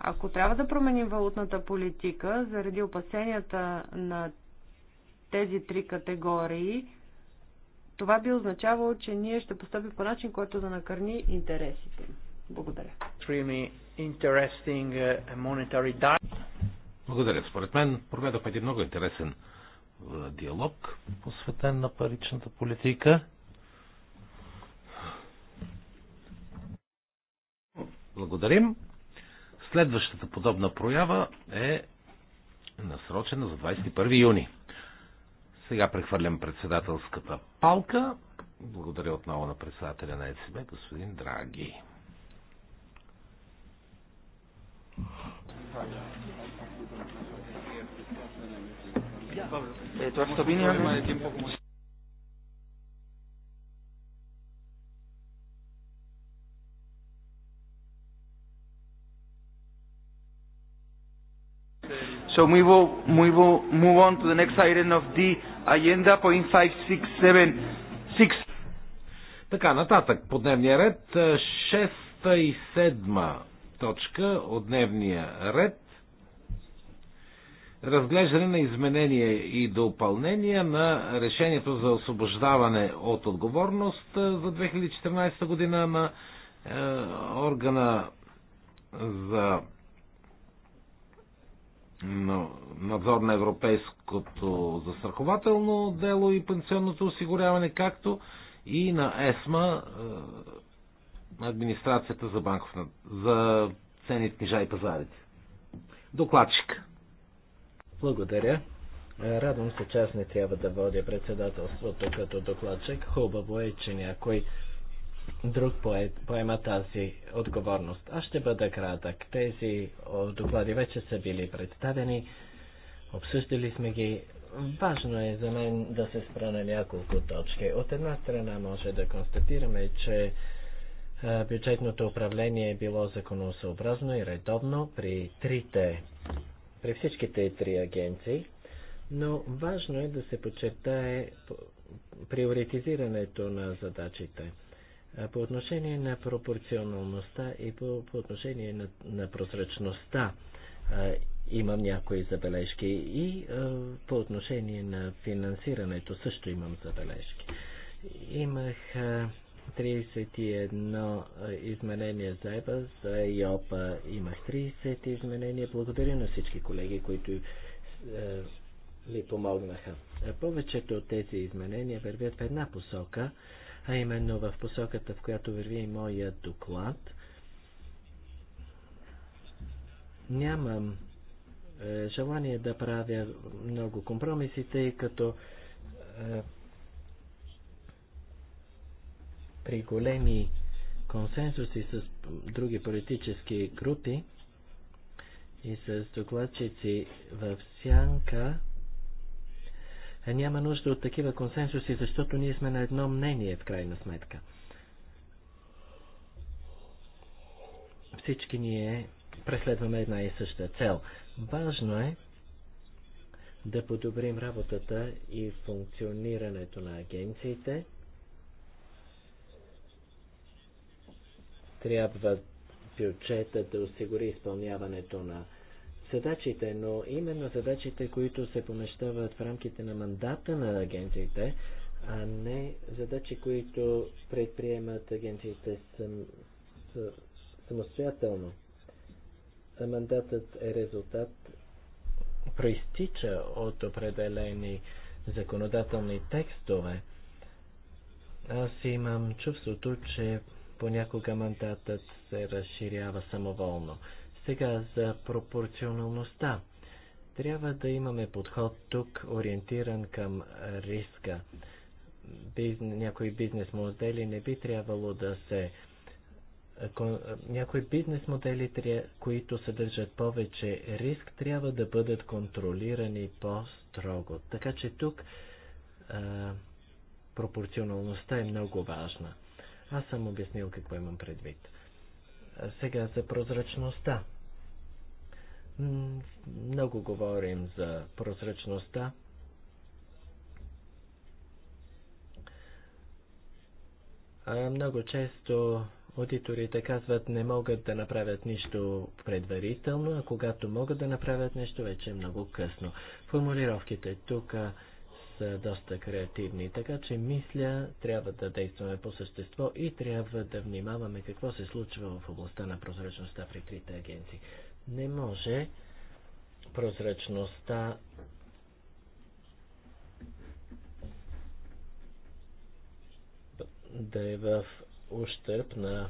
Ако трябва да променим валутната политика заради опасенията на тези три категории, това би означавало, че ние ще поступим по начин, който да накърни интересите им. Благодаря. Uh, Благодаря. Според мен проведох един много интересен uh, диалог, посветен на паричната политика. Благодарим. Следващата подобна проява е насрочена за 21 юни. Сега прехвърлям председателската палка. Благодаря отново на председателя на ЕЦБ, господин Драги. Е, това е has So we will, we will move on to the next item of the agenda, point 5676. Така, нататък по дневния ред, 6 е, и 7 точка от дневния ред. Разглеждане на изменения и допълнения на решението за освобождаване от отговорност е, за 2014 година на е, органа за надзор на европейското застрахователно дело и пенсионното осигуряване, както и на ЕСМА, е, администрацията за, банков, за цени, книжа и пазарите. Докладчик. Благодаря. Радвам се, че аз не трябва да водя председателството като докладчик. Хубаво е, че някой друг поет, поема тази отговорност. Аз ще бъда кратък. Тези доклади вече са били представени, обсъждали сме ги. Важно е за мен да се спра на няколко точки. От една страна може да констатираме, че бюджетното управление е било законосъобразно и редовно при трите, при всичките три агенции, но важно е да се подчертае приоритизирането на задачите – по отношение на пропорционалността и по, по отношение на, на прозрачността имам някои забележки и по отношение на финансирането също имам забележки. Имах 31 изменения за ЕБА, за ЙОПА имах 30 изменения. Благодаря на всички колеги, които а, ми помогнаха. Повечето от тези изменения вървят в една посока, а именно в посоката, в която върви и моя доклад. Нямам е, желание да правя много компромиси, тъй като е, при големи консенсуси с други политически групи и с докладчици в сянка, е, няма нужда от такива консенсуси, защото ние сме на едно мнение в крайна сметка. Всички ние преследваме една и съща цел. Важно е да подобрим работата и функционирането на агенциите. Трябва бюджета да осигури изпълняването на задачите, но именно задачите, които се помещават в рамките на мандата на агенциите, а не задачи, които предприемат агенциите сам, самостоятелно. Мандатът е резултат, проистича от определени законодателни текстове. Аз имам чувството, че понякога мандатът се разширява самоволно. Сега за пропорционалността. Трябва да имаме подход тук ориентиран към риска. Биз... някои бизнес модели не би трябвало да се някои бизнес модели, които съдържат повече риск, трябва да бъдат контролирани по-строго. Така че тук а, пропорционалността е много важна. Аз съм обяснил какво имам предвид. Сега за прозрачността. Много говорим за прозрачността. Много често аудиторите казват, не могат да направят нищо предварително, а когато могат да направят нещо, вече е много късно. Формулировките тук са доста креативни, така че мисля, трябва да действаме по същество и трябва да внимаваме какво се случва в областта на прозрачността при трите агенции. Не може прозрачността да е в ущърп на,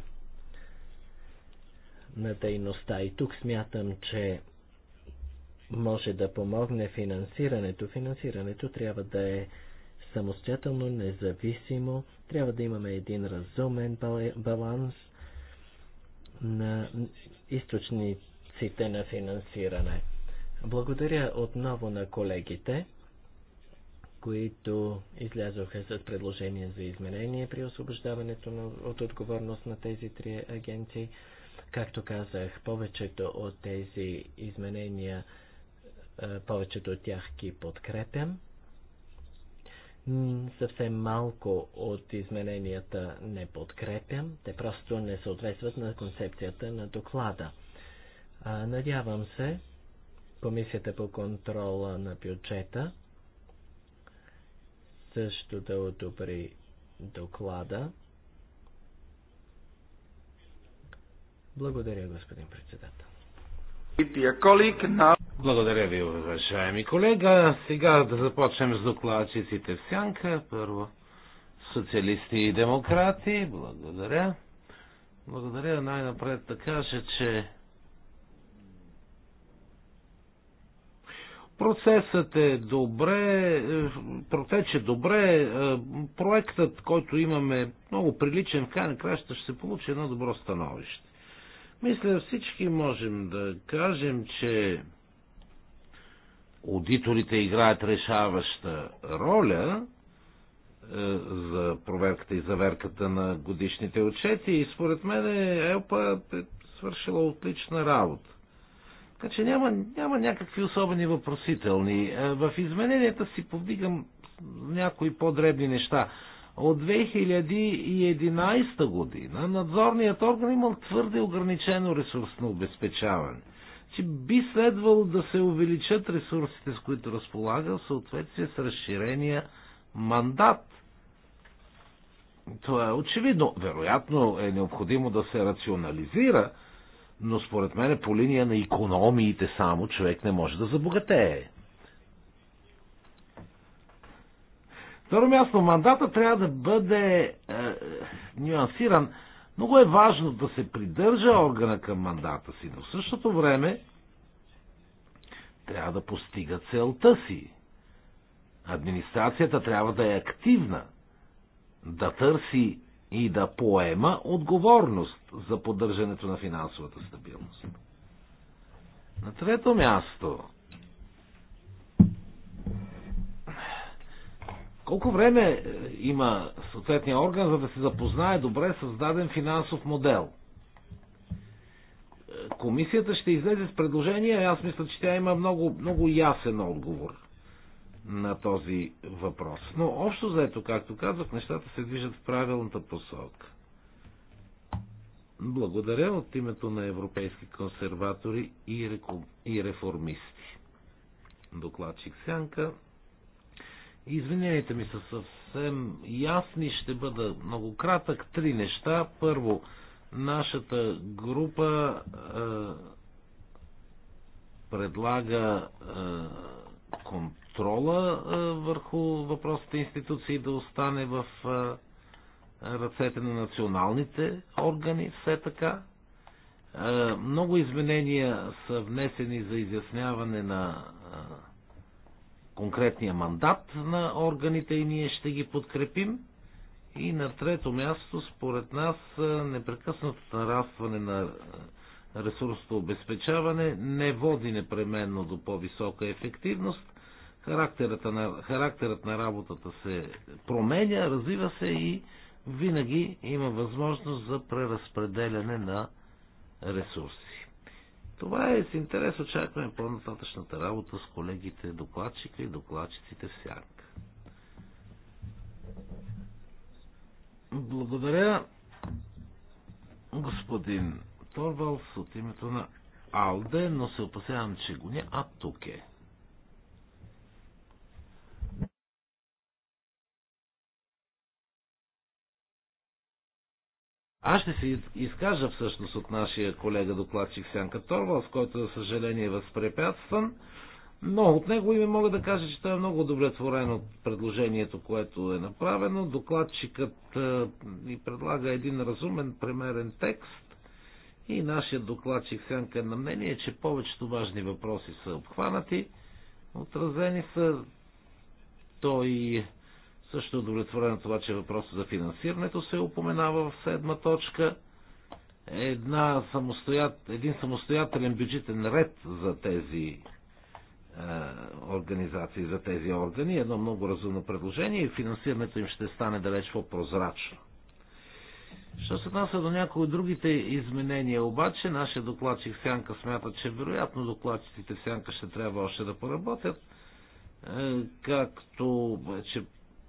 на дейността. И тук смятам, че може да помогне финансирането. Финансирането трябва да е самостоятелно, независимо. Трябва да имаме един разумен баланс на източници източниците на финансиране. Благодаря отново на колегите, които излязоха с предложение за изменение при освобождаването от отговорност на тези три агенции. Както казах, повечето от тези изменения, повечето от тях ги подкрепям. Съвсем малко от измененията не подкрепям, те просто не съответстват на концепцията на доклада. Надявам се, Комисията по контрола на бюджета също да одобри доклада. Благодаря, господин председател. Благодаря ви, уважаеми колега. Сега да започнем с докладчиците в сянка. Първо, социалисти и демократи. Благодаря. Благодаря най-напред да кажа, че Процесът е добре, е, протече добре. Е, проектът, който имаме, много приличен в край краща, ще се получи едно добро становище. Мисля, всички можем да кажем, че аудиторите играят решаваща роля е, за проверката и заверката на годишните отчети и според мен ЕЛПА е свършила отлична работа. Така че няма, няма някакви особени въпросителни. Е, в измененията си повдигам някои по-дребни неща. От 2011 година надзорният орган имал твърде ограничено ресурсно обезпечаване. Че би следвало да се увеличат ресурсите, с които разполага в съответствие с разширения мандат. Това е очевидно. Вероятно е необходимо да се рационализира – но според мен по линия на економиите само човек не може да забогатее. Второ място, мандата трябва да бъде е, нюансиран. Много е важно да се придържа органа към мандата си, но в същото време трябва да постига целта си. Администрацията трябва да е активна, да търси и да поема отговорност за поддържането на финансовата стабилност. На трето място, колко време е, има съответния орган, за да се запознае добре създаден финансов модел? Е, комисията ще излезе с предложение, аз мисля, че тя има много, много ясен отговор – на този въпрос. Но общо заето, както казах, нещата се движат в правилната посока. Благодаря от името на европейски консерватори и реформисти. Докладчик Сянка. Извинявайте ми са съвсем ясни, ще бъда много кратък. Три неща. Първо, нашата група е, предлага е, контакт контрола върху въпросите институции да остане в ръцете на националните органи, все така. Много изменения са внесени за изясняване на конкретния мандат на органите и ние ще ги подкрепим. И на трето място, според нас, непрекъснатото нарастване на ресурсното обезпечаване не води непременно до по-висока ефективност, Характерът на, характерът на работата се променя, развива се и винаги има възможност за преразпределяне на ресурси. Това е с интерес. Очакваме по-нататъчната работа с колегите докладчика и докладчиците в сянка. Благодаря господин Торвалс от името на Алде, но се опасявам, че го не, а тук е. Аз ще се изкажа всъщност от нашия колега докладчик Сянка Торвалс, който за съжаление е възпрепятстван, но от него име мога да кажа, че той е много удовлетворен от предложението, което е направено. Докладчикът е, ни предлага един разумен, премерен текст и нашия докладчик Сянка е на мнение, че повечето важни въпроси са обхванати, отразени са. Той също е удовлетворен това, че въпросът за финансирането се упоменава в седма точка. Една самостоят, един самостоятелен бюджетен ред за тези е, организации, за тези органи. Едно много разумно предложение и финансирането им ще стане далеч по-прозрачно. Що се отнася до някои от другите изменения обаче, нашия докладчик Сянка смята, че вероятно докладчиците Сянка ще трябва още да поработят, е, както че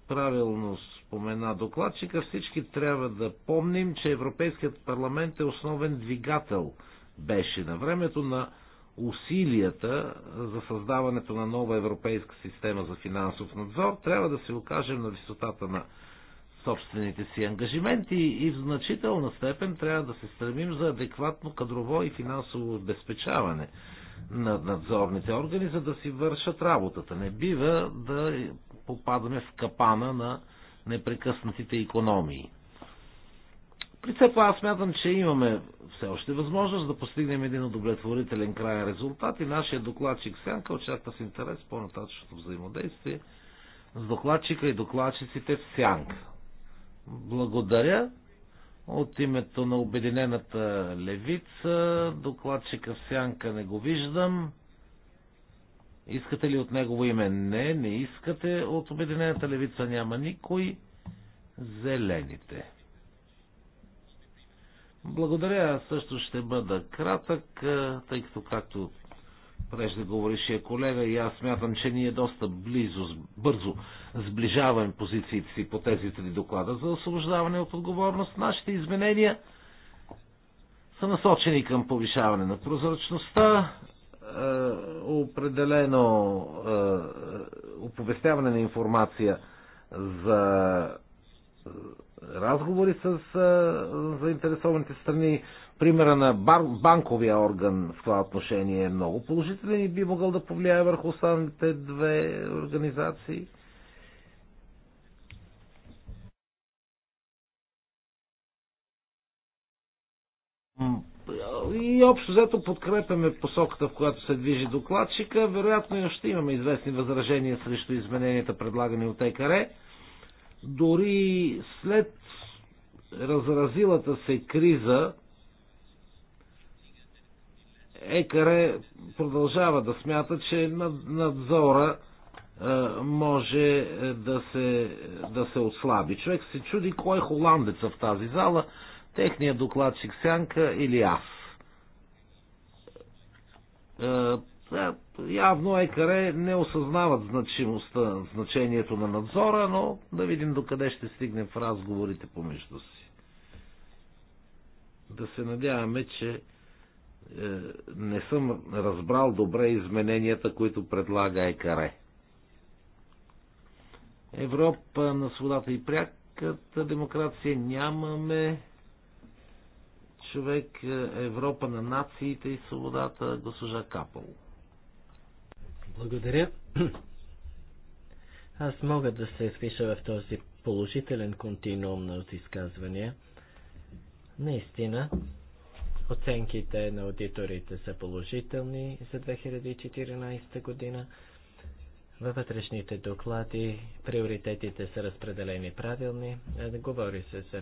правилно спомена докладчика, всички трябва да помним, че Европейският парламент е основен двигател беше на времето на усилията за създаването на нова европейска система за финансов надзор, трябва да се окажем на висотата на собствените си ангажименти и в значителна степен трябва да се стремим за адекватно кадрово и финансово обезпечаване на надзорните органи, за да си вършат работата. Не бива да попадаме в капана на непрекъснатите економии. При все това аз смятам, че имаме все още възможност да постигнем един удовлетворителен крайен резултат и нашия докладчик Сянка очаква с интерес по-нататъчното взаимодействие с докладчика и докладчиците в Сянка. Благодаря. От името на Обединената левица, докладчика сянка не го виждам. Искате ли от негово име? Не, не искате. От Обединената левица няма никой. Зелените. Благодаря, аз също ще бъда кратък, тъй като както преждеговорившия колега и аз смятам, че ние доста близо, бързо сближаваме позициите си по тези три доклада за освобождаване от отговорност. Нашите изменения са насочени към повишаване на прозрачността, е, определено е, оповестяване на информация за е, разговори с заинтересованите страни. Примера на банковия орган в това отношение е много положителен и би могъл да повлияе върху останалите две организации. И общо взето подкрепяме посоката, в която се движи докладчика. Вероятно и ще имаме известни възражения срещу измененията, предлагани от ЕКР. Дори след разразилата се криза, ЕКР продължава да смята, че надзора е, може да се, да се отслаби. Човек се чуди кой е холандеца в тази зала, техният докладчик Сянка или аз. Е, е, явно ЕКАРЕ не осъзнават значимостта, значението на надзора, но да видим докъде ще стигнем в разговорите помежду си. Да се надяваме, че е, не съм разбрал добре измененията, които предлага ЕКАРЕ. Европа на свободата и пряката демокрация нямаме човек, е, Европа на нациите и свободата, госпожа Капало. Благодаря. (clears throat) Аз мога да се впиша в този положителен континуум на изказвания. Наистина, оценките на аудиторите са положителни за 2014 година. Във вътрешните доклади приоритетите са разпределени правилни. Е, говори се за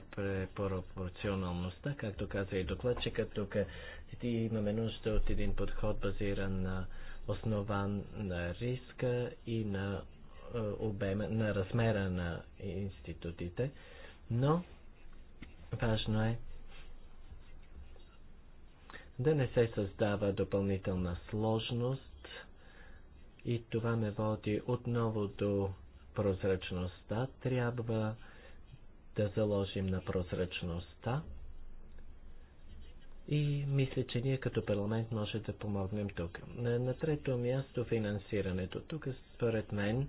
пропорционалността, както каза и докладчика. Тук имаме нужда от един подход базиран на основан на риска и на е, обема, на размера на институтите, но важно е да не се създава допълнителна сложност и това ме води отново до прозрачността. Трябва да заложим на прозрачността. И мисля, че ние като парламент може да помогнем тук. На, на трето място финансирането. Тук, според мен,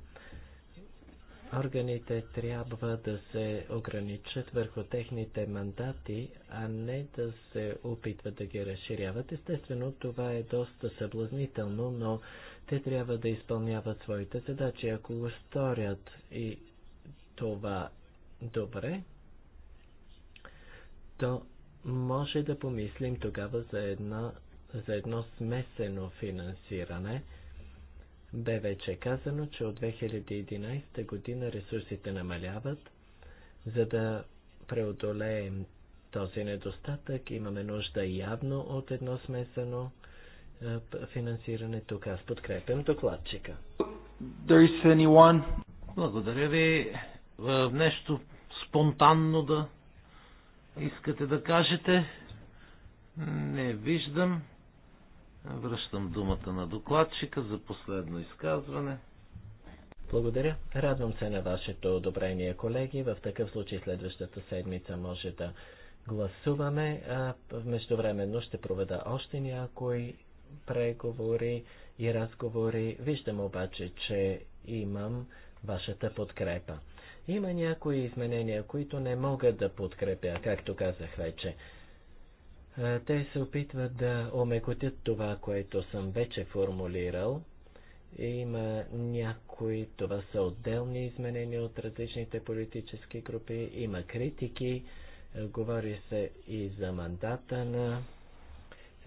органите трябва да се ограничат върху техните мандати, а не да се опитват да ги разширяват. Естествено, това е доста съблазнително, но те трябва да изпълняват своите задачи. Ако го сторят и това добре, то може да помислим тогава за, една, за едно смесено финансиране. Бе вече казано, че от 2011 година ресурсите намаляват. За да преодолеем този недостатък, имаме нужда явно от едно смесено е, финансиране тук. Аз подкрепям докладчика. Благодаря ви. В е, нещо спонтанно да искате да кажете? Не виждам. Връщам думата на докладчика за последно изказване. Благодаря. Радвам се на вашето одобрение, колеги. В такъв случай следващата седмица може да гласуваме. А междувременно ще проведа още някои преговори и разговори. Виждам обаче, че имам вашата подкрепа. Има някои изменения, които не мога да подкрепя, както казах вече. Те се опитват да омекотят това, което съм вече формулирал. Има някои, това са отделни изменения от различните политически групи, има критики, говори се и за мандата на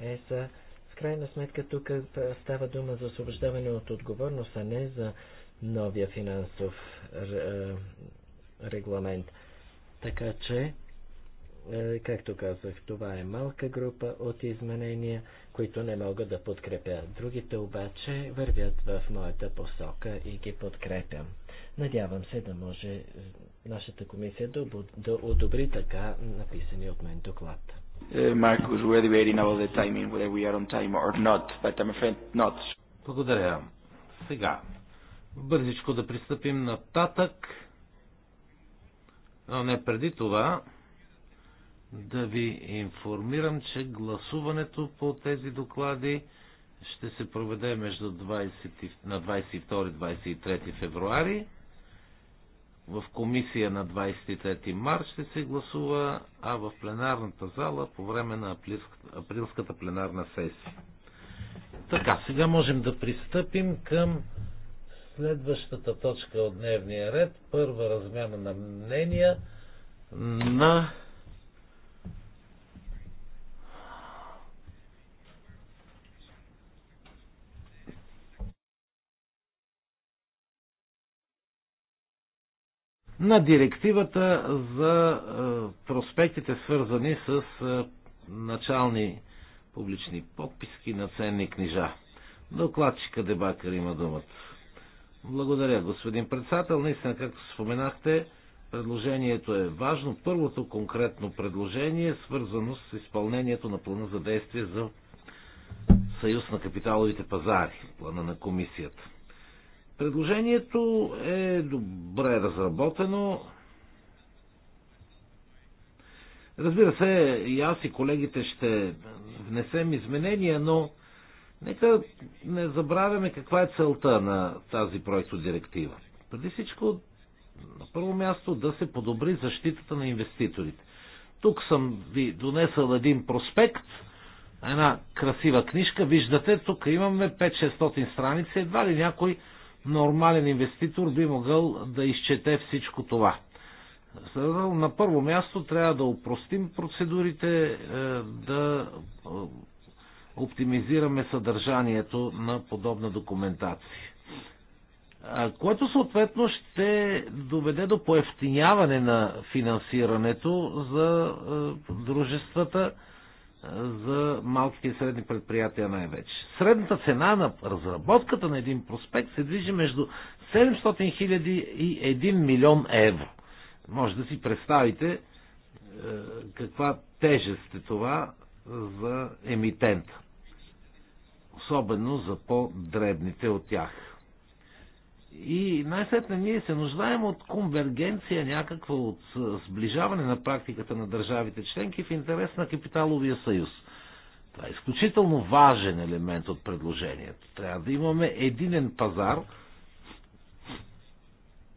ЕСА. В крайна сметка тук става дума за освобождаване от отговорност, а не за новия финансов е, регламент. Така че, е, както казах, това е малка група от изменения, които не мога да подкрепя. Другите обаче вървят в моята посока и ги подкрепям. Надявам се да може нашата комисия да, да одобри така написани от мен доклад. Eh, Marcus, are debating about the timing, whether we are on time or not, but I'm afraid not. Благодаря. Сега, бързичко да пристъпим нататък, но не преди това да ви информирам, че гласуването по тези доклади ще се проведе между 20, на 22-23 февруари в комисия на 23 март ще се гласува, а в пленарната зала по време на априлската пленарна сесия. Така, сега можем да пристъпим към следващата точка от дневния ред. Първа размяна на мнения на на директивата за е, проспектите, свързани с е, начални публични подписки на ценни книжа. Докладчика Дебакър има думата. Благодаря, господин председател. Наистина, както споменахте, предложението е важно. Първото конкретно предложение е свързано с изпълнението на плана за действие за Съюз на капиталовите пазари, плана на комисията. Предложението е добре разработено. Разбира се, и аз и колегите ще внесем изменения, но нека не забравяме каква е целта на тази проектодиректива. Преди всичко, на първо място, да се подобри защитата на инвеститорите. Тук съм ви донесъл един проспект, една красива книжка. Виждате, тук имаме 5-600 страници. Едва ли някой нормален инвеститор би могъл да изчете всичко това. Е, на първо място трябва да упростим процедурите, е, да е, оптимизираме съдържанието на подобна документация. Което съответно ще доведе до поевтиняване на финансирането за дружествата, за малките и средни предприятия най-вече. Средната цена на разработката на един проспект се движи между 700 хиляди и 1 милион евро. Може да си представите е, каква тежест е това за емитента. Особено за по-дребните от тях. И най-сетне ние се нуждаем от конвергенция някаква, от е, сближаване на практиката на държавите членки в интерес на капиталовия съюз. Това е изключително важен елемент от предложението. Трябва да имаме единен пазар,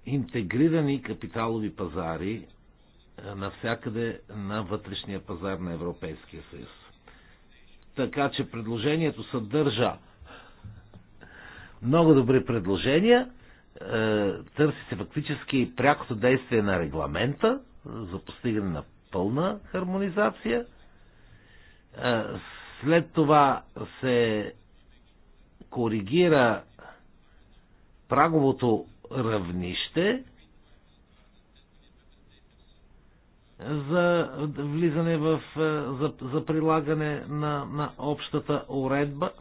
интегрирани капиталови пазари е, навсякъде на вътрешния пазар на Европейския съюз. Така че предложението съдържа много добри предложения, е, търси се фактически прякото действие на регламента за постигане на пълна хармонизация. Е, след това се коригира праговото равнище за влизане в, е, за, за прилагане на, на общата уредба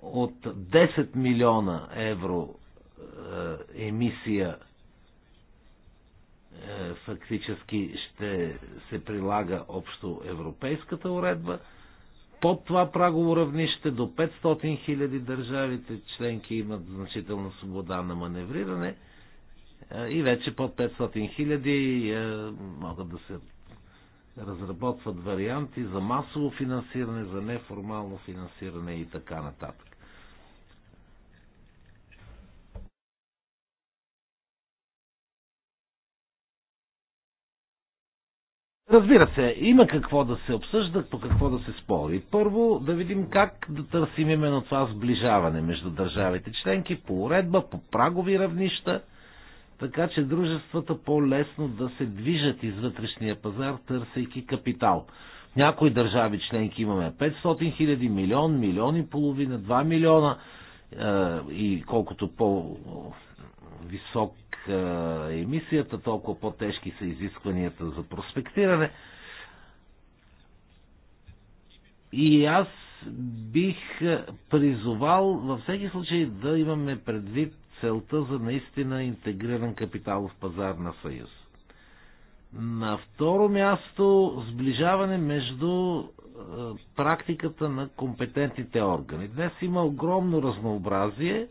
от 10 милиона евро е, емисия е, фактически ще се прилага общо европейската уредба. Под това прагово равнище до 500 000 държавите членки имат значителна свобода на маневриране е, и вече под 500 000 могат да се разработват варианти за масово финансиране, за неформално финансиране и така нататък. Разбира се, има какво да се обсъжда, по какво да се спори. Първо, да видим как да търсим именно това сближаване между държавите членки по уредба, по прагови равнища, така че дружествата по-лесно да се движат из вътрешния пазар, търсейки капитал. В някои държави членки имаме 500 хиляди, милион, милион и половина, 2 милиона е, и колкото по по-висок емисията, толкова по-тежки са изискванията за проспектиране. И аз бих призовал във всеки случай да имаме предвид целта за наистина интегриран капиталов пазар на Съюз. На второ място сближаване между практиката на компетентните органи. Днес има огромно разнообразие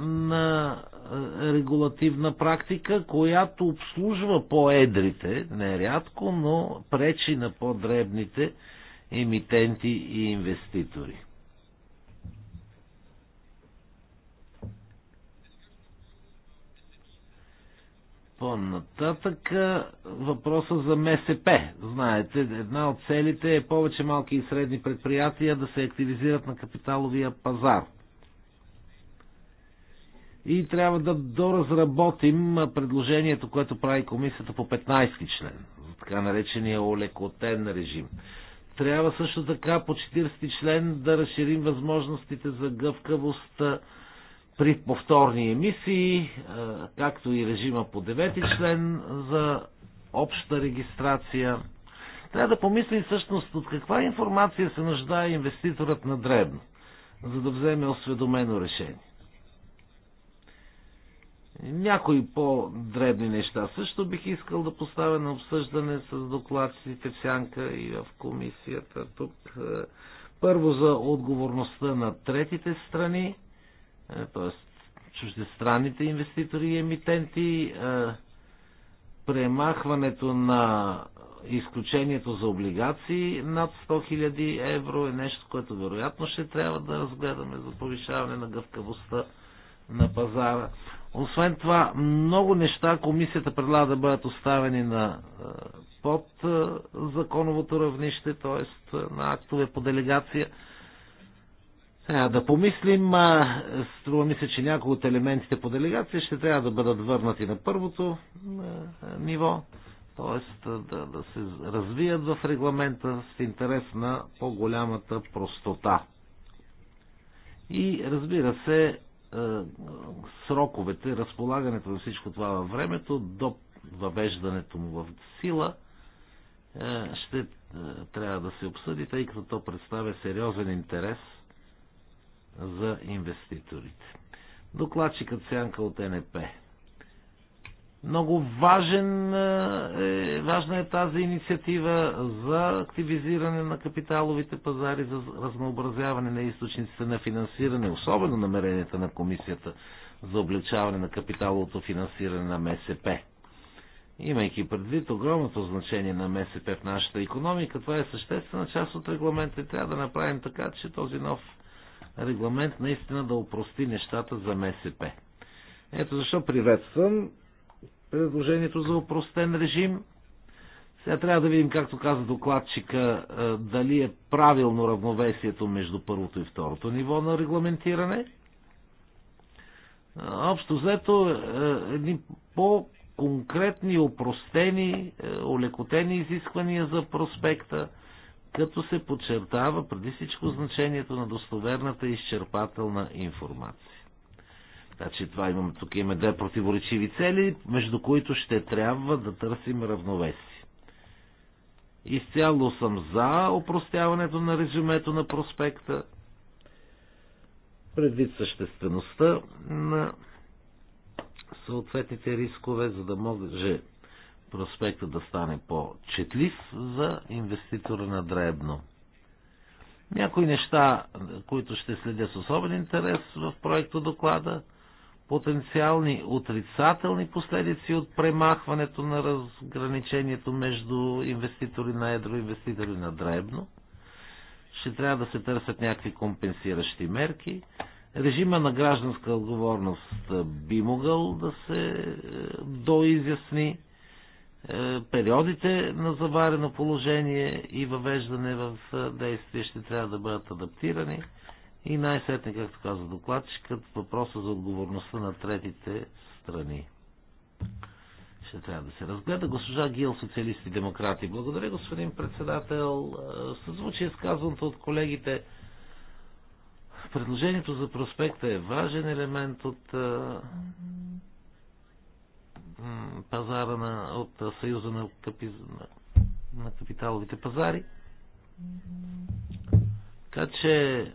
на е, регулативна практика, която обслужва по-едрите, нерядко, но пречи на по-дребните емитенти и инвеститори. По-нататък е, въпроса за МСП. Знаете, една от целите е повече малки и средни предприятия да се активизират на капиталовия пазар – и трябва да доразработим предложението, което прави комисията по 15 член, за така наречения олекотен режим. Трябва също така по 40 член да разширим възможностите за гъвкавост при повторни емисии, както и режима по 9 член за обща регистрация. Трябва да помислим всъщност от каква информация се нуждае инвеститорът на дребно, за да вземе осведомено решение. Някои по-дребни неща също бих искал да поставя на обсъждане с докладците в Сянка и в комисията тук. Е, първо за отговорността на третите страни, е, т.е. чуждестранните инвеститори и емитенти, е, премахването на изключението за облигации над 100 000 евро е нещо, което вероятно ще трябва да разгледаме за повишаване на гъвкавостта на пазара. Освен това, много неща комисията предлага да бъдат оставени на е, под е, законовото равнище, т.е. на актове по делегация. Трябва да помислим, е, струва ми се, че някои от елементите по делегация ще трябва да бъдат върнати на първото ниво, т.е. Да, да се развият в регламента с интерес на по-голямата простота. И разбира се, е, сроковете, разполагането на всичко това във времето до въвеждането му в сила е, ще е, трябва да се обсъди, тъй като то представя сериозен интерес за инвеститорите. Докладчикът Сянка от НП. Много важен, е, е, важна е тази инициатива за активизиране на капиталовите пазари, за разнообразяване на източниците на финансиране, особено намеренията на комисията за облегчаване на капиталовото финансиране на МСП. Имайки предвид огромното значение на МСП в нашата економика, това е съществена част от регламента и трябва да направим така, че този нов регламент наистина да упрости нещата за МСП. Ето защо приветствам предложението за опростен режим. Сега трябва да видим, както каза докладчика, е, дали е правилно равновесието между първото и второто ниво на регламентиране. Е, общо взето, е, едни по-конкретни, опростени, олекотени изисквания за проспекта, като се подчертава преди всичко значението на достоверната и изчерпателна информация. Така значи че това имаме, тук имаме две противоречиви цели, между които ще трябва да търсим равновесие. Изцяло съм за опростяването на резюмето на проспекта, предвид съществеността на съответните рискове, за да може проспекта да стане по-четлив за инвеститора на дребно. Някои неща, които ще следя с особен интерес в проекта доклада – потенциални отрицателни последици от премахването на разграничението между инвеститори на едро и инвеститори на дребно. Ще трябва да се търсят някакви компенсиращи мерки. Режима на гражданска отговорност би могъл да се е, доизясни е, периодите на заварено положение и въвеждане в е, действие ще трябва да бъдат адаптирани. И най-сетне, както казва докладчикът, въпроса за отговорността на третите страни. Ще трябва да се разгледа. Госпожа Гил, социалисти и демократи. Благодаря, господин председател. Е, съзвучи изказването от колегите. Предложението за проспекта е важен елемент от е, пазара на, от Съюза на, капи, на капиталовите пазари. Така че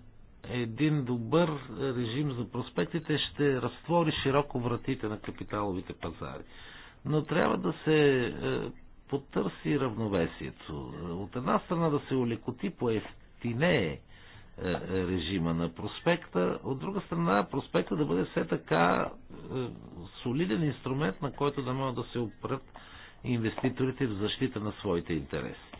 един добър режим за проспектите ще разтвори широко вратите на капиталовите пазари. Но трябва да се е, потърси равновесието. От една страна да се улекоти по ефтинее е, режима на проспекта, от друга страна проспекта да бъде все така е, солиден инструмент, на който да могат да се опрат инвеститорите в защита на своите интереси.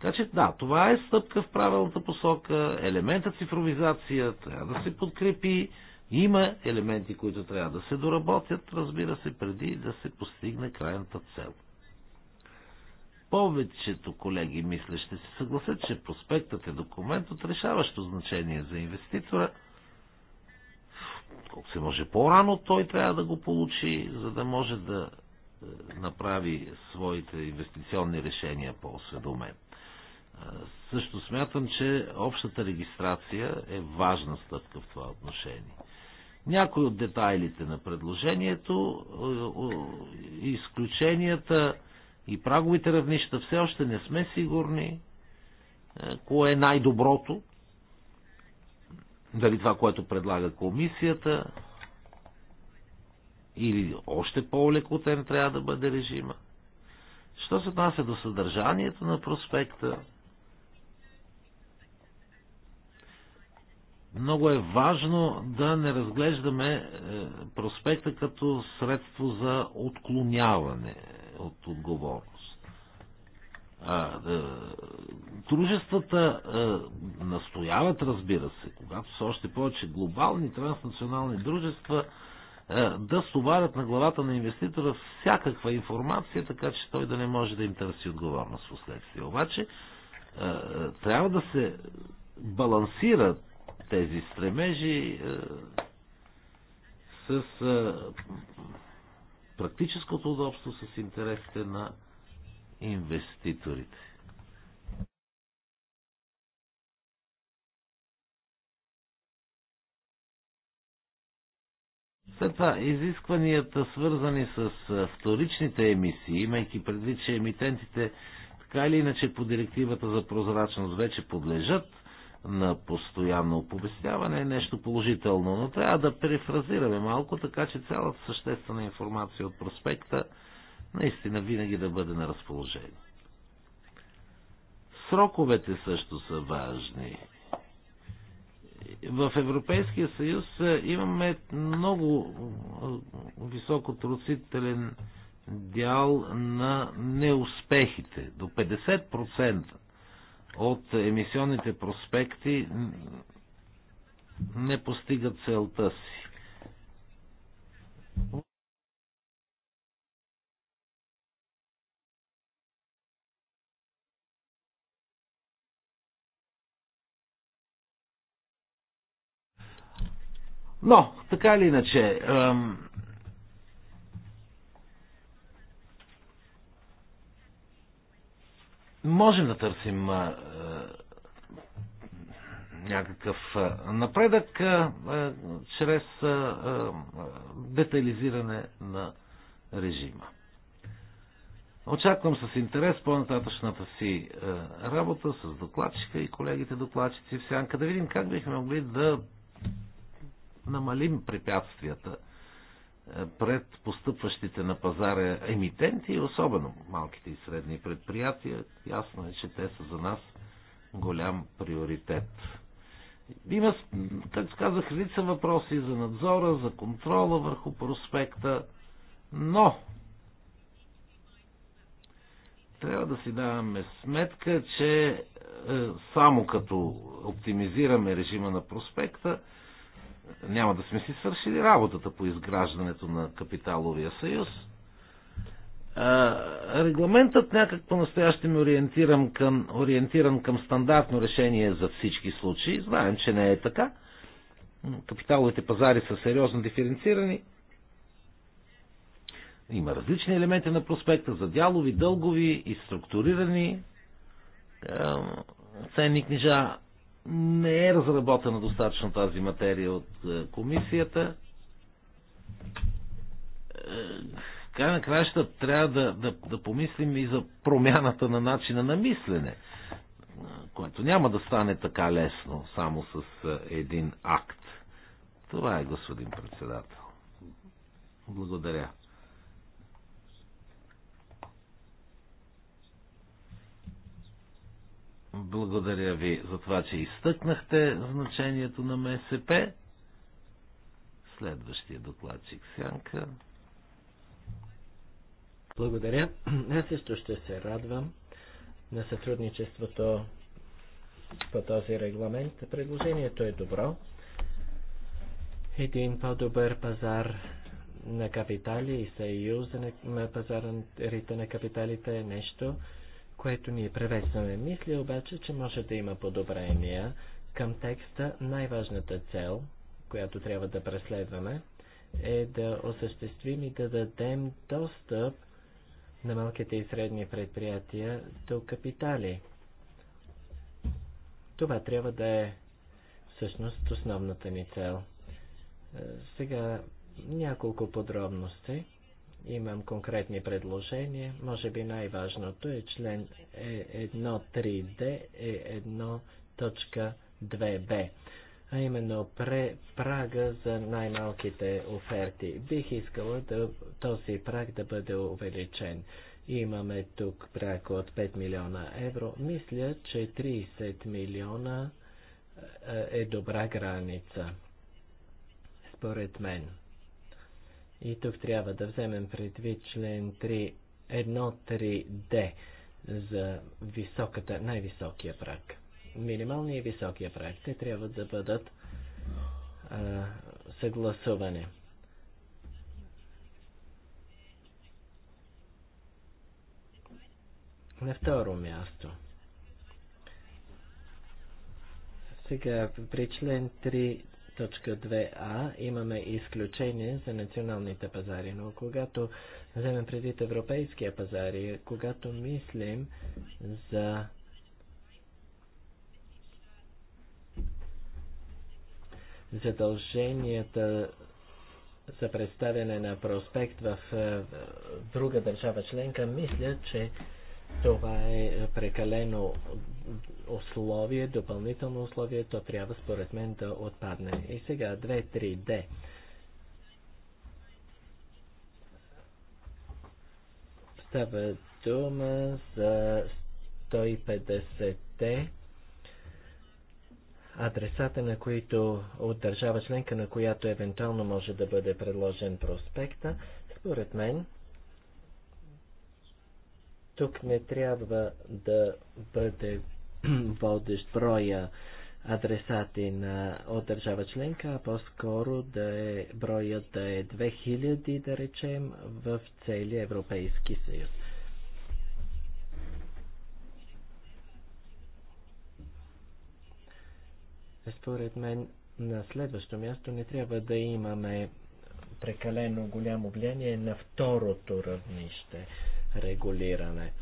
Така че да, това е стъпка в правилната посока, елемента цифровизация трябва да се подкрепи, има елементи, които трябва да се доработят, разбира се, преди да се постигне крайната цел. Повечето колеги, мисля, ще се съгласят, че проспектът е документ от решаващо значение за инвеститора. Колко се може по-рано, той трябва да го получи, за да може да е, направи своите инвестиционни решения по осведомен също смятам, че общата регистрация е важна стъпка в това отношение. Някои от детайлите на предложението, изключенията и праговите равнища все още не сме сигурни е, кое е най-доброто. Дали това, което предлага комисията, или още по-лекотен трябва да бъде режима. Що се отнася до съдържанието на проспекта, много е важно да не разглеждаме е, проспекта като средство за отклоняване от отговорност. Е, дружествата е, настояват, разбира се, когато са още повече глобални транснационални дружества, да стоварят на главата на инвеститора всякаква информация, така че той да не може да им търси отговорност в последствие. Обаче, трябва да се балансират тези стремежи е, с е, практическото удобство, с интересите на инвеститорите. След това, изискванията свързани с е, вторичните емисии, имайки предвид, че емитентите така или иначе по директивата за прозрачност вече подлежат на постоянно оповестяване е нещо положително, но трябва да перефразираме малко, така че цялата съществена информация от проспекта наистина винаги да бъде на разположение. Сроковете също са важни. В Европейския съюз е, имаме много е, високо труцителен дял на неуспехите, до 50% от емисионните проспекти не постигат целта си. Но, така или иначе, можем да търсим някакъв напредък чрез детализиране на режима. Очаквам с интерес по-нататъчната си работа с докладчика и колегите докладчици в сянка, да видим как бихме могли да намалим препятствията пред поступващите на пазара емитенти и особено малките и средни предприятия. Ясно е, че те са за нас голям приоритет. Има, както казах, лица въпроси за надзора, за контрола върху проспекта, но трябва да си даваме сметка, че е, само като оптимизираме режима на проспекта, няма да сме си свършили работата по изграждането на капиталовия съюз. Регламентът някак по-настоящем ориентиран към, ориентиран към стандартно решение за всички случаи. Знаем, че не е така. Капиталовите пазари са сериозно диференцирани. Има различни елементи на проспекта за дялови, дългови и структурирани ценни книжа не е разработена достатъчно тази материя от е, комисията. Е, край на краища трябва да, да, да помислим и за промяната на начина на мислене, е, което няма да стане така лесно, само с един акт. Това е, господин председател. Благодаря. Благодаря ви за това, че изтъкнахте значението на МСП. Следващия докладчик Сянка. Благодаря. Аз също ще се радвам на сътрудничеството по този регламент. Предложението е добро. Един по-добър пазар на капитали и съюз на пазарите на капиталите е нещо, което ние превесваме. Мисля обаче, че може да има подобрения към текста. Най-важната цел, която трябва да преследваме, е да осъществим и да дадем достъп на малките и средни предприятия до капитали. Това трябва да е всъщност основната ни цел. Е, сега няколко подробности. Имам конкретни предложения. Може би най-важното е член 1.3d е 1.2b, а именно пре, прага за най-малките оферти. Бих искала да, този праг да бъде увеличен. Имаме тук праг от 5 милиона евро. Мисля, че 30 милиона е, е добра граница, според мен. И тук трябва да вземем предвид член 3, d за високата, най-високия прак. Минималния и високия прак. Те трябва да бъдат а, съгласувани. На второ място. Сега при член 3 точка 2а имаме изключение за националните пазари, но когато вземем предвид европейския пазар и когато мислим за задълженията за представяне на проспект в друга държава членка, мисля, че това е прекалено условие, допълнително условие, то трябва според мен да отпадне. И сега 2-3D. Става дума за 150-те адресата, на които от държава членка, на която евентуално може да бъде предложен проспекта, според мен тук не трябва да бъде (clears throat) водещ броя адресати на, от държава членка, а по-скоро да е, броят да е 2000, да речем, в целия Европейски съюз. Според мен на следващо място не трябва да имаме прекалено голямо влияние на второто равнище регулиране.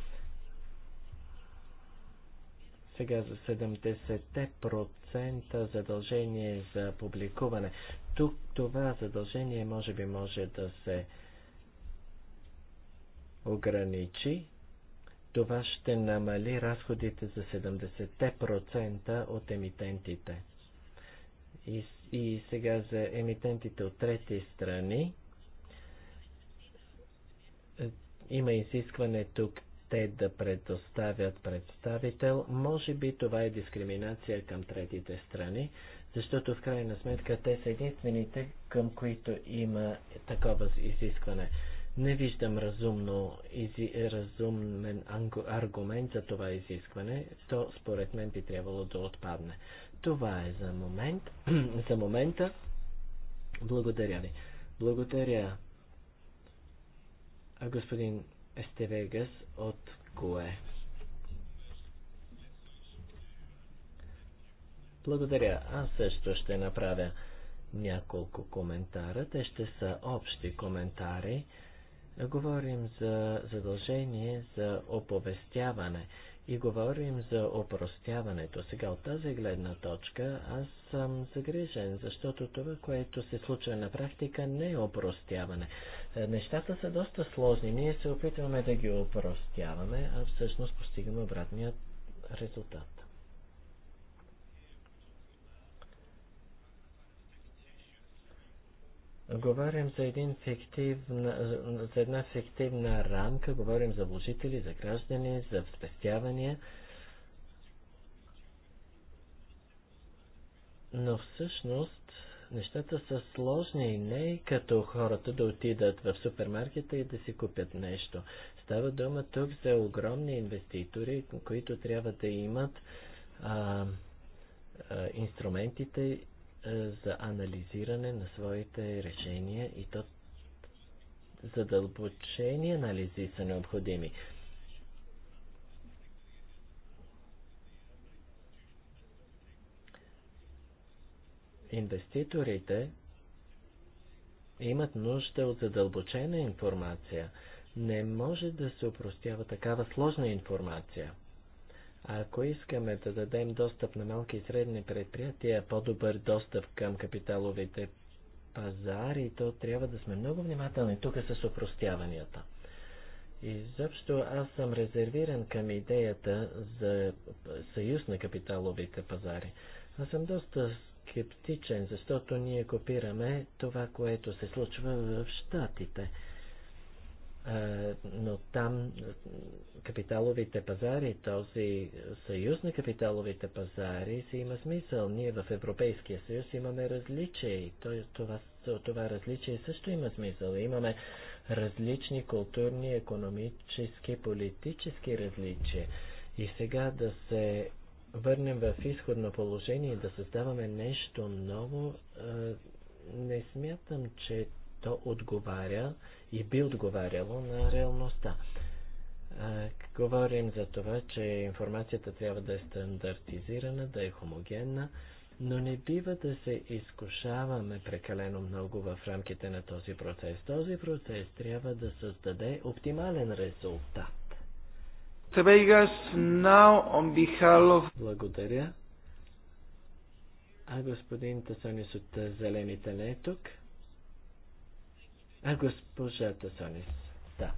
Сега за 70% задължение за публикуване. Тук това задължение може би може да се ограничи. Това ще намали разходите за 70% от емитентите. И, и сега за емитентите от трети страни има изискване тук те да предоставят представител, може би това е дискриминация към третите страни, защото в крайна сметка те са единствените, към които има такова изискване. Не виждам разумно, изи, разумен аргумент за това изискване, то според мен би трябвало да отпадне. Това е за, момент, (clears throat) за момента. Благодаря ви. Благодаря господин Естевегас от КОЕ. Благодаря. Аз също ще направя няколко коментара. Те ще са общи коментари. Говорим за задължение за оповестяване и говорим за опростяването. Сега от тази гледна точка аз съм загрижен, защото това, което се случва на практика не е опростяване. Е, нещата са доста сложни. Ние се опитваме да ги опростяваме, а всъщност постигаме обратния резултат. Говорим за, един фиктивна, за една фиктивна рамка, говорим за вложители, за граждани, за спестявания. Но всъщност Нещата са сложни и не е като хората да отидат в супермаркета и да си купят нещо. Става дума тук за огромни инвеститори, които трябва да имат а, а, инструментите а, за анализиране на своите решения и то задълбочени анализи са необходими. Инвеститорите имат нужда от задълбочена информация. Не може да се упростява такава сложна информация. А ако искаме да дадем достъп на малки и средни предприятия, по-добър достъп към капиталовите пазари, то трябва да сме много внимателни тук с упростяванията. Изобщо аз съм резервиран към идеята за съюз на капиталовите пазари. Аз съм доста скептичен, защото ние копираме това, което се случва в Штатите. Е, но там капиталовите пазари, този съюз на капиталовите пазари си има смисъл. Ние в Европейския съюз имаме различия и това, това различие също има смисъл. Имаме различни културни, економически, политически различия. И сега да се върнем в изходно положение и да създаваме нещо ново, не смятам, че то отговаря и би отговаряло на реалността. Говорим за това, че информацията трябва да е стандартизирана, да е хомогенна, но не бива да се изкушаваме прекалено много в рамките на този процес. Този процес трябва да създаде оптимален резултат. Trebeigas now on behalf of... Благодаря. А господин Тасонис от Зелените не е тук. А госпожа Тасонис, да.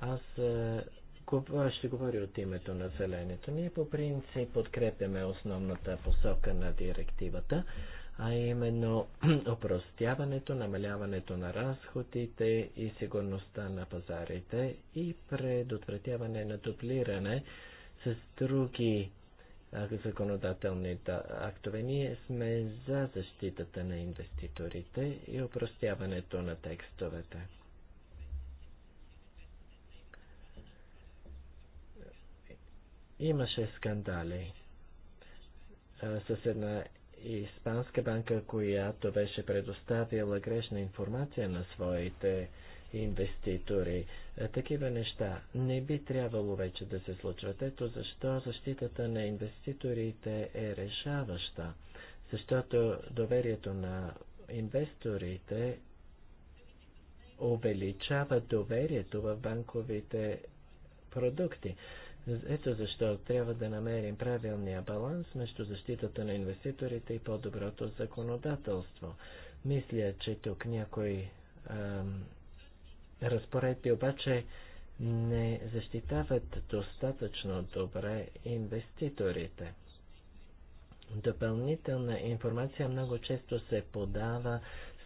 Аз е, ще говоря от името на Зеленето. Ние по принцип подкрепяме основната посока на директивата а именно (clears throat) опростяването, намаляването на разходите и сигурността на пазарите и предотвратяване на дублиране с други законодателни актове. Ние сме за защитата на инвеститорите и опростяването на текстовете. Имаше скандали с една Испанска банка, която беше предоставила грешна информация на своите инвеститори. Е, такива неща не би трябвало вече да се случват. Ето защо защитата на инвеститорите е решаваща, защото доверието на инвесторите увеличава доверието в банковите продукти. Ето защо трябва да намерим правилния баланс между защитата на инвеститорите и по-доброто законодателство. Мисля, че тук някои ам, разпоредби обаче не защитават достатъчно добре инвеститорите. Допълнителна информация много често се подава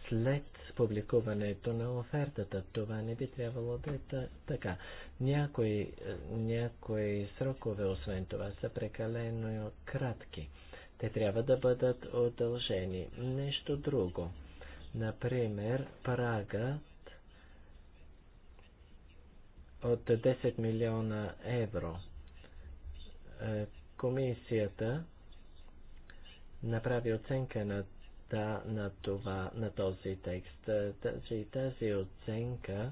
след публикуването на офертата. Това не би трябвало да е така. Някои, е, някои срокове, освен това, са прекалено кратки. Те трябва да бъдат удължени. Нещо друго. Например, прагът от 10 милиона евро. Е, комисията направи оценка на важността на, това, на този текст. Тази, тази оценка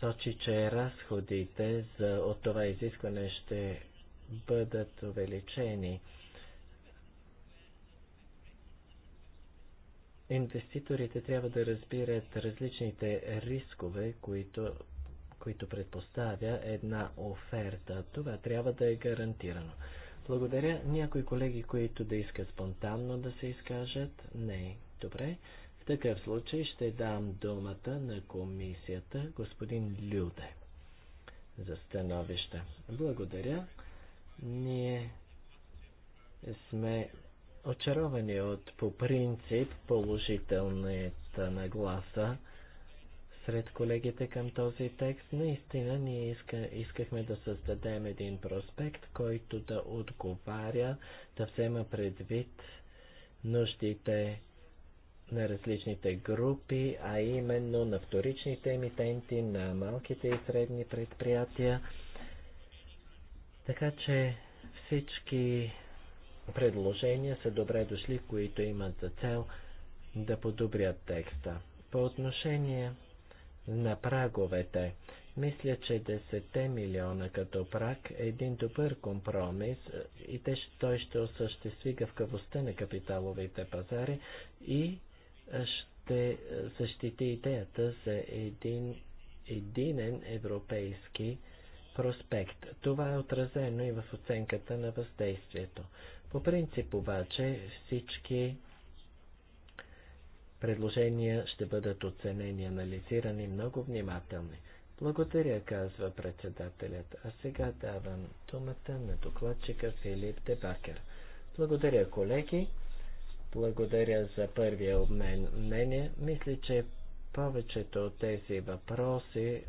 сочи, че разходите за, от това изискване ще бъдат увеличени. Инвеститорите трябва да разбират различните рискове, които, които предпоставя една оферта. Това трябва да е гарантирано. Благодаря. Някои колеги, които да искат спонтанно да се изкажат? Не. Добре. В такъв случай ще дам думата на комисията господин Люде за становище. Благодаря. Ние сме очаровани от по принцип положителната нагласа сред колегите към този текст. Наистина ние иска, искахме да създадем един проспект, който да отговаря, да взема предвид нуждите на различните групи, а именно на вторичните емитенти, на малките и средни предприятия. Така че всички предложения са добре дошли, които имат за цел да подобрят текста. По отношение на праговете. Мисля, че 10 милиона като прак е един добър компромис е, и те, той ще осъществи гъвкавостта на капиталовите пазари и е, ще е, защити идеята за един единен европейски проспект. Това е отразено и в оценката на въздействието. По принцип обаче всички предложения ще бъдат оценени и анализирани много внимателни. Благодаря, казва председателят. А сега давам думата на докладчика Филип Дебакер. Благодаря, колеги. Благодаря за първия обмен мнение. Мисля, че повечето от тези въпроси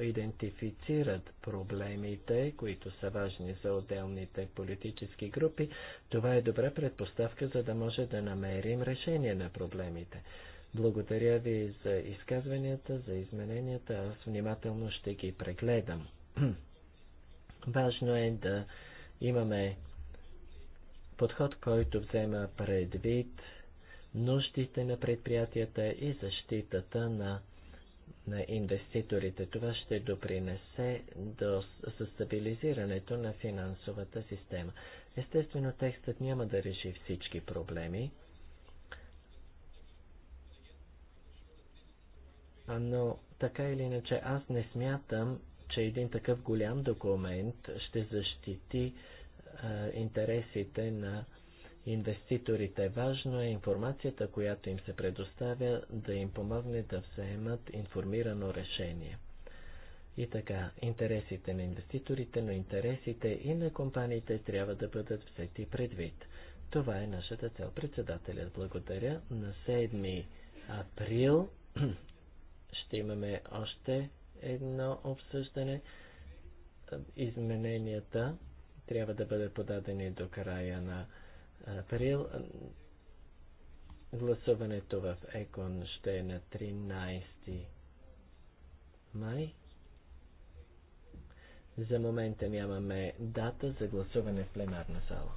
идентифицират проблемите, които са важни за отделните политически групи, това е добра предпоставка, за да може да намерим решение на проблемите. Благодаря ви за изказванията, за измененията. Аз внимателно ще ги прегледам. (clears throat) Важно е да имаме подход, който взема предвид нуждите на предприятията и защитата на на инвеститорите. Това ще допринесе до, състабилизирането стабилизирането на финансовата система. Естествено, текстът няма да реши всички проблеми, но така или иначе аз не смятам, че един такъв голям документ ще защити интересите на инвеститорите. Важно е информацията, която им се предоставя, да им помогне да вземат информирано решение. И така, интересите на инвеститорите, но интересите и на компаниите трябва да бъдат взети предвид. Това е нашата цел. Председателят благодаря. На 7 април (clears throat) ще имаме още едно обсъждане. Измененията трябва да бъдат подадени до края на април. Гласуването в ЕКОН ще е на 13 май. За момента нямаме дата за гласуване в пленарна зала.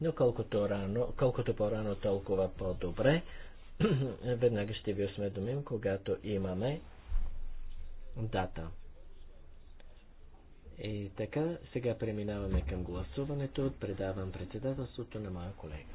Но колкото, рано, колкото по-рано, толкова по-добре. (clears throat) Веднага ще ви осведомим, когато имаме дата. И така, сега преминаваме към гласуването. Предавам председателството на моя колега.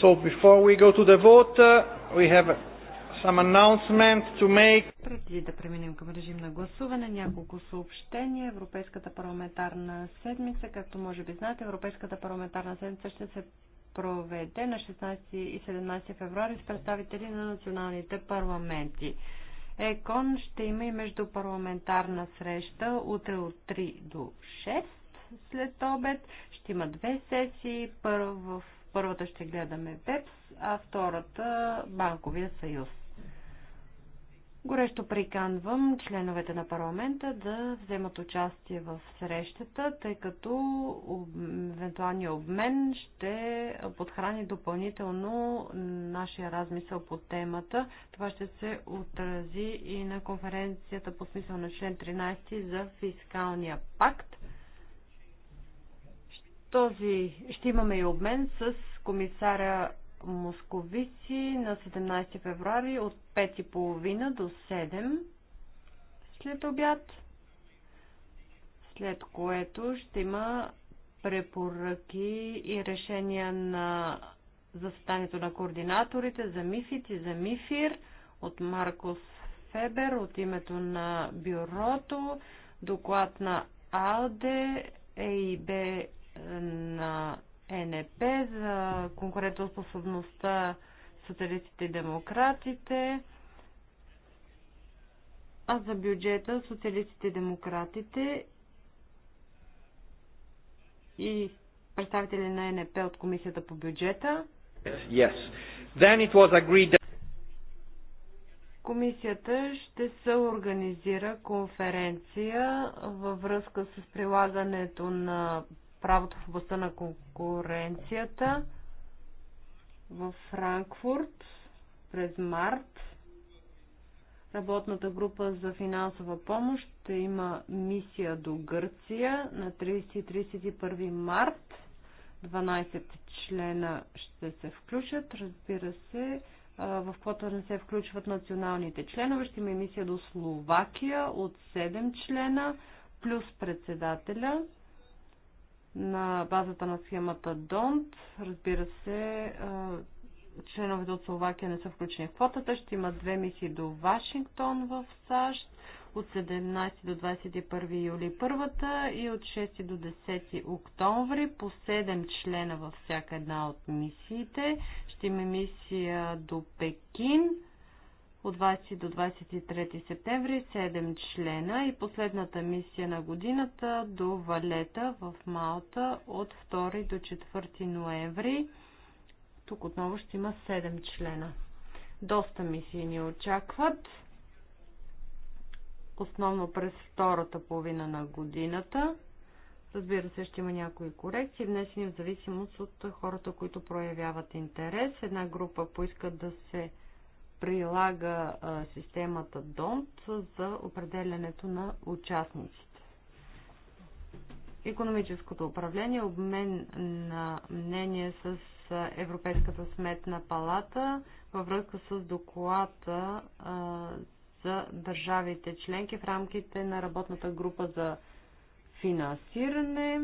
So before we go to the vote, uh, we have some announcement to make. Преди да преминем към режим на гласуване, няколко съобщения. Европейската парламентарна седмица, както може би знаете, Европейската парламентарна седмица ще се проведе на 16 и 17 февруари с представители на националните парламенти. ЕКОН ще има и междупарламентарна среща утре от 3 до 6 след обед. Ще има две сесии. Първо в Първата ще гледаме ПЕПС, а втората Банковия съюз. Горещо приканвам членовете на парламента да вземат участие в срещата, тъй като евентуалния обмен ще подхрани допълнително нашия размисъл по темата. Това ще се отрази и на конференцията по смисъл на член 13 за фискалния пакт. Този ще имаме и обмен с комисаря Московици на 17 февруари от 5.30 до 7 след обяд, след което ще има препоръки и решения на заседанието на координаторите за МИФИТ и за МИФИР от Маркос Фебер от името на бюрото, доклад на АЛДЕ, ЕИБ на ЕНП за конкурентоспособността социалистите и демократите, а за бюджета социалистите и демократите и представители на е НП от Комисията по бюджета. Yes. Then it was agreed that... Комисията ще се организира конференция във връзка с прилагането на правото в областта на конкуренцията в Франкфурт през март. Работната група за финансова помощ ще има мисия до Гърция на 30-31 март. 12 члена ще се включат. Разбира се, в което не се включват националните членове. Ще има мисия до Словакия от 7 члена, плюс председателя на базата на схемата ДОНТ. Разбира се, членовете от Словакия не са включени в квотата. Ще има две мисии до Вашингтон в САЩ от 17 до 21 юли първата и от 6 до 10 октомври по 7 члена във всяка една от мисиите. Ще има мисия до Пекин от 20 до 23 септември, 7 члена и последната мисия на годината до Валета в Малта от 2 до 4 ноември. Тук отново ще има 7 члена. Доста мисии ни очакват. Основно през втората половина на годината. Разбира се, ще има някои корекции, внесени в зависимост от хората, които проявяват интерес. Една група поискат да се прилага системата ДОНТ за определянето на участниците. Економическото управление, обмен на мнение с Европейската сметна палата във връзка с доклада за държавите членки в рамките на работната група за финансиране.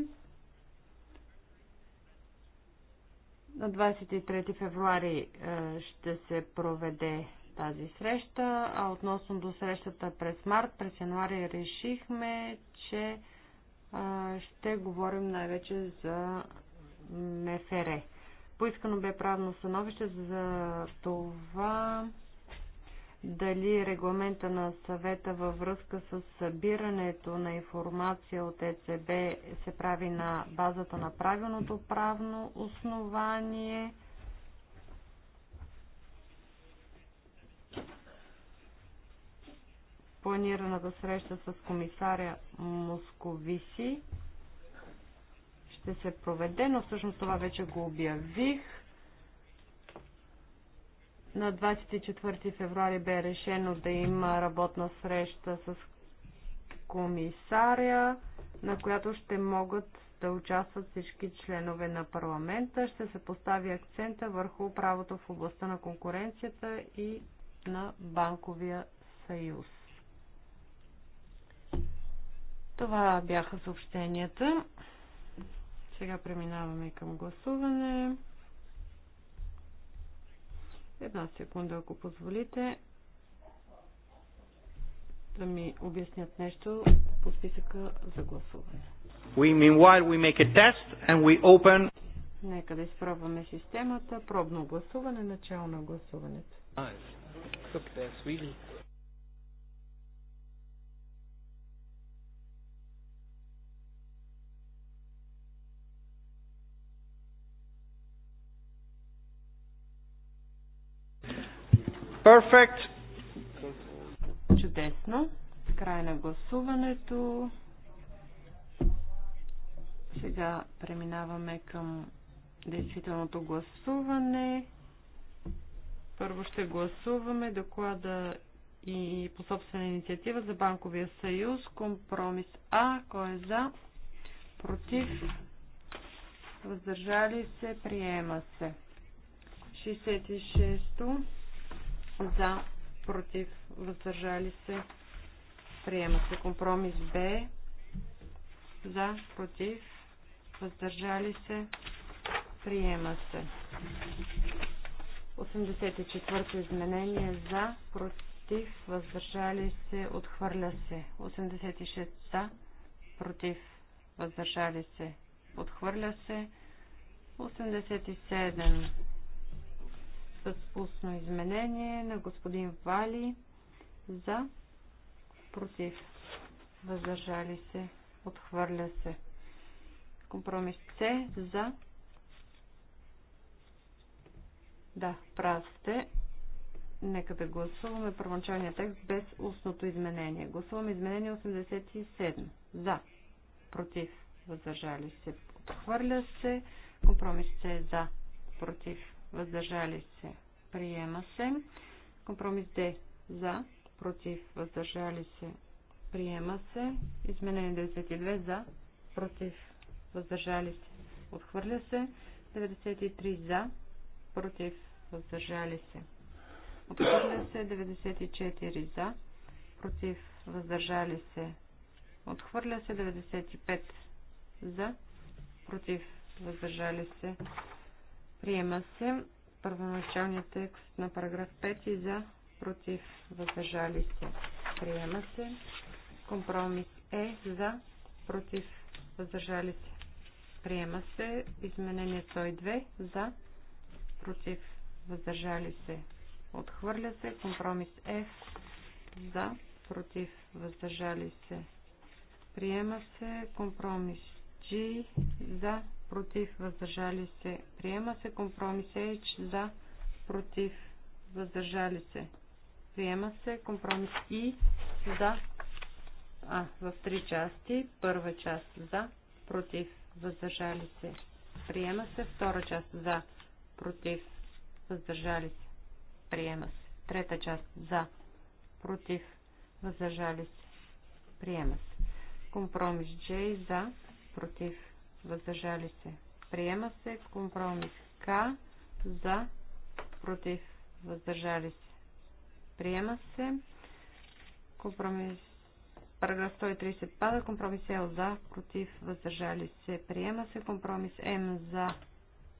На 23 февруари е, ще се проведе тази среща, а относно до срещата през март, през януари решихме, че е, ще говорим най-вече за МФР. Поискано бе правно становище за това дали регламента на съвета във връзка с събирането на информация от ЕЦБ се прави на базата на правилното правно основание. Планираната среща с комисаря Московиси ще се проведе, но всъщност това вече го обявих. На 24 февруари бе решено да има работна среща с комисаря, на която ще могат да участват всички членове на парламента. Ще се постави акцента върху правото в областта на конкуренцията и на банковия съюз. Това бяха съобщенията. Сега преминаваме към гласуване. Една секунда, ако позволите да ми обяснят нещо по списъка за гласуване. We, meanwhile, we make a test and we open... Нека да изпробваме системата. Пробно гласуване, начало на гласуването. Nice. Perfect. Чудесно. Край на гласуването. Сега преминаваме към действителното гласуване. Първо ще гласуваме доклада и по собствена инициатива за Банковия съюз. Компромис А. Кой е за? Против? Въздържали се? Приема се. 66-то за, против, въздържали се, приема се. Компромис Б за, против, въздържали се, приема се. 84-то изменение за, против, въздържали се, отхвърля се. 86 за, против, въздържали се, отхвърля се. 87 с устно изменение на господин Вали за против въздържали се отхвърля се компромис С за да, прав сте. Нека да гласуваме първоначалния текст без устното изменение. Гласуваме изменение 87. За. Против. Въздържали се. Отхвърля се. Компромис се за. Против въздържали се, приема се. Компромис Д за, против, въздържали се, приема се. Изменение 92 за, против, въздържали се, отхвърля се. 93 за, против, въздържали се. Отхвърля се 94 за, против, въздържали се. Отхвърля се 95 за, против, въздържали се. Приема се първоначалният текст на параграф 5 и за против въздържали се. Приема се. Компромис е за против въздържали се. Приема се. Изменение 102 за против въздържали се. Отхвърля се. Компромис Е за против въздържали се. Приема се. Компромис G за против, въздържали се, приема се. Компромис H за, против, въздържали се, приема се. Компромис И за, а, в три части. Първа част за, против, въздържали се, приема се. Втора част за, против, въздържали се, приема се. Трета част за, против, въздържали се, приема се. Компромис J за, против, въздържали се. Приема се компромис К за против въздържали се. Приема се компромис Параграф 130 пада. Компромис Л за, против, въздържали се. Приема се. Компромис М за,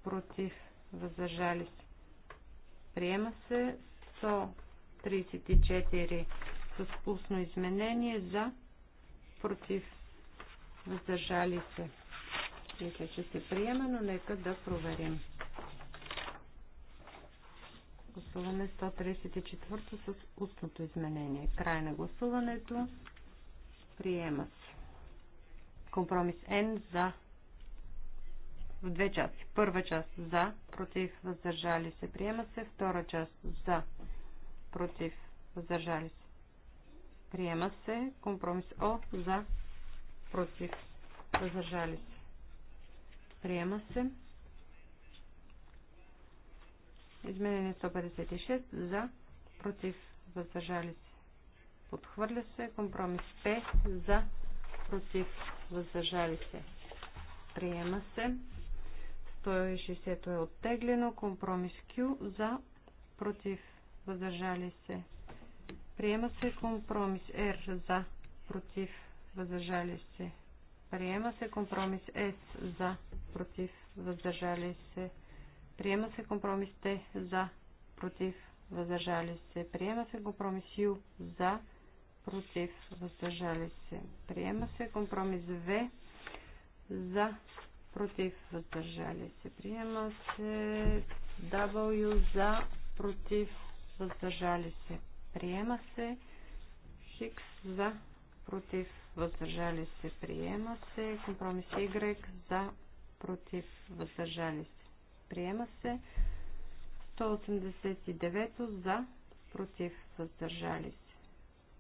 против, въздържали се. Приема се. 134 с устно изменение за, против, въздържали се. Мисля, че се приема, но нека да проверим. Гласуваме 134 с устното изменение. Край на гласуването. Приема се. Компромис Н за в две части. Първа част за, против, въздържали се, приема се. Втора част за, против, въздържали се, приема се. Компромис О за, против, въздържали се, Приема се. Изменение 156 за, против, въздържали се. Подхвърля се. Компромис П за, против, въздържали се. Приема се. 160 е оттеглено. Компромис Q за, против, въздържали се. Приема се компромис R за, против, въздържали се. Приема се компромис С за, против, въздържали се. Приема се компромис Т за, против, въздържали се. Приема се компромис Ю за, против, въздържали се. Приема се компромис В за, против, въздържали се. Приема се W за, против, въздържали се. Приема се Хикс за, против, въздържали се, приема се. Компромис Y за, против, въздържали се, приема се. 189 за, против, въздържали се.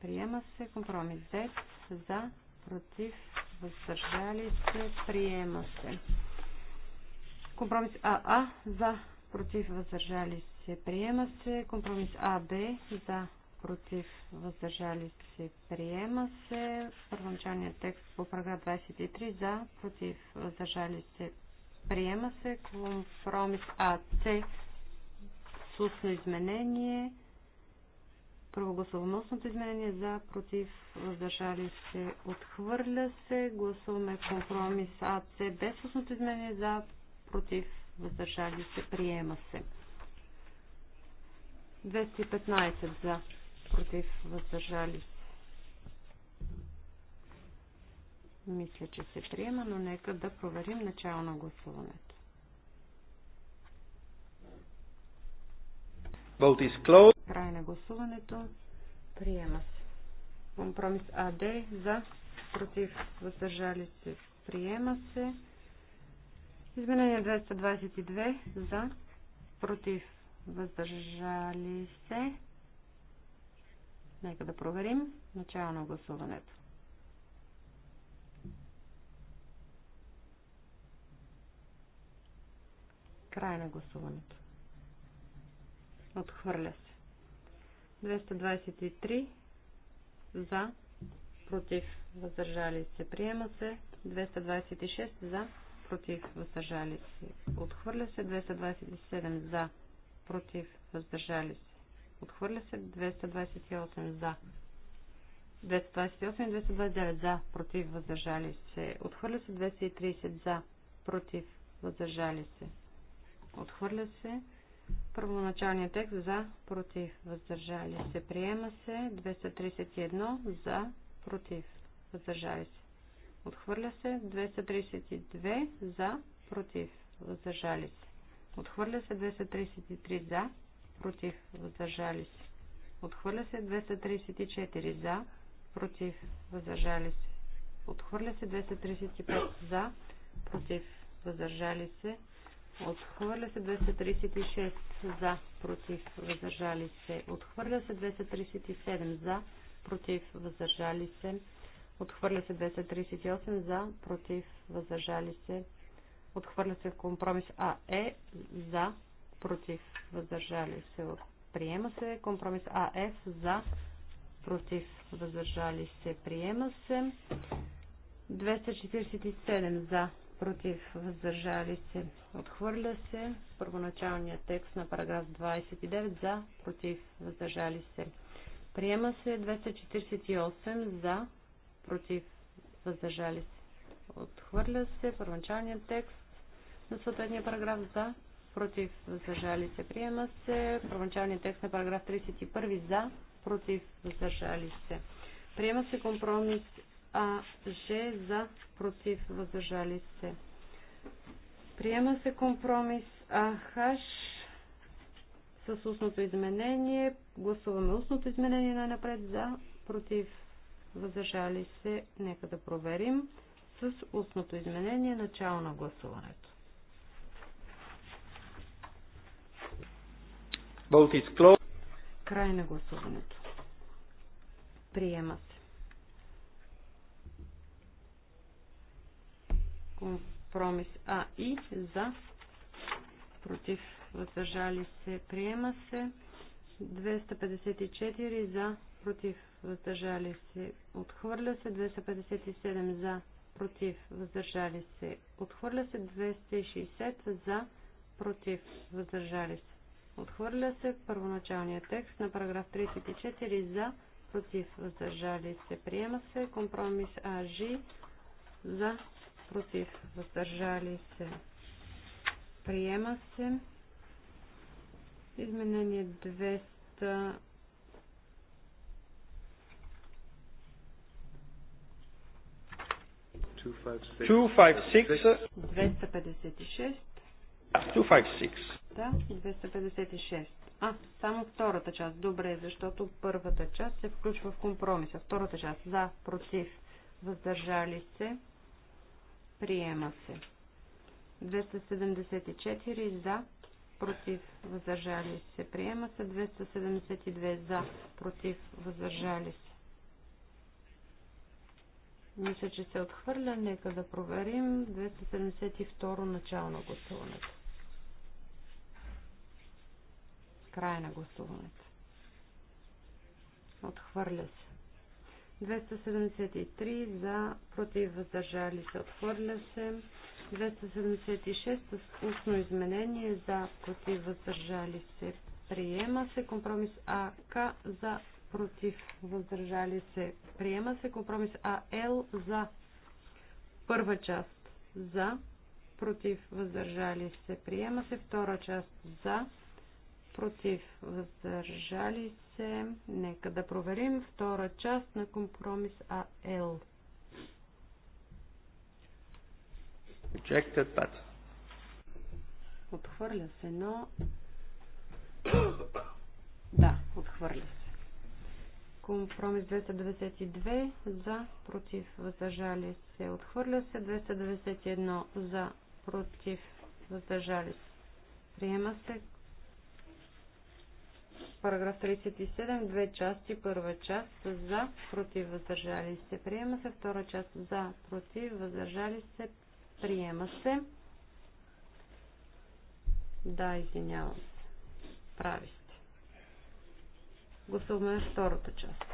Приема се компромис Z за, против, въздържали се, приема се. Компромис АА за, против, въздържали се, приема се. Компромис АБ за, против, въздържали се, приема се. Първоначалният текст по параграф 23 за, против, въздържали се, приема се. Компромис АЦ с устно изменение. Правогласовоносното изменение за, против, въздържали се, отхвърля се. Гласуваме компромис АЦ без устното изменение за, против, въздържали се, приема се. 215 за против, въздържали се. Мисля, че се приема, но нека да проверим начало на гласуването. Vote is closed. Край на гласуването. Приема се. Компромис АД за против въздържали се. Приема се. Изменение 222 за против въздържали се. Нека да проверим начало на гласуването. Край на гласуването. Отхвърля се. 223 за, против, въздържали се, приема се. 226 за, против, въздържали се, отхвърля се. 227 за, против, въздържали се, Отхвърля се 228 за. 228 и 229 за. Против. Въздържали се. Отхвърля се 230 за. Против. Въздържали се. Отхвърля се. Първоначалният текст за. Против. Въздържали се. Приема се. 231 за. Против. Въздържали се. Отхвърля се. 232 за. Против. Въздържали се. Отхвърля се 233 за, против, въздържали се. Отхвърля се 234 за, против, въздържали се. Отхвърля се 235 за, против, въздържали се. Отхвърля се 236 за, против, въздържали се. Отхвърля се 237 за, против, въздържали се. Отхвърля се 238 за, против, въздържали се. Отхвърля се компромис АЕ за, против, въздържали се, приема се. Компромис АФ за, против, въздържали се, приема се. 247 за, против, въздържали се, отхвърля се. Първоначалният текст на параграф 29 за, против, въздържали се. Приема се 248 за, против, въздържали се. Отхвърля се първоначалният текст на съответния параграф за, против, въздържали се, приема се. Първоначалният текст на параграф 31 за, против, въздържали се. Приема се компромис А, Ж за, против, въздържали се. Приема се компромис А, Х с устното изменение. Гласуваме устното изменение най-напред за, против, въздържали се. Нека да проверим с устното изменение начало на гласуването. Vote is closed. Край на гласуването. Приема се. Компромис А и за. Против. Въздържали се. Приема се. 254 за. Против. Въздържали се. Отхвърля се. 257 за. Против. Въздържали се. Отхвърля се. 260 за. Против. Въздържали се. Отхвърля се първоначалният текст на параграф 34 за, против, въздържали се. Приема се компромис АЖ за, против, въздържали се. Приема се изменение 200 256 256 страница 256. А, само втората част. Добре, защото първата част се включва в компромиса. Втората част. За, против, въздържали се, приема се. 274 за, против, въздържали се, приема се. 272 за, против, въздържали се. Мисля, че се отхвърля. Нека да проверим. 272 начало на гласуването. Край на гласуването. Отхвърля се. 273 за, против, въздържали се, отхвърля се. 276 с устно изменение за, против, въздържали се, приема се. Компромис АК за, против, въздържали се, приема се. Компромис АЛ за, първа част за, против, въздържали се, приема се. Втора част за, против, въздържали се. Нека да проверим втора част на компромис АЛ. Rejected, but... Отхвърля се, но... да, отхвърля се. Компромис 292 за, против, въздържали се. Отхвърля се 291 за, против, въздържали се. Приема се Параграф 37, две части. Първа част за, против, въздържали се, приема се. Втора част за, против, въздържали се, приема се. Да, извинявам се. Прави сте. Гласуваме втората част.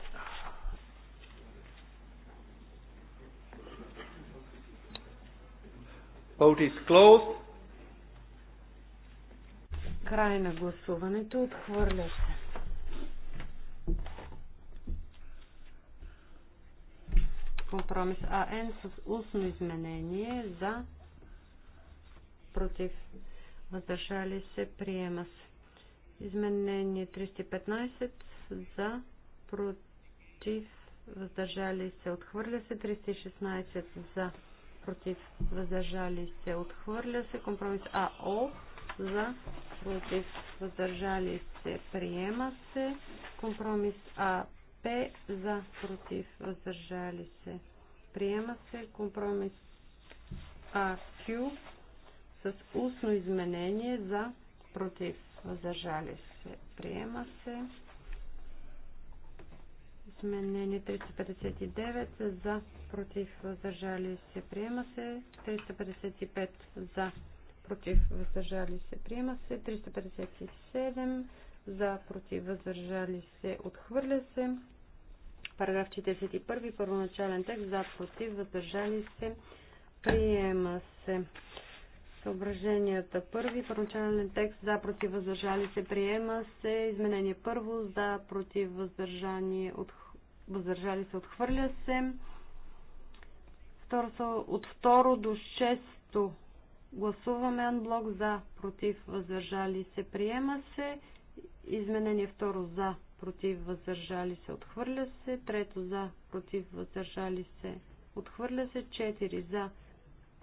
Vote is closed. Край на гласуването. Отхвърля се. Компромис АН с устно изменение за против. Въздържали се. Приема се. Изменение 315 за против. Въздържали се. Отхвърля се. 316 за против. Въздържали се. Отхвърля се. Компромис АО за, против, въздържали се, приема се. Компромис АП за, против, въздържали се, приема се. Компромис АК с устно изменение за, против, въздържали се, приема се. Изменение 359 за, против, въздържали се, приема се. 355 за, против, въздържали се, приема се. 357 за, против, въздържали се, отхвърля се. Параграф 41, първоначален текст, за, против, въздържали се, приема се. Съображенията. Първи, първоначален текст, за, против, въздържали се, приема се. Изменение първо, за, против, въздържание, от, въздържали се, отхвърля се. Второ, от второ до шесто Гласуваме анблок за, против, въздържали се, приема се. Изменение второ за, против, въздържали се, отхвърля се. Трето за, против, въздържали се, отхвърля се. Четири за,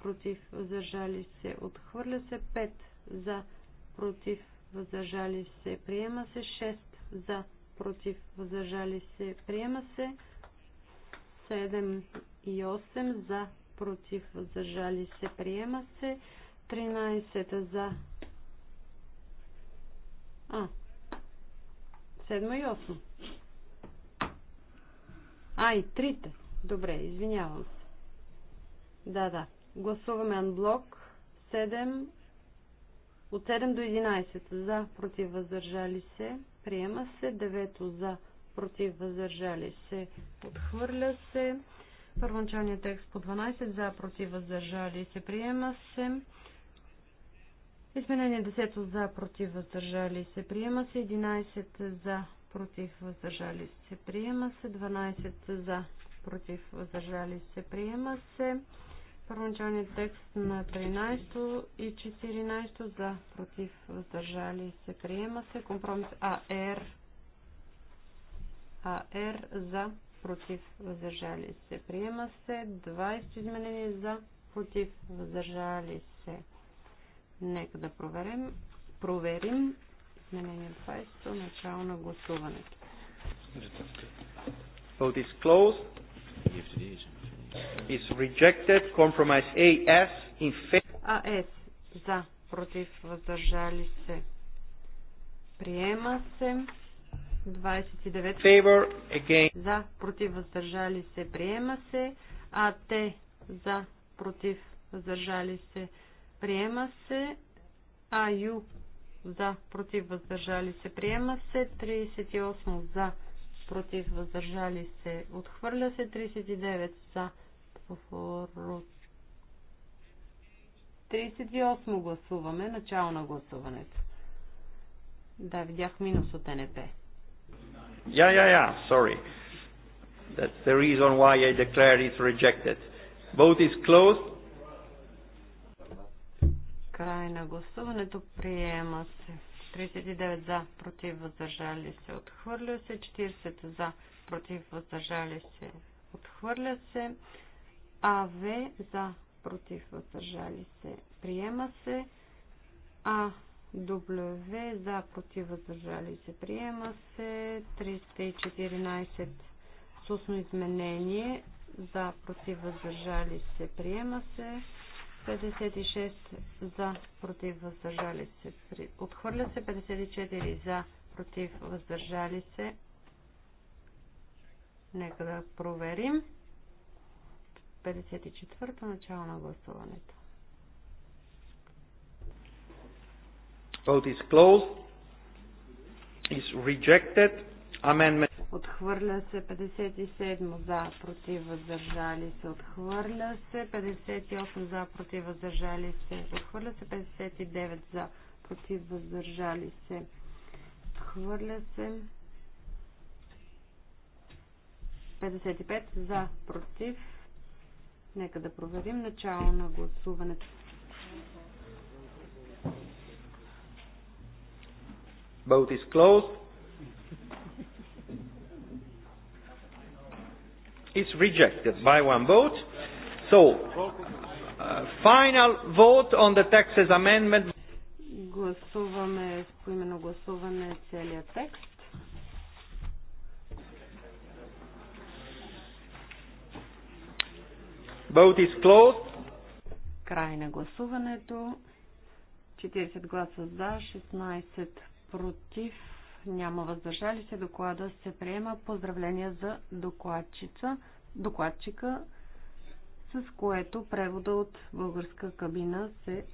против, въздържали се, отхвърля се. Пет за, против, въздържали се, приема се. Шест за, против, въздържали се, приема се. 7 и 8 за, против, въздържали се, приема се. 13 за. А. 7 и 8. А, и трите. Добре, извинявам се. Да, да. Гласуваме анблок 7 от 7 до 11 за, против, въздържали се. Приема се. 9 за, против, въздържали се. Отхвърля се. Първоначалният текст по 12 за, против, въздържали се. Приема се. Изменение 10 за против въздържали се приема се, 11 за против въздържали се приема се, 12 за против въздържали се приема се. Първоначалният текст на 13 и 14 за против въздържали се приема се. Компромис АР АР за против въздържали се приема се. 20 изменение за против въздържали се. Нека да проверим. Проверим изменение 20, начало на гласуването. Vote is closed. Is rejected. Compromise AS in favor. AS. За. Против. Въздържали се. Приема се. 29. Favor. Again. За. Против. Въздържали се. Приема се. АТ. За. Против. Въздържали се. се Приема се АЮ за, против, въздържали се. Приема се 38 за, против, въздържали се. Отхвърля се 39 за, 38 гласуваме, начало на гласуването. Да, видях минус от НП. Я, я, я, sorry. That's the reason why I declared it's rejected. Vote is closed. Край на гласуването. Приема се. 39 за, против, въздържали се, отхвърля се. 40 за, против, въздържали се, отхвърля се. АВ за, против, въздържали се, приема се. А, W за, против, въздържали се, приема се. 314 с устно изменение за, против, въздържали се, приема се. 56 за, против, въздържали се. Отхвърля се 54 за, против, въздържали се. Нека да проверим. 54-то начало на гласуването. Vote is closed. Is rejected. Amendment. Отхвърля се 57 за, против, въздържали се. Отхвърля се 58 за, против, въздържали се. Отхвърля се 59 за, против, въздържали се. Отхвърля се 55 за, против. Нека да проверим начало на гласуването. Vote is closed is rejected by one vote. So, uh, final vote on the text as amendment. Гласуваме с поименно гласуване целият текст. Vote is closed. Край на гласуването. 40 гласа за, 16 против, няма въздържали се. Доклада се приема. Поздравления за докладчица, докладчика, с което превода от българска кабина се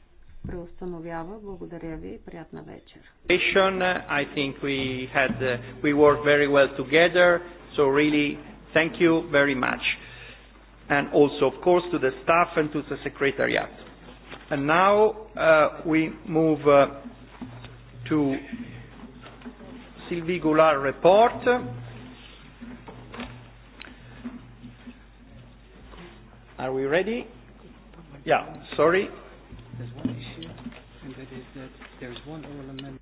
преустановява. Благодаря ви и приятна вечер. I think we had uh, we worked very well together, so really thank you very much. And also of course to the staff and to the secretariat. And now uh, we move uh, to Sylvie Goulard report. Are we ready? Yeah, sorry. There's one issue, and that is that there's one oral amendment.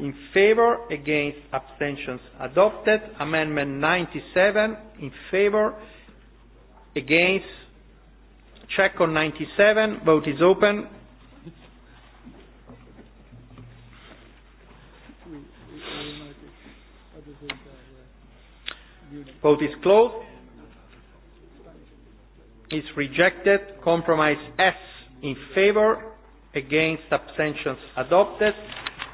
in favor, against, abstentions adopted. Amendment 97, in favor, against, check on 97, vote is open. Vote is closed. Is rejected. Compromise S in favor, against, abstentions adopted.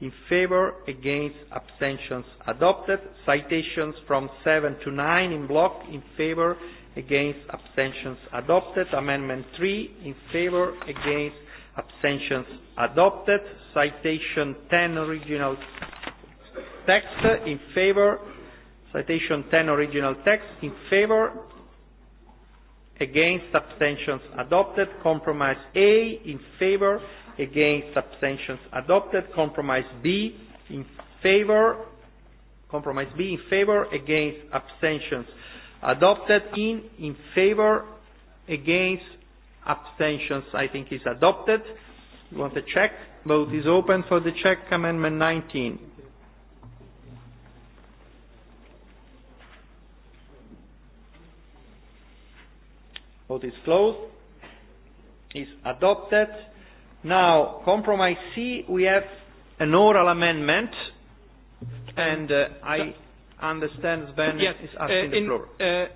in favor, against, abstentions adopted. Citations from 7 to 9 in block, in favor, against, abstentions adopted. Amendment 3, in favor, against, abstentions adopted. Citation 10, original text, in favor. Citation 10, original text, in favor, against, abstentions adopted. Compromise A, in favor, against abstentions adopted. Compromise B in favor. Compromise B in favor against abstentions adopted. In in favor against abstentions I think is adopted. You want to check? Vote is open for the check. Amendment 19. Vote is closed. Is adopted Now, compromise C, we have an oral amendment, and uh, I understand Sven yes, is asking uh, in, the floor. Uh,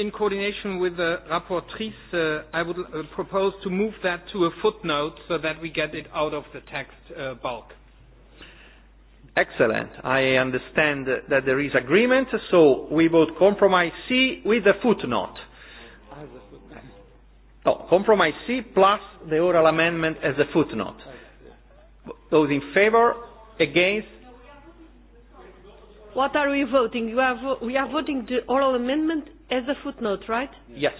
in coordination with the rapporteur uh, I would uh, propose to move that to a footnote so that we get it out of the text uh, bulk. Excellent. I understand that there is agreement, so we vote compromise C with a footnote. Oh, compromise C plus the oral amendment as a footnote. Those in favour, against? What are we voting? You are vo- we are voting the oral amendment as a footnote, right? Yes.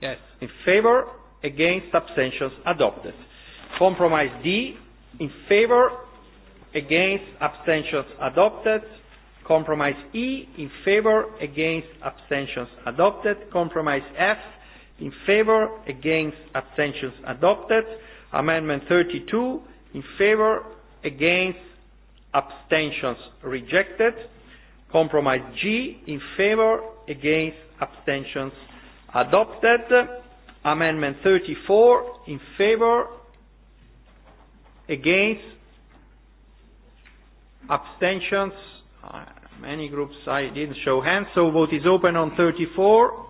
Yes. In favour, against, abstentions, adopted. Compromise D, in favour, against, abstentions, adopted. Compromise E, in favour, against, abstentions, adopted. Compromise F, in favor, against, abstentions adopted. Amendment 32, in favor, against, abstentions rejected. Compromise G, in favor, against, abstentions adopted. Amendment 34, in favor, against, abstentions. Uh, many groups I didn't show hands, so vote is open on 34.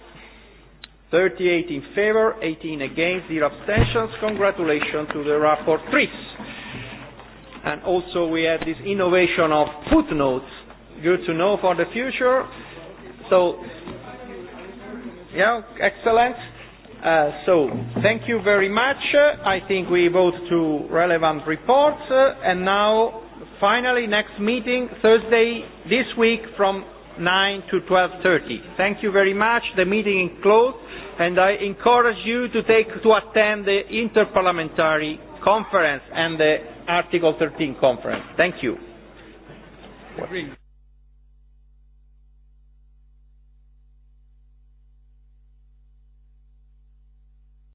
38 in favor, 18 against, 0 abstentions. Congratulations to the rapporteurs. And also we have this innovation of footnotes. Good to know for the future. So, yeah, excellent. Uh, so, thank you very much. Uh, I think we vote to relevant reports. Uh, and now, finally, next meeting, Thursday this week from 9 to 12.30. Thank you very much. The meeting is closed and I encourage you to take to attend the Interparliamentary Conference and the Article 13 Conference. Thank you.